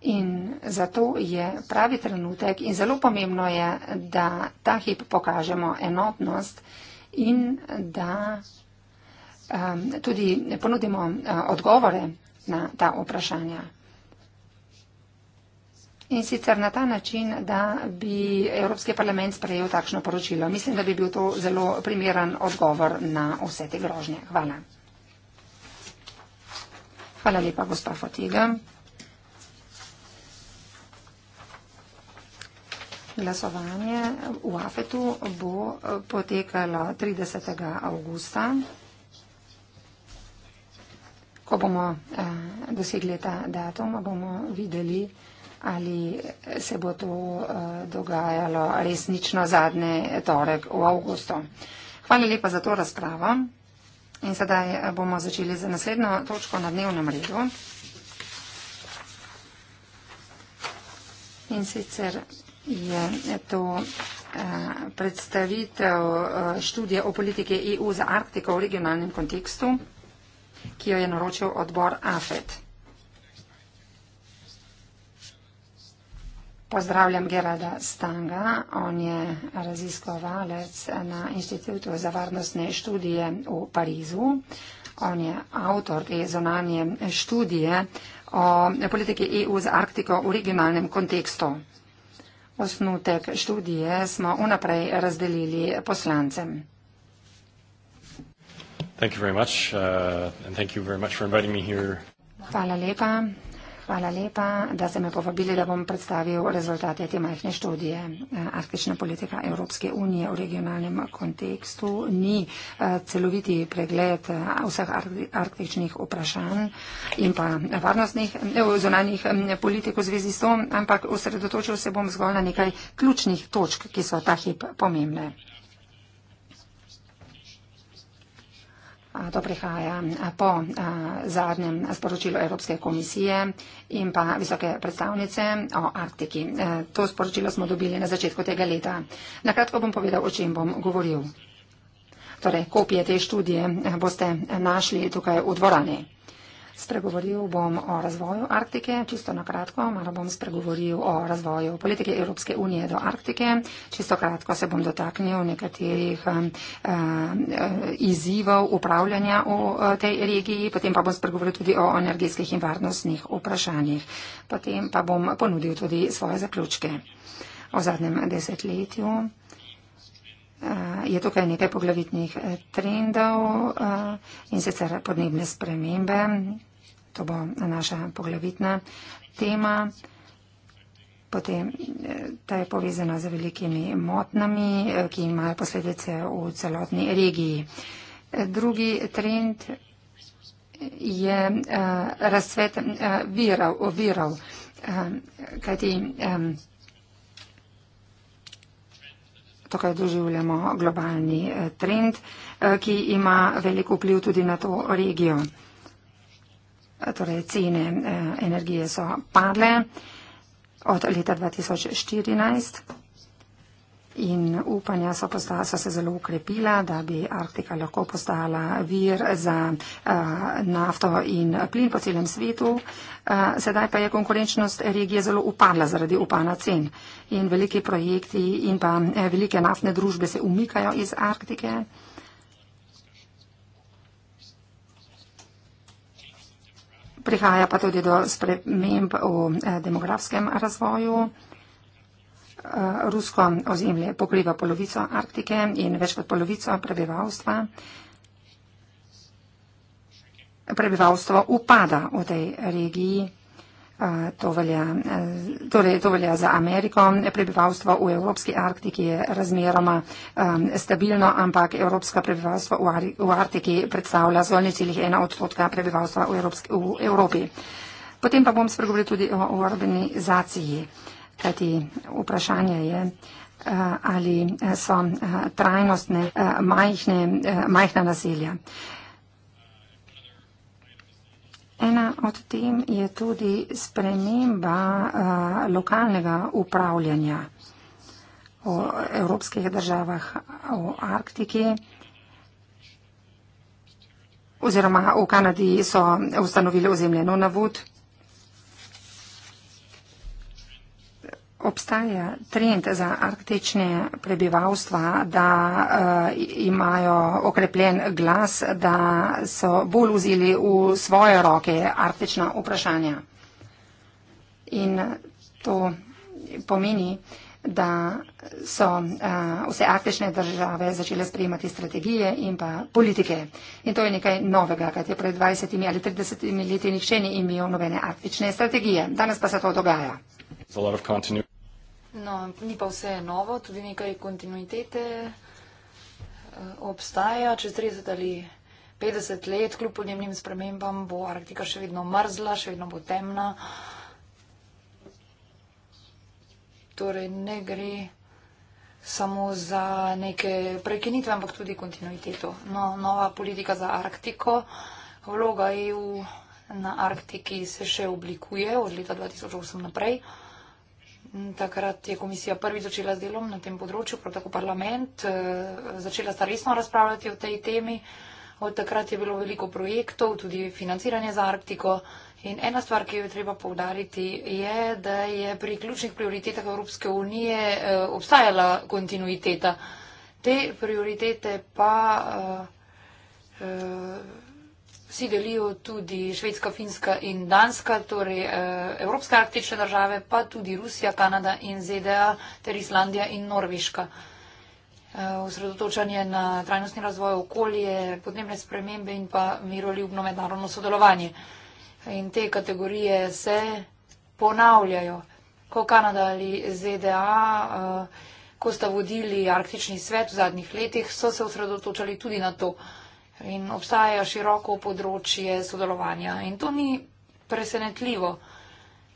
in zato je pravi trenutek in zelo pomembno je, da ta hip pokažemo enotnost in da um, tudi ponudimo uh, odgovore na ta vprašanja. In sicer na ta način, da bi Evropski parlament sprejel takšno poročilo. Mislim, da bi bil to zelo primeren odgovor na vse te grožnje. Hvala. Hvala lepa, gospod Fotiga. Glasovanje v AFET-u bo eh, potekalo 30. augusta, ko bomo eh, dosegli ta datum, bomo videli, ali se bo to eh, dogajalo resnično zadnji torek v augustu. Hvala lepa za to razpravo in sedaj bomo začeli z naslednjo točko na dnevnem redu. In sicer je to eh, predstavitev eh, študije o politike EU za Arktiko v regionalnem kontekstu, ki jo je naročil odbor AFED. Pozdravljam Gerada Stanga, on je raziskovalec na Inštitutu za varnostne študije v Parizu. On je avtor te zonanje študije o politike EU za Arktiko v regionalnem kontekstu osnutek študije smo vnaprej razdelili poslancem. Thank you very much, uh, and thank you very much for inviting me here. Hvala lepa Hvala lepa, da ste me povabili, da bom predstavil rezultate te majhne študije. Arktična politika Evropske unije v regionalnem kontekstu ni eh, celoviti pregled eh, vseh arktičnih vprašanj in pa varnostnih, eh, zunanih politik v zvezi s to, ampak osredotočil se bom zgolj na nekaj ključnih točk, ki so ta hip pomembne. To prihaja po zadnjem sporočilu Evropske komisije in pa visoke predstavnice o Arktiki. E, to sporočilo smo dobili na začetku tega leta. Nakratko bom povedal, o čem bom govoril. Torej, kopije te študije e, boste našli tukaj v dvorani. Spregovoril bom o razvoju Arktike, čisto na kratko, malo bom spregovoril o razvoju politike Evropske unije do Arktike, čisto kratko se bom dotaknil nekaterih eh, eh izzivov upravljanja v eh, tej regiji, potem pa bom spregovoril tudi o energetskih in varnostnih vprašanjih, potem pa bom ponudil tudi svoje zaključke o zadnjem desetletju. Eh, je tukaj nekaj poglavitnih trendov in sicer podnebne spremembe, to bo naša poglavitna tema. Potem eh, ta je povezana z velikimi motnami, eh, ki imajo posledice v celotni regiji. Eh, drugi trend je uh, razcvet uh, virov, virov uh, kajti um, to, kaj doživljamo, globalni uh, trend, uh, ki ima veliko vpliv tudi na to regijo torej cene eh, energije so padle od leta 2014 in upanja so, postala, so se zelo ukrepila, da bi Arktika lahko postala vir za eh, nafto in plin po celem svetu. Eh, sedaj pa je konkurenčnost regije zelo upadla zaradi upana cen in veliki projekti in pa velike naftne družbe se umikajo iz Arktike. prihaja pa tudi do sprememb v eh, demografskem razvoju. Eh, rusko ozemlje pokriva polovico Arktike in več kot polovico prebivalstva. Prebivalstvo upada v tej regiji. To velja, torej, to velja za Ameriko. Prebivalstvo v Evropski Arktiki je razmeroma um, stabilno, ampak evropska prebivalstva v, Ar v Arktiki predstavlja zgolj nečelih ena odstotka prebivalstva v, Evropski, v Evropi. Potem pa bom spregovoril tudi o urbanizaciji, kajti vprašanje je, uh, ali so uh, trajnostne uh, majhne, uh, majhna naselja. Uh, Ena od tem je tudi sprememba uh, lokalnega upravljanja v evropskih državah v Arktiki. Oziroma v Kanadi so ustanovili ozemljeno navod. obstaja trend za arktične prebivalstva, da uh, imajo okrepljen glas, da so bolj vzeli v svoje roke arktična vprašanja. In to pomeni, da so uh, vse arktične države začele sprejemati strategije in pa politike. In to je nekaj novega, kaj je pred 20 ali 30 leti nihče ni imel nobene arktične strategije. Danes pa se to dogaja. No, ni pa vse novo, tudi nekaj kontinuitete eh, obstaja. Čez 30 ali 50 let, kljub podnebnim spremembam, bo Arktika še vedno mrzla, še vedno bo temna. Torej ne gre samo za neke prekinitve, ampak tudi kontinuiteto. No, nova politika za Arktiko, vloga EU na Arktiki se še oblikuje od leta 2008 naprej. Takrat je komisija prvi začela z delom na tem področju, prav tako parlament, eh, začela sta resno razpravljati o tej temi. Od takrat je bilo veliko projektov, tudi financiranje za Arktiko. In ena stvar, ki jo je treba povdariti, je, da je pri ključnih prioritetah Evropske unije eh, obstajala kontinuiteta. Te prioritete pa. Uh, uh, vsi delijo tudi Švedska, Finska in Danska, torej eh, Evropske arktične države, pa tudi Rusija, Kanada in ZDA ter Islandija in Norveška. Eh, osredotočanje na trajnostni razvoj okolje, podnebne spremembe in pa miroljubno mednarodno sodelovanje. In te kategorije se ponavljajo. Ko Kanada ali ZDA, eh, ko sta vodili arktični svet v zadnjih letih, so se osredotočali tudi na to in obstaja široko področje sodelovanja. In to ni presenetljivo,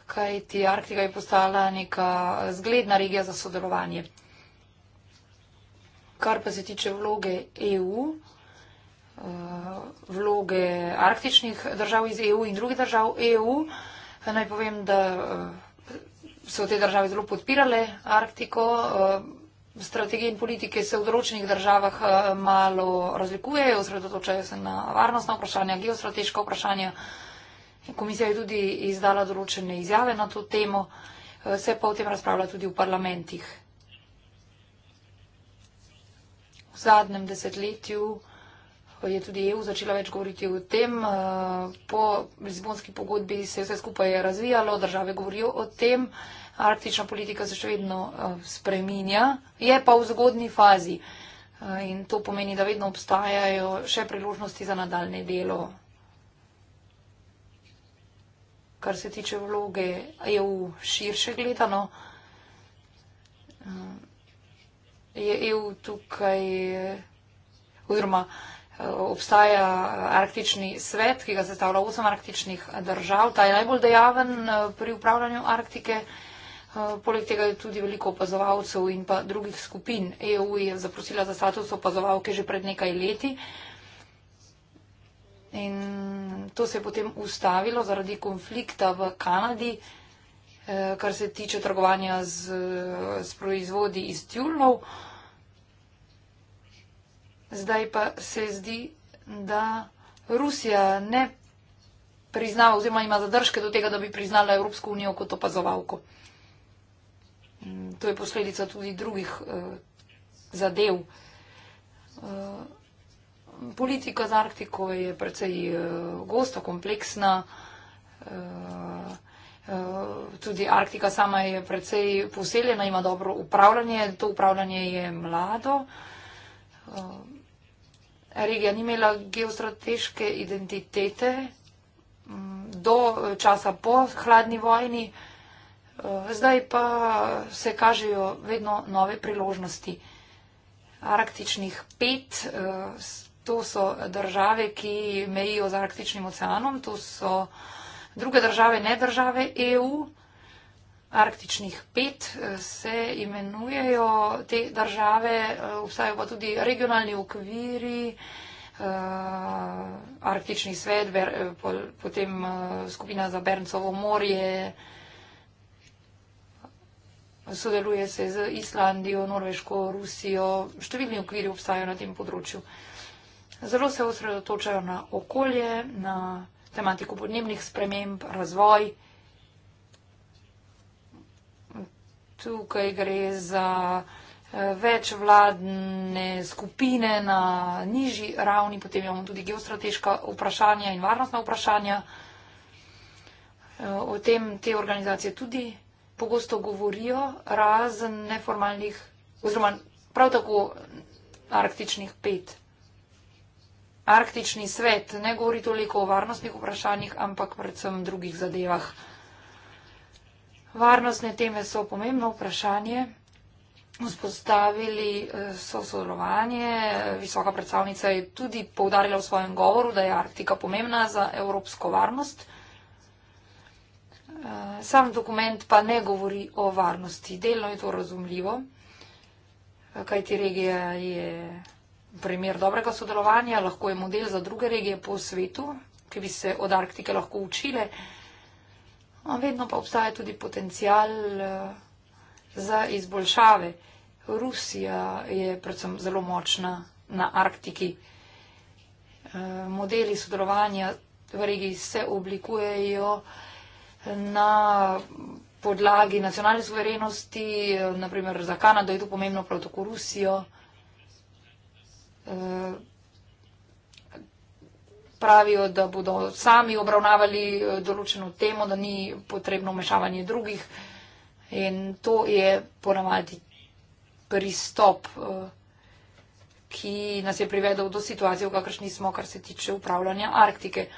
kaj ti Arktika je postala neka zgledna regija za sodelovanje. Kar pa se tiče vloge EU, eh, vloge arktičnih držav iz EU in drugih držav EU, naj povem, da eh, so te države zelo podpirale Arktiko. Eh, strategije in politike se v določenih državah eh, malo razlikujejo, osredotočajo se na varnostna vprašanja, geostrateška vprašanja. Komisija je tudi izdala določene izjave na to temo, eh, se pa o tem razpravlja tudi v parlamentih. V zadnjem desetletju je tudi EU začela več govoriti o tem. Eh, po Lizbonski pogodbi se je vse skupaj razvijalo, države govorijo o tem arktična politika se še vedno eh, spreminja, je pa v zgodni fazi. Eh, in to pomeni, da vedno obstajajo še priložnosti za nadaljne delo. Kar se tiče vloge EU širše gledano, eh, je EU tukaj, oziroma obstaja arktični svet, ki ga sestavlja osem arktičnih držav. Ta je najbolj dejaven pri upravljanju Arktike. Eh, poleg tega je tudi veliko opazovalcev in pa drugih skupin. EU je zaprosila za status opazovalke že pred nekaj leti. In to se je potem ustavilo zaradi konflikta v Kanadi, eh, kar se tiče trgovanja z, z proizvodi iz tjulnov. Zdaj pa se zdi, da Rusija ne priznava oziroma ima zadržke do tega, da bi priznala Evropsko unijo kot opazovalko. To je posledica tudi drugih uh, zadev. Uh, politika z Arktiko je precej uh, eh, gosta, kompleksna. Uh, uh, tudi Arktika sama je precej poseljena, ima dobro upravljanje. To upravljanje je mlado. Uh, regija ni imela geostrateške identitete um, do časa po hladni vojni. Uh, Zdaj pa se kažejo vedno nove priložnosti. Arktičnih pet, eh, to so države, ki mejijo z Arktičnim oceanom, to so druge države, ne države EU. Arktičnih pet eh, se imenujejo te države, eh, obstajajo pa tudi regionalni okviri, arktični svet, potem skupina za Berncovo morje, sodeluje se z Islandijo, Norveško, Rusijo, številni okviri obstajajo na tem področju. Zelo se osredotočajo na okolje, na tematiko podnebnih sprememb, razvoj. Tukaj gre za eh, večvladne skupine na nižji ravni, potem imamo tudi geostrateška vprašanja in varnostna vprašanja. Eh, o tem te organizacije tudi pogosto govorijo, razen neformalnih, oziroma prav tako arktičnih pet. Arktični svet ne govori toliko o varnostnih vprašanjih, ampak predvsem drugih zadevah. Varnostne teme so pomembno vprašanje. Vzpostavili eh, so sodelovanje. Visoka predstavnica je tudi povdarjala v svojem govoru, da je Arktika pomembna za evropsko varnost. Eh, sam dokument pa ne govori o varnosti. Delno je to razumljivo, eh, kajti regija je primer dobrega sodelovanja, lahko je model za druge regije po svetu, ki bi se od Arktike lahko učile. Vedno pa obstaja tudi potencial eh, za izboljšave. Rusija je predvsem zelo močna na Arktiki. Modeli sodelovanja v regiji se oblikujejo na podlagi nacionalne suverenosti, naprimer za Kanado je to pomembno, prav tako Rusijo. Eh, pravijo, da bodo sami obravnavali eh, določeno temo, da ni potrebno mešavanje drugih. In to je ponavadi pristop, eh, ki nas je privedel do situacije, v kakršni smo, kar se tiče upravljanja Arktike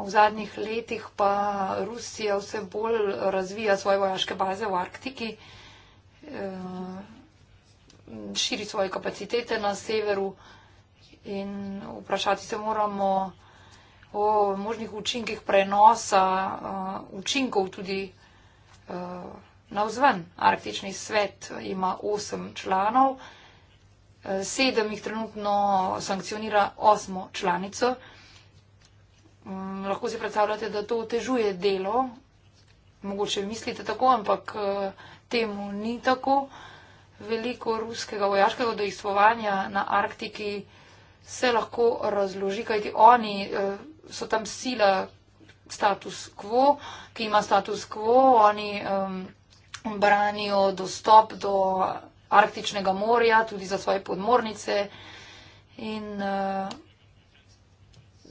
v zadnjih letih pa Rusija vse bolj razvija svoje vojaške baze v Arktiki, eh, širi svoje kapacitete na severu in vprašati se moramo o možnih učinkih prenosa eh, učinkov tudi eh, navzven. Arktični svet ima osem članov, sedem jih trenutno sankcionira osmo članico. Mm, lahko si predstavljate, da to otežuje delo. Mogoče mislite tako, ampak eh, temu ni tako. Veliko ruskega vojaškega dejstvovanja na Arktiki se lahko razloži, kajti oni eh, so tam sila status quo, ki ima status quo, oni um, branijo dostop do arktičnega morja, tudi za svoje podmornice in uh,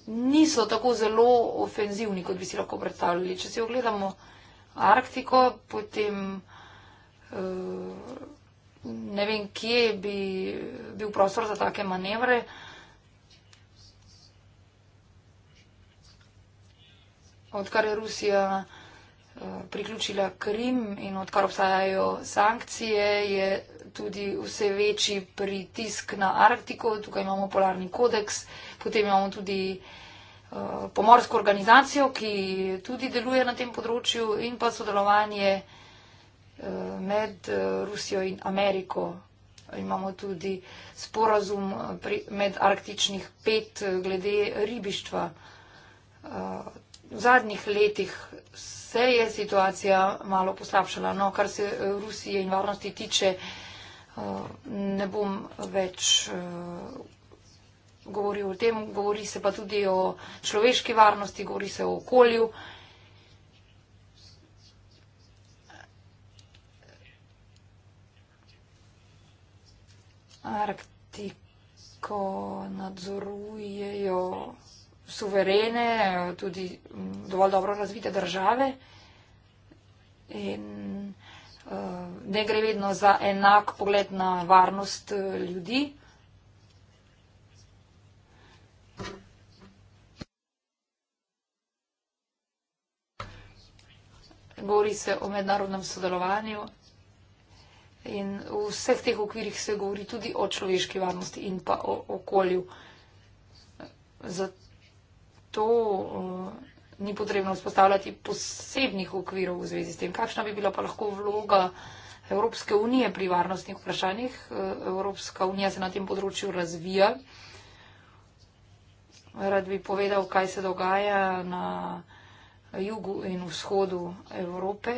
niso tako zelo ofenzivni, kot bi si lahko predstavljali. Če si ogledamo Arktiko, potem eh, ne vem, kje bi bil prostor za take manevre. Odkar je Rusija eh, priključila Krim in odkar obstajajo sankcije, je tudi vse večji pritisk na Arktiko. Tukaj imamo polarni kodeks, potem imamo tudi uh, pomorsko organizacijo, ki tudi deluje na tem področju in pa sodelovanje uh, med uh, Rusijo in Ameriko. Imamo tudi sporazum pri, med arktičnih pet glede ribištva. V zadnjih letih se je situacija malo poslabšala, no kar se Rusije in varnosti tiče, Eh, ne bom več eh, govoril o tem, govori se pa tudi o človeški varnosti, govori se o okolju. Arktiko nadzorujejo suverene, tudi mm, dovolj dobro razvite države. In Eh, ne gre vedno za enak pogled na varnost eh, ljudi. Govori se o mednarodnem sodelovanju in v vseh teh okvirih se govori tudi o človeški varnosti in pa o okolju. Zato uh, ni potrebno vzpostavljati posebnih okvirov v zvezi s tem. Kakšna bi bila pa lahko vloga Evropske unije pri varnostnih vprašanjih? Evropska unija se na tem področju razvija. Rad bi povedal, kaj se dogaja na jugu in vzhodu Evrope,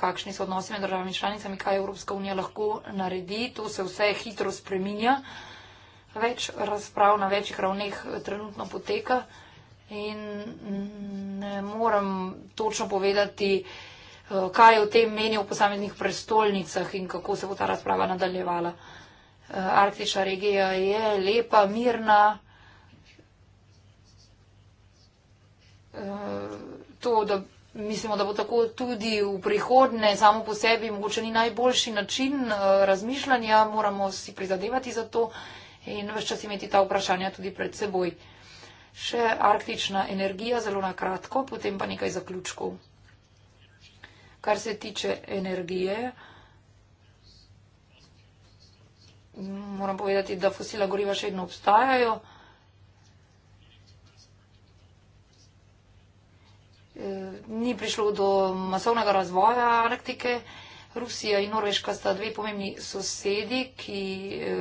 kakšni so odnosi med državami članicami, kaj Evropska unija lahko naredi. To se vse hitro spreminja. Več razprav na večjih ravneh trenutno poteka in ne morem točno povedati, eh, kaj je o tem meni v posameznih prestolnicah in kako se bo ta razprava nadaljevala. Eh, Arktična regija je lepa, mirna. Eh, to, da mislimo, da bo tako tudi v prihodne, samo po sebi, mogoče ni najboljši način razmišljanja, moramo si prizadevati za to in veččas imeti ta vprašanja tudi pred seboj še arktična energija, zelo na kratko, potem pa nekaj zaključkov. Kar se tiče energije, moram povedati, da fosila goriva še vedno obstajajo. E, ni prišlo do masovnega razvoja Arktike. Rusija in Norveška sta dve pomembni sosedi, ki e,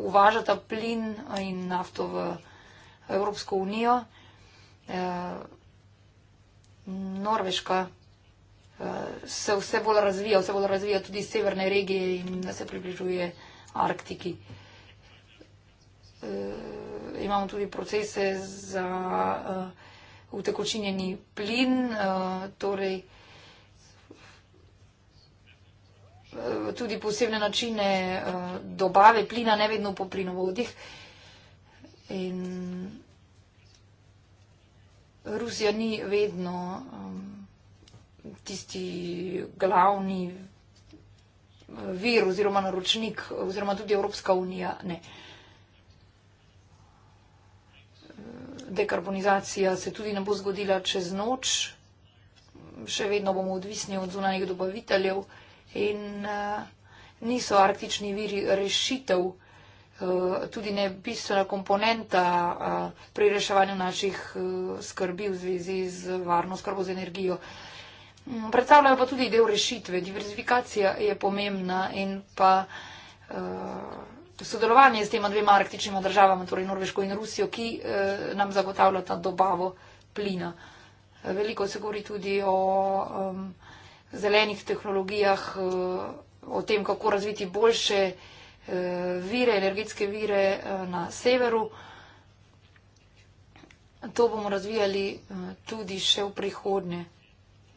uvažata plin in nafto v Arktiko. Evropsko unijo, eh, Norveška eh, se vse bolj razvija, vse bolj razvija tudi severne regije in se približuje Arktiki. Eh, imamo tudi procese za eh, utekočinjeni plin, eh, torej eh, tudi posebne načine eh, dobave plina, ne vedno po plinovodih. In Rusija ni vedno um, tisti glavni vir oziroma naročnik oziroma tudi Evropska unija. Ne. Dekarbonizacija se tudi ne bo zgodila čez noč. Še vedno bomo odvisni od zunanjih dobaviteljev in uh, niso arktični viri rešitev. Eh, tudi ne bistvena komponenta eh, pri reševanju naših eh, skrbi v zvezi z varno skrbo z energijo. Mm, predstavljajo pa tudi del rešitve. Diverzifikacija je pomembna in pa sodelovanje s tema dvema arktičnima državama, torej Norveško in Rusijo, ki nam zagotavlja ta dobavo plina. Veliko se govori tudi o zelenih tehnologijah, o tem, kako razviti boljše Eh, vire, energetske vire eh, na severu. To bomo razvijali eh, tudi še v prihodnje,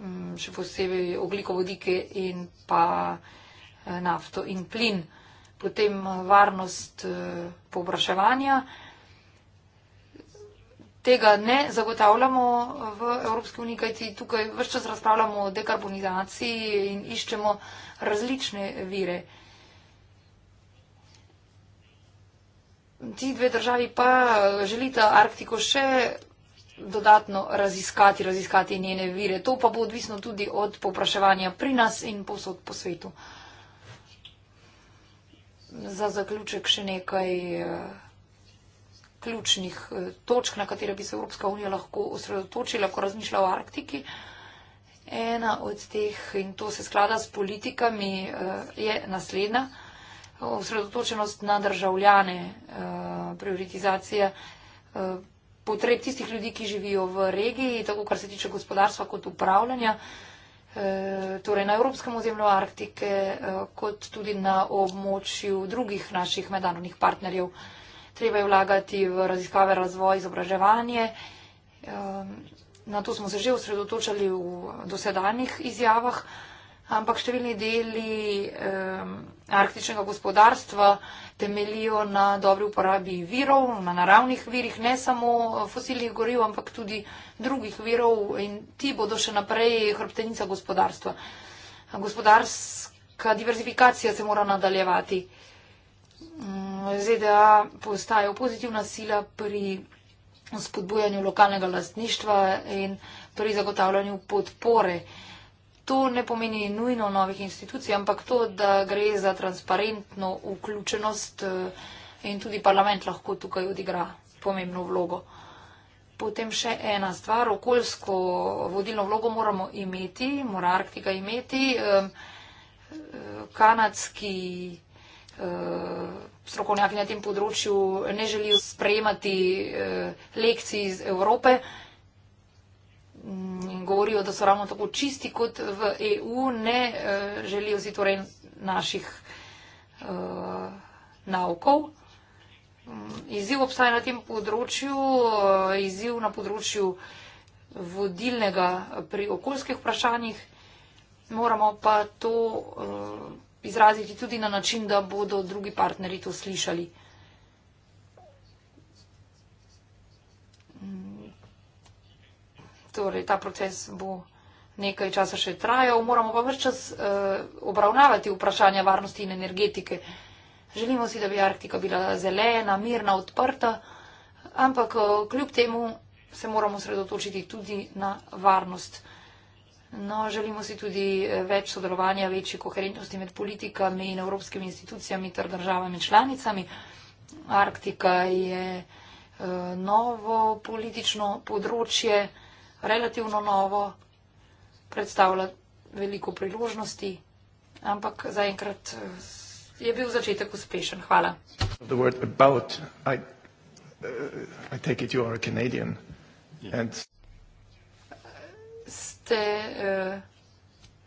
mm, še posebej oglikovodike in pa nafto in plin. Potem varnost povpraševanja. Tega ne zagotavljamo v Evropski uniji, kajti tukaj vse čas razpravljamo o dekarbonizaciji in iščemo različne vire. ti dve državi pa želita Arktiko še dodatno raziskati, raziskati njene vire. To pa bo odvisno tudi od popraševanja pri nas in posod po svetu. Za zaključek še nekaj eh, ključnih eh, točk, na katere bi se Evropska unija lahko osredotočila, ko razmišlja o Arktiki. Ena od teh, in to se sklada s politikami, eh, je naslednja osredotočenost na državljane, eh, prioritizacija eh, potreb tistih ljudi, ki živijo v regiji, tako kar se tiče gospodarstva kot upravljanja, eh, torej na evropskem ozemlju Arktike, kot tudi na območju drugih naših mednarodnih partnerjev. Treba je vlagati v raziskave, razvoj, izobraževanje. Na to smo se že osredotočali v dosedanjih izjavah ampak številni deli um, arktičnega gospodarstva temelijo na dobri uporabi virov, na naravnih virih, ne samo fosilnih goriv, ampak tudi drugih virov in ti bodo še naprej hrbtenica gospodarstva. Gospodarska diverzifikacija se mora nadaljevati. Mm, ZDA postaje pozitivna sila pri spodbujanju lokalnega lastništva in pri zagotavljanju podpore. To ne pomeni nujno novih institucij, ampak to, da gre za transparentno vključenost eh, in tudi parlament lahko tukaj odigra pomembno vlogo. Potem še ena stvar, okoljsko vodilno vlogo moramo imeti, mora Arktika imeti. Eh, eh, kanadski strokovnjaki na tem področju ne želijo sprejemati lekcij iz Evrope in mm, govorijo, da so ravno tako čisti kot v EU, ne uh, želijo si torej naših uh, naukov. Um, izziv obstaja na tem področju, uh, izziv na področju vodilnega pri okoljskih vprašanjih. Moramo pa to uh, izraziti tudi na način, da bodo drugi partneri to slišali. torej ta proces bo nekaj časa še trajal, moramo pa vse čas uh, obravnavati vprašanja varnosti in energetike. Želimo si, da bi Arktika bila zelena, mirna, odprta, ampak uh, kljub temu se moramo sredotočiti tudi na varnost. No, želimo si tudi eh, več sodelovanja, večje koherentnosti med politikami in evropskimi institucijami ter državami članicami. Arktika je uh, novo politično področje relativno novo, predstavlja veliko priložnosti, ampak zaenkrat eh, je bil začetek uspešen. Hvala. Uh, Ste uh, eh,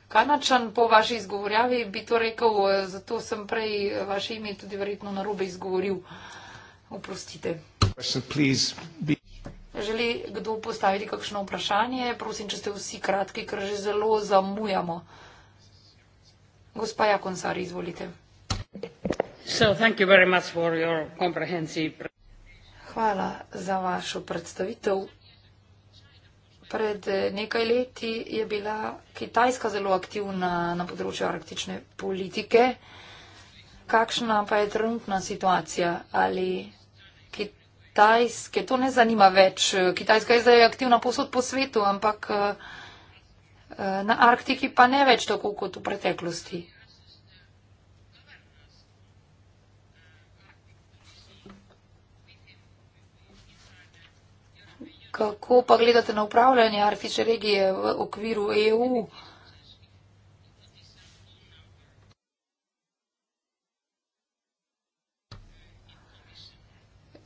kanačan po vaši izgovorjavi, bi to rekel, eh, zato sem prej vaše ime tudi verjetno narobe izgovoril. Oprostite. Question, please, be želi kdo postaviti kakšno vprašanje, prosim, če ste vsi kratki, ker že zelo zamujamo. Gospa Jakonsari, izvolite. Hvala za vašo predstavitev. Pred nekaj leti je bila Kitajska zelo aktivna na področju arktične politike. Kakšna pa je trenutna situacija? Ali Kitajske, to ne zanima več. Kitajska je zdaj aktivna posod po svetu, ampak eh, eh, na Arktiki pa ne več tako kot v preteklosti. Kako pa gledate na upravljanje arktične regije v okviru EU?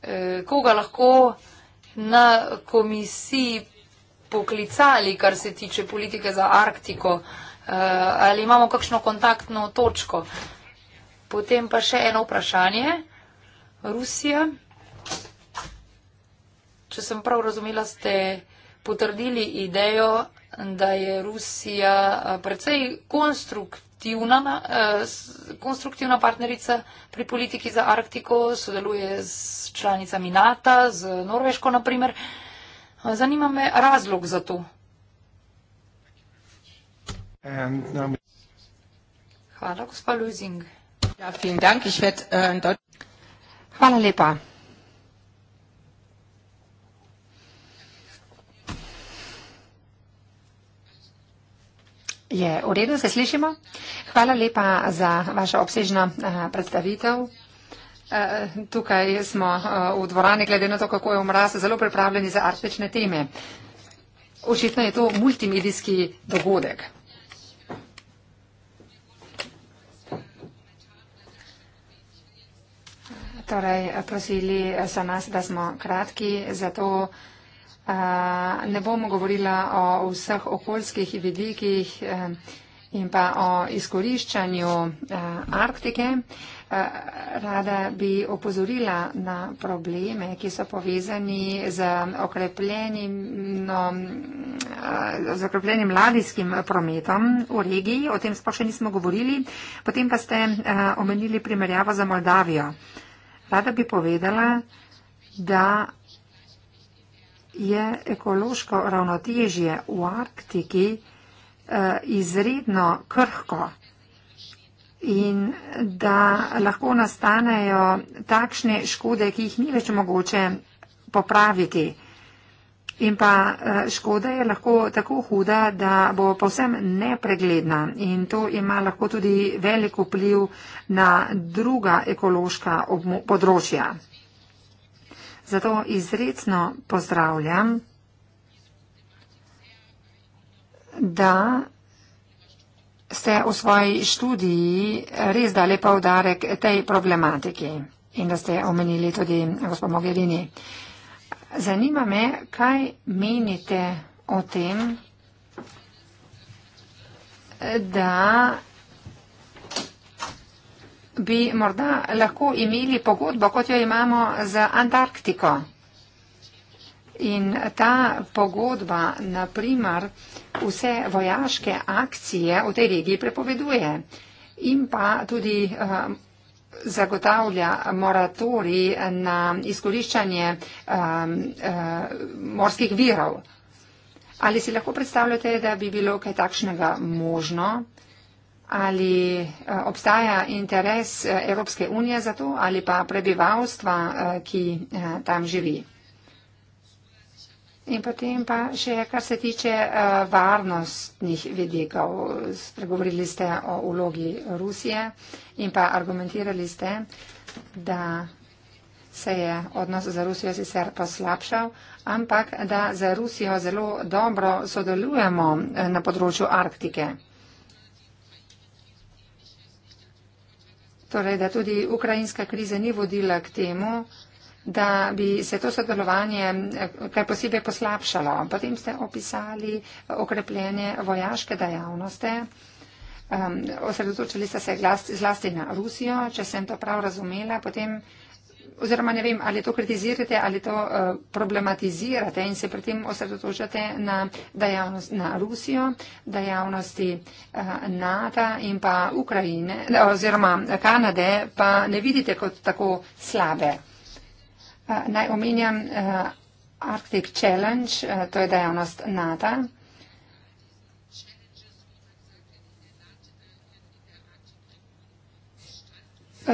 Eh, koga lahko na komisiji poklicali, kar se tiče politike za Arktiko, eh, ali imamo kakšno kontaktno točko. Potem pa še eno vprašanje. Rusija, če sem prav razumela, ste potrdili idejo, da je Rusija eh, precej konstruktivna konstruktivna, eh, konstruktivna partnerica pri politiki za Arktiko, sodeluje z članicami NATO, z Norveško naprimer. Eh, zanima me razlog za to. Hvala, gospa Luizing. Ja, äh, Hvala lepa. Je v redu, se slišimo. Hvala lepa za vašo obsežno eh, predstavitev. Eh, tukaj smo eh, v dvorani, glede na to, kako je omraz, zelo pripravljeni za artične teme. Očitno je to multimedijski dogodek. Torej, prosili so nas, da smo kratki, zato. Eh, ne bomo govorila o vseh okoljskih vidikih eh, in pa o izkoriščanju eh, Arktike. Rada bi opozorila na probleme, ki so povezani z okrepljenim, no, z okrepljenim ladijskim prometom v regiji. O tem sploh še nismo govorili. Potem pa ste omenili primerjavo za Moldavijo. Rada bi povedala, da je ekološko ravnotežje v Arktiki eh, izredno krhko in da lahko nastanejo takšne škode, ki jih ni več mogoče popraviti. In pa eh, škoda je lahko tako huda, da bo povsem nepregledna in to ima lahko tudi veliko vpliv na druga ekološka področja. Zato izredno pozdravljam, da ste v svoji študiji res dali pa udarek tej problematiki in da ste omenili tudi gospod Mogherini. Zanima me, kaj menite o tem, da bi morda lahko imeli pogodbo, kot jo imamo z Antarktiko. In ta pogodba, na primer, vse vojaške akcije v tej regiji prepoveduje in pa tudi uh, zagotavlja moratori na izkoriščanje um, uh, morskih virov. Ali si lahko predstavljate, da bi bilo kaj takšnega možno? Uh, ali eh, obstaja interes eh, Evropske unije za to ali pa prebivalstva, eh, ki tam živi. In potem pa še, kar se tiče varnostnih vedekov. Spregovorili ste o ulogi Rusije in pa argumentirali ste, da se je odnos za Rusijo sicer poslabšal, ampak da za Rusijo zelo dobro sodelujemo na področju Arktike. torej da tudi ukrajinska kriza ni vodila k temu, da bi se to sodelovanje eh, kaj posebej poslabšalo. Potem ste opisali eh, okrepljenje vojaške dejavnosti. Um, osredotočili ste se glas, zlasti na Rusijo, če sem to prav razumela, potem uh, oziroma ne vem, ali to kritizirate, ali to eh, problematizirate in se pri tem osredotočate na dejavnost na Rusijo, dejavnosti eh, NATO in pa Ukrajine oziroma Kanade, pa ne vidite kot tako slabe. Eh, naj omenjam Arctic Challenge, to je dejavnost NATO.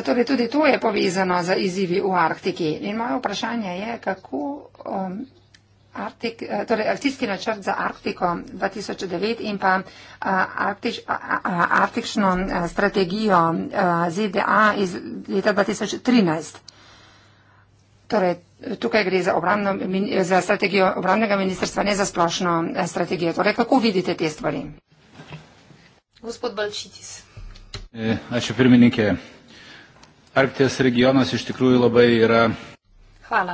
Torej, tudi to je povezano z izzivi v Arktiki. In moje vprašanje je, kako um, Arktik, eh, torej, akcijski načrt za Arktiko 2009 in pa uh, Arktiš, a, a, arktično eh, strategijo uh, ZDA iz leta 2013. Torej, tukaj gre za, obramno, za strategijo obramnega ministrstva, ne za splošno strategijo. Torej, kako vidite te stvari? Gospod Balčitis. E, Arktijos regionas iš tikrųjų labai yra. Hvala.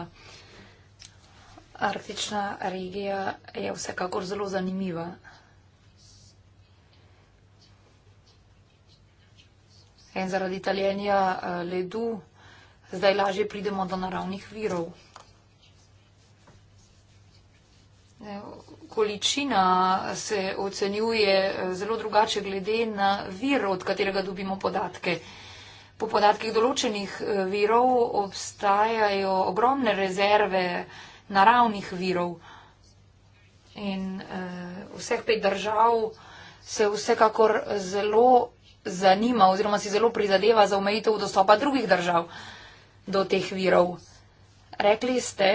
Arktična regija je vsekakor zelo zanimiva. In zaradi taljenja eh, ledu zdaj lažje pridemo do naravnih virov. Eh, količina eh, se ocenjuje zelo drugače glede na vir, od katerega dobimo podatke. Po podatkih določenih eh, virov obstajajo ogromne rezerve naravnih virov in eh, vseh pet držav se vsekakor zelo zanima oziroma si zelo prizadeva za omejitev dostopa drugih držav do teh virov. Rekli ste,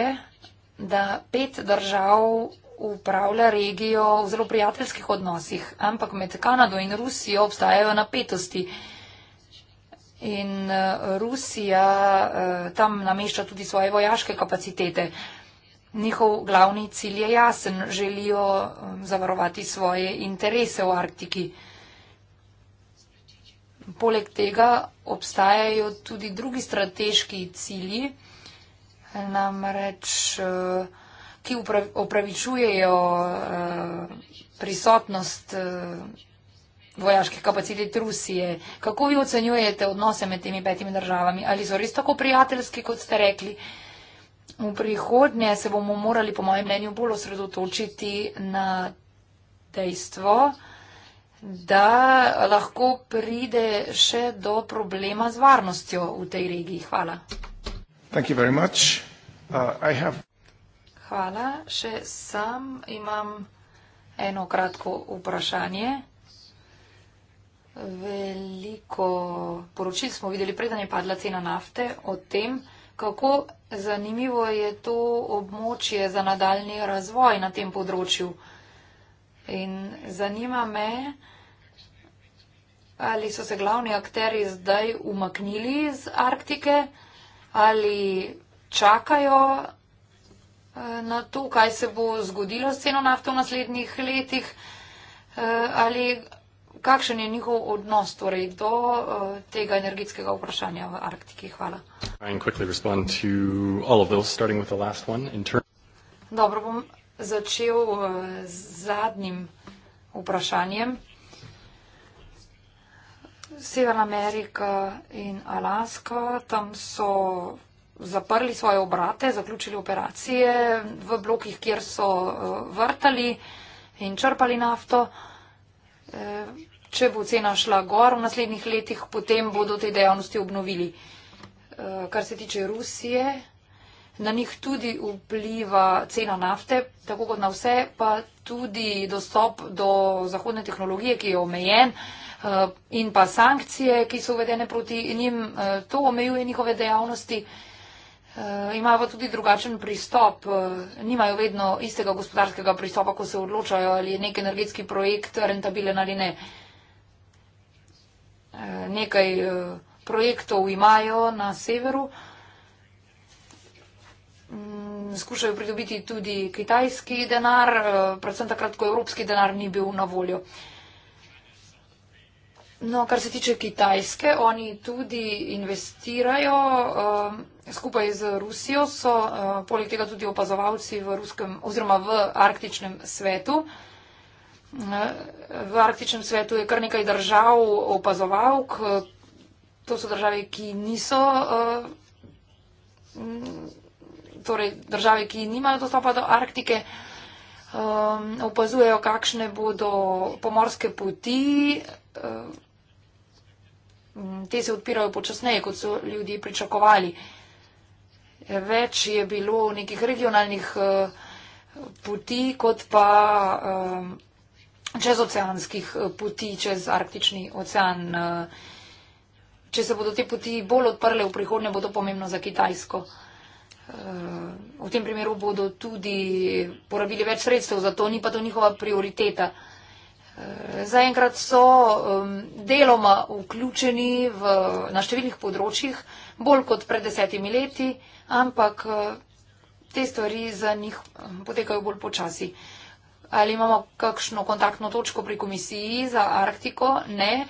da pet držav upravlja regijo v zelo prijateljskih odnosih, ampak med Kanado in Rusijo obstajajo napetosti in eh, Rusija eh, tam namešča tudi svoje vojaške kapacitete. Njihov glavni cilj je jasen, želijo eh, zavarovati svoje interese v Arktiki. Poleg tega obstajajo tudi drugi strateški cilji, namreč, ki upravičujejo prisotnost vojaških kapacitet Rusije. Kako vi ocenjujete odnose med temi petimi državami? Ali so res tako prijateljski, kot ste rekli? V prihodnje se bomo morali, po mojem mnenju, bolj osredotočiti na dejstvo, da lahko pride še do problema z varnostjo v tej regiji. Hvala. Uh, have... Hvala. Še sam imam eno kratko vprašanje veliko poročil smo videli, preden je padla cena nafte, o tem, kako zanimivo je to območje za nadaljni razvoj na tem področju. In zanima me, ali so se glavni akteri zdaj umaknili iz Arktike, ali čakajo eh, na to, kaj se bo zgodilo s ceno nafte v naslednjih letih, eh, ali kakšen je njihov odnos torej, do uh, tega energetskega vprašanja v Arktiki? Hvala. Dobro, bom začel uh, z zadnjim vprašanjem. Severna Amerika in Alaska, tam so zaprli svoje obrate, zaključili operacije v blokih, kjer so eh, vrtali in črpali nafto če bo cena šla gor v naslednjih letih, potem bodo te dejavnosti obnovili. Eh, kar se tiče Rusije, na njih tudi vpliva cena nafte, tako kot na vse, pa tudi dostop do zahodne tehnologije, ki je omejen eh, in pa sankcije, ki so uvedene proti njim, eh, to omejuje njihove dejavnosti. Imajo tudi drugačen pristop, nimajo vedno istega gospodarskega pristopa, ko se odločajo, ali je nek energetski projekt rentabilen ali ne. Eh, nekaj eh, projektov imajo na severu. Mm, skušajo pridobiti tudi kitajski denar, eh, predvsem takrat, ko evropski denar ni bil na voljo. No, kar se tiče Kitajske, oni tudi investirajo skupaj z Rusijo, so poleg tega tudi opazovalci v, ruskem, v arktičnem svetu v arktičnem svetu je kar nekaj držav opazovalk. To so države, ki niso, eh, torej države, ki nimajo dostopa do Arktike, eh, opazujejo, kakšne bodo pomorske poti. Eh, te se odpirajo počasneje, kot so ljudje pričakovali. Več je bilo nekih regionalnih poti, kot pa čez oceanskih eh, poti, čez arktični ocean. Eh, če se bodo te poti bolj odprle v prihodnje, bo to pomembno za Kitajsko. Eh, v tem primeru bodo tudi porabili več sredstev, zato ni pa to njihova prioriteta. Zaenkrat so deloma vključeni v, na številnih področjih, bolj kot pred desetimi leti, ampak te stvari za njih potekajo bolj počasi. Ali imamo kakšno kontaktno točko pri komisiji za Arktiko? Ne.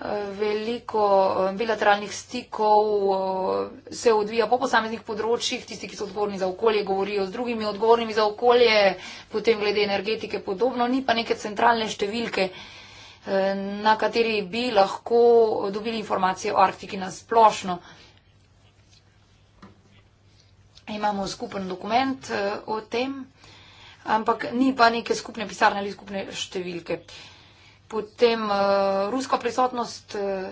Eh, veliko eh, bilateralnih stikov eh, se odvija po posameznih področjih, tisti, ki so odgovorni za okolje, govorijo z drugimi odgovornimi za okolje, potem glede energetike podobno, ni pa neke centralne številke, na kateri bi lahko dobili informacije o Arktiki na splošno. Imamo skupen dokument o tem ampak ni pa neke skupne pisarne ali skupne številke. Potem uh, rusko prisotnost uh,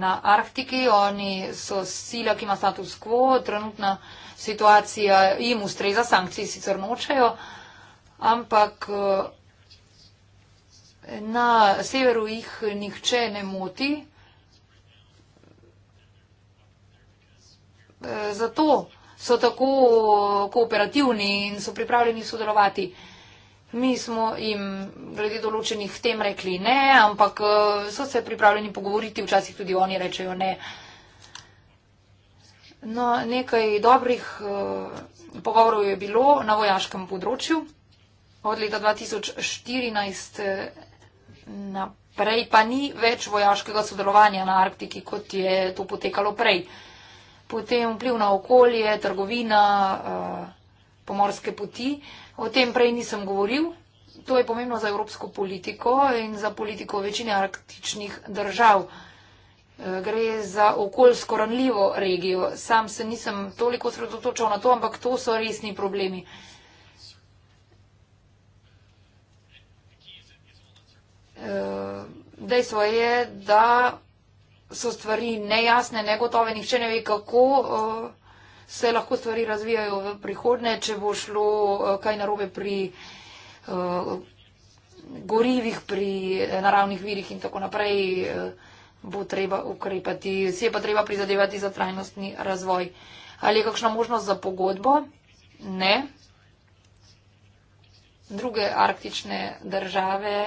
na Arktiki, oni so sila, ki ima status quo, trenutna situacija jim ustreza, sankcije sicer nočejo, ampak uh, na severu jih nihče ne moti. Zato so tako kooperativni in so pripravljeni sodelovati. Mi smo jim glede določenih tem rekli ne, ampak eh, so se pripravljeni pogovoriti, včasih tudi oni rečejo ne. No, nekaj dobrih eh, pogovorov je bilo na vojaškem področju. Od leta 2014 eh, naprej pa ni več vojaškega sodelovanja na Arktiki, kot je to potekalo prej potem vpliv na okolje, trgovina, eh, pomorske poti. O tem prej nisem govoril. To je pomembno za evropsko politiko in za politiko večine arktičnih držav. Eh, gre za okoljsko ranljivo regijo. Sam se nisem toliko sredotočal na to, ampak to so resni problemi. Eh, dejstvo je, da so stvari nejasne, negotove, nihče ne ve, kako uh, se lahko stvari razvijajo v prihodne, če bo šlo uh, kaj narobe pri uh, gorivih, pri naravnih virih in tako naprej, uh, bo treba ukrepati. Si je pa treba prizadevati za trajnostni razvoj. Ali je kakšna možnost za pogodbo? Ne. Druge arktične države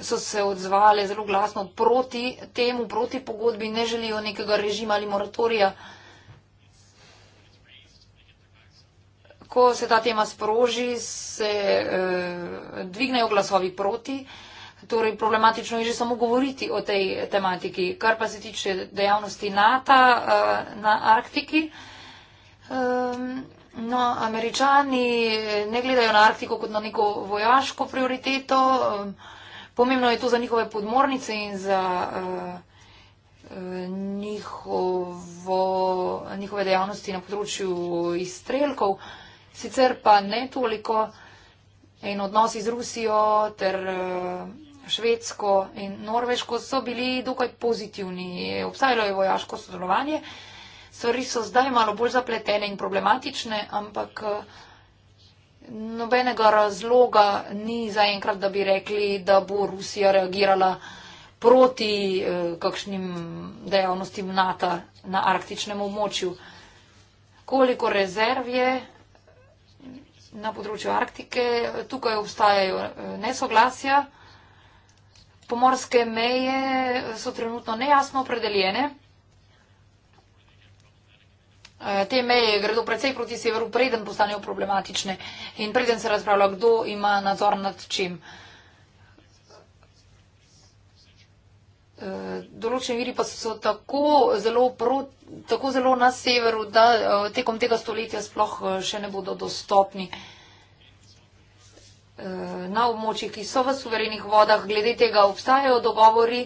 so se odzvale zelo glasno proti temu, proti pogodbi, ne želijo nekega režima ali moratorija. Ko se ta tema sproži, se eh, dvignejo glasovi proti. Torej, problematično je že samo govoriti o tej tematiki. Kar pa se tiče dejavnosti NATO eh, na Arktiki, eh, no, američani eh, ne gledajo na Arktiko kot na neko vojaško prioriteto. Eh, Pomembno je to za njihove podmornice in za uh, njihovo, njihove dejavnosti na področju izstrelkov. Sicer pa ne toliko in odnosi z Rusijo ter uh, Švedsko in Norveško so bili dokaj pozitivni. Obstajalo je vojaško sodelovanje. Stvari so zdaj malo bolj zapletene in problematične, ampak. Uh, nobenega razloga ni zaenkrat, da bi rekli, da bo Rusija reagirala proti eh, kakšnim dejavnostim NATO na arktičnem območju. Koliko rezerv je na področju Arktike, tukaj obstajajo eh, nesoglasja. Pomorske meje so trenutno nejasno opredeljene. Eh, te meje gredo predvsej proti severu, preden postanejo problematične in preden se razpravlja, kdo ima nadzor nad čim. Eh, določeni viri pa so tako zelo, pro, tako zelo na severu, da eh, tekom tega stoletja sploh še ne bodo dostopni na območjih, ki so v suverenih vodah. Glede tega obstajajo dogovori,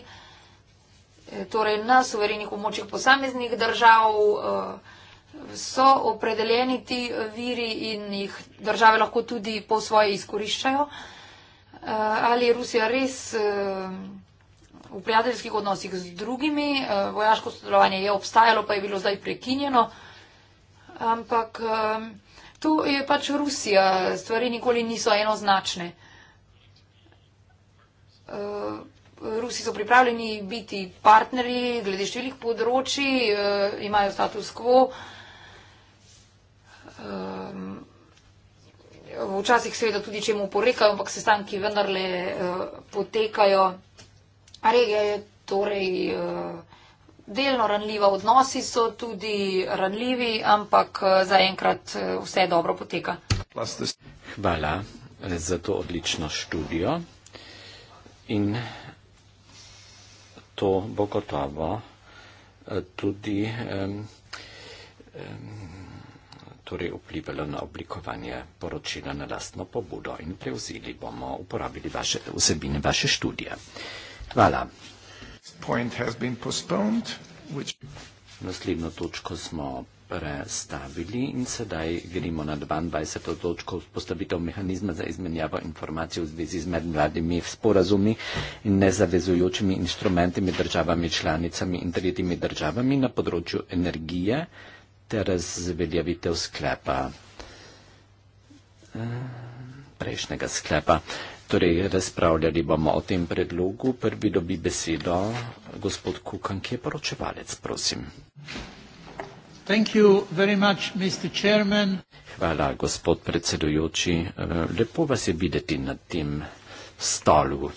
torej na suverenih območjih posameznih držav so opredeljeni ti eh, viri in jih države lahko tudi po svoje izkoriščajo? Eh, ali je Rusija res eh, v prijateljskih odnosih z drugimi? Vojaško sodelovanje je obstajalo, pa je bilo zdaj prekinjeno. Ampak tu je pač Rusija, stvari nikoli niso enoznačne. Rusi so pripravljeni biti partnerji glede številnih področji, imajo status quo um, včasih seveda tudi čemu porekajo, ampak sestanki vendarle uh, potekajo. Regija je torej uh, delno ranljiva, odnosi so tudi ranljivi, ampak uh, zaenkrat uh, vse dobro poteka. Hvala za to odlično študijo in to bo gotovo tudi. Um, um, torej vplivalo na oblikovanje poročila na lastno pobudo in prevzeli bomo uporabili vaše, vsebine vaše študije. Hvala. Which... Naslednjo točko smo prestavili in sedaj gremo na 22. točko vzpostavitev mehanizma za izmenjavo informacij v zvezi z medvladimi sporazumi in nezavezujočimi inštrumenti med državami članicami in tretjimi državami na področju energije teraz zveljavitev sklepa, eh, prejšnjega sklepa. Torej, razpravljali bomo o tem predlogu. Prvi dobi besedo gospod Kukan, ki je poročevalec, prosim. Thank you very much, Mr. Chairman. Hvala, gospod predsedujoči. Eh, lepo vas je videti na tem stolu.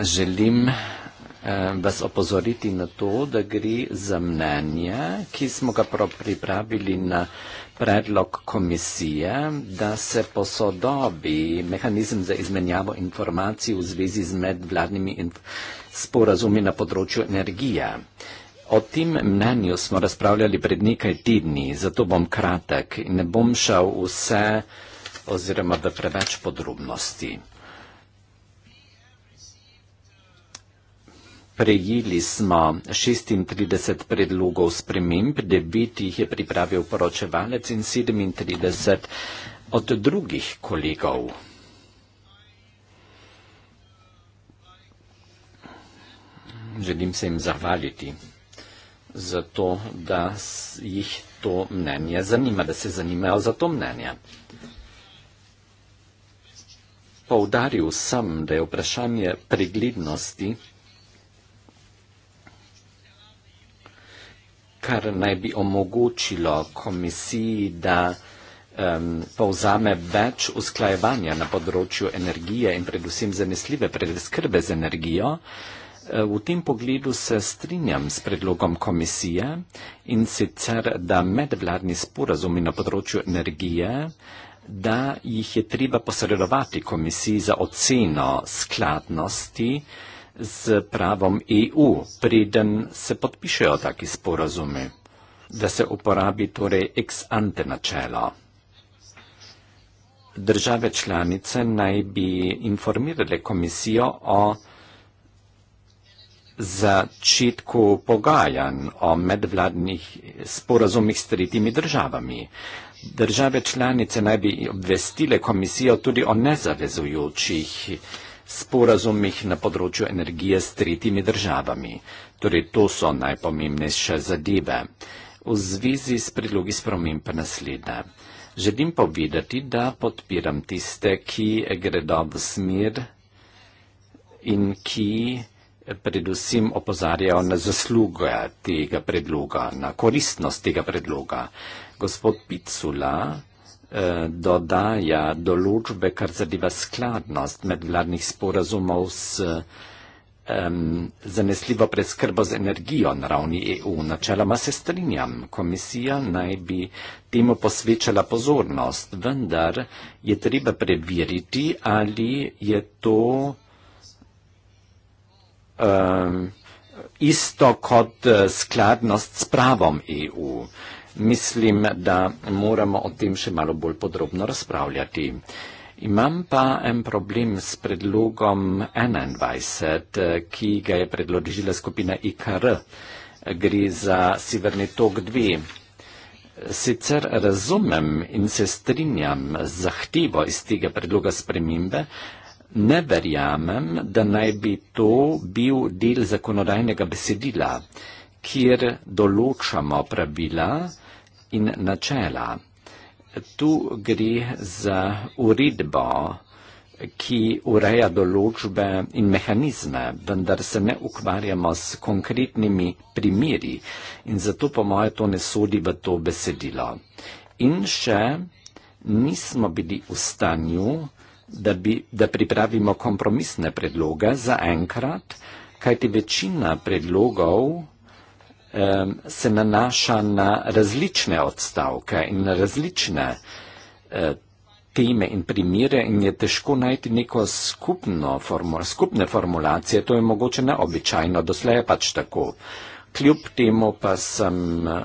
Želim vas opozoriti na to, da gre za mnenje, ki smo ga pripravili na predlog komisije, da se posodobi mehanizem za izmenjavo informacij v zvezi z medvladnimi sporazumi na področju energije. O tem mnenju smo razpravljali pred nekaj tedni, zato bom kratek in ne bom šel vse oziroma v preveč podrobnosti. Prejeli smo 36 predlogov sprememb, 9 jih je pripravil poročevalec in 37 od drugih kolegov. Želim se jim zahvaliti za to, da jih to mnenje zanima, da se zanimajo za to mnenje. Poudaril sem, da je vprašanje preglednosti kar naj bi omogočilo komisiji, da um, povzame več usklajevanja na področju energije in predvsem zanesljive predeskrbe z energijo. E, v tem pogledu se strinjam s predlogom komisije in sicer, da medvladni sporazumi na področju energije, da jih je treba posredovati komisiji za oceno skladnosti z pravom EU, preden se podpišejo taki sporazumi, da se uporabi torej ex ante načelo. Države članice naj bi informirale komisijo o začetku pogajanj o medvladnih sporazumih s tretjimi državami. Države članice naj bi obvestile komisijo tudi o nezavezujočih sporazumih na področju energije s tretjimi državami. Torej, to so najpomembnejše zadeve. V zvezi s predlogi spremem pa naslednje. Želim povedati, da podpiram tiste, ki gredo v smer in ki predvsem opozarjajo na zasluge tega predloga, na koristnost tega predloga. Gospod Picula Eh, dodaja določbe, kar zadeva skladnost medvladnih sporazumov s um, zanesljivo preskrbo z energijo na ravni EU. Načeloma se strinjam, komisija naj bi temu posvečala pozornost, vendar je treba preveriti, ali je to um, isto kot eh, skladnost s pravom EU mislim, da moramo o tem še malo bolj podrobno razpravljati. Imam pa en problem s predlogom 21, ki ga je predložila skupina IKR. Gre za Severni tok 2. Sicer razumem in se strinjam z zahtevo iz tega predloga spremembe, ne verjamem, da naj bi to bil del zakonodajnega besedila, kjer določamo pravila, in načela. Tu gre za uredbo, ki ureja določbe in mehanizme, vendar se ne ukvarjamo s konkretnimi primeri in zato po moje to ne sodi v to besedilo. In še nismo bili v stanju, da, bi, da pripravimo kompromisne predloge za enkrat, kajti večina predlogov se nanaša na različne odstavke in na različne e, teme in primire in je težko najti neko skupne formulacije. To je mogoče neobičajno, doslej je pač tako. Kljub temu pa sem e,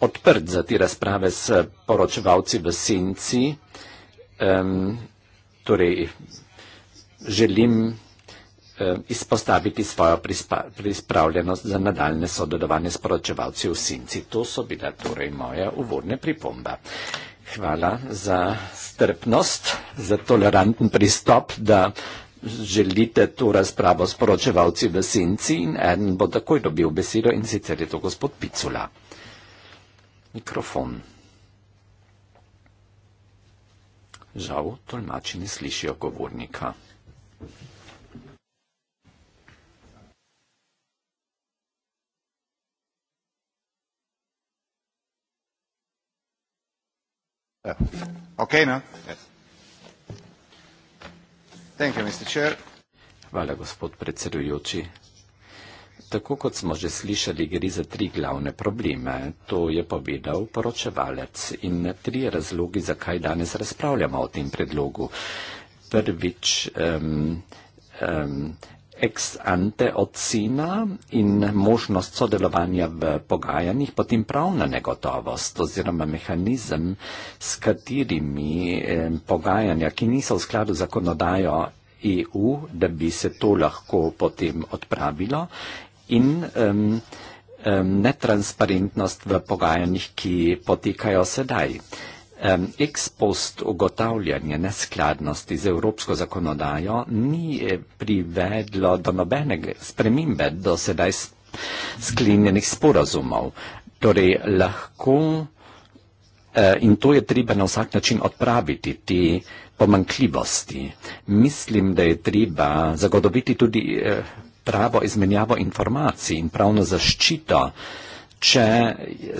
odprt za te razprave s poročevalci v senci, torej želim vsega, Eh, izpostaviti svojo pripravljenost za nadaljne sodelovanje s poročevalci v Sinci. To so bila torej moja uvodne pripomba. Hvala za strpnost, za toleranten pristop, da želite to razpravo s poročevalci v Sinci in en bo takoj dobil besedo in sicer je to gospod Picula. Mikrofon. Žal, tolmači ne slišijo govornika. Ja. No. Ja. Hvala, gospod predsedujoči. Tako kot smo že slišali, gre za tri glavne probleme. To je povedal poročevalec in tri razlogi, zakaj danes razpravljamo o tem predlogu. Prvič, um, um, ex ante od sina in možnost sodelovanja v pogajanjih, potem pravna negotovost oziroma mehanizem, s katerimi pogajanja, ki niso v skladu z zakonodajo EU, da bi se to lahko potem odpravilo in um, um, netransparentnost v pogajanjih, ki potekajo sedaj. Ex post ugotavljanje neskladnosti z evropsko zakonodajo ni eh, privedlo do nobene spremembe do sedaj sklenjenih sporazumov. Torej lahko eh, in to je treba na vsak način odpraviti te pomankljivosti. Mislim, da je treba zagotoviti tudi eh, pravo izmenjavo informacij in pravno zaščito če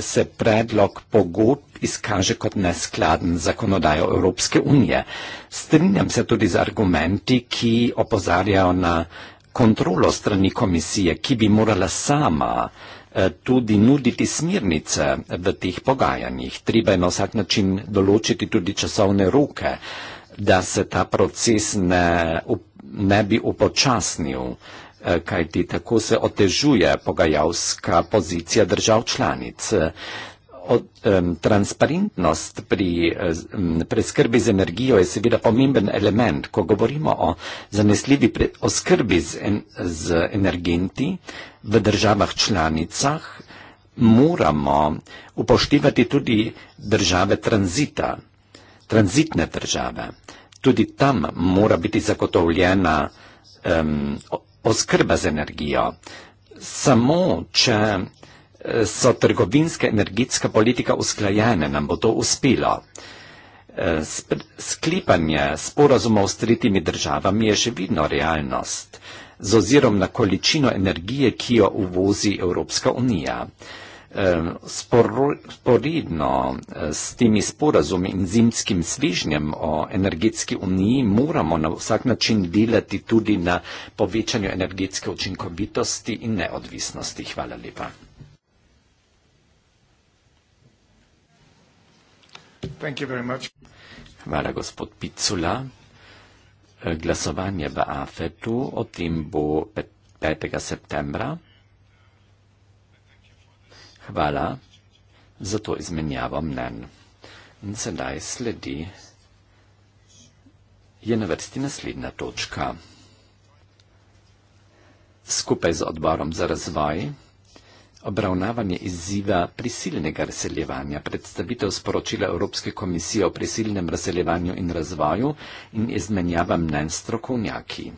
se predlog pogodb izkaže kot neskladen zakonodajo Evropske unije. Strinjam se tudi z argumenti, ki opozarjajo na kontrolo strani komisije, ki bi morala sama eh, tudi nuditi smirnice v teh pogajanjih. Treba je na vsak način določiti tudi časovne roke, da se ta proces ne, ne bi upočasnil. Eh, kajti tako se otežuje pogajalska pozicija držav članic. Od, um, transparentnost pri um, preskrbi z energijo je seveda pomemben element, ko govorimo o zanesljivi pre, o skrbi z, en, z energenti v državah članicah, moramo upoštevati tudi države tranzita, tranzitne države. Tudi tam mora biti zagotovljena um, oskrba z energijo. Samo, če eh, so trgovinska energetska politika usklajene, nam bo to uspelo. Eh, sklepanje sporazumov s tretjimi državami je še vidno realnost, z ozirom na količino energije, ki jo uvozi Evropska unija sporidno eh, s temi sporazumi in zimskim svižnjem o energetski uniji moramo na vsak način delati tudi na povečanju energetske učinkovitosti in neodvisnosti. Hvala lepa. Thank you very much. Hvala, gospod Picula. Eh, glasovanje v AFET-u o tem bo 5. septembra. Hvala za to izmenjavo mnen. In sedaj sledi je na vrsti naslednja točka. Skupaj z odborom za razvoj obravnavanje izziva prisilnega razseljevanja, predstavitev sporočila Evropske komisije o prisilnem razseljevanju in razvoju in izmenjava mnen strokovnjaki.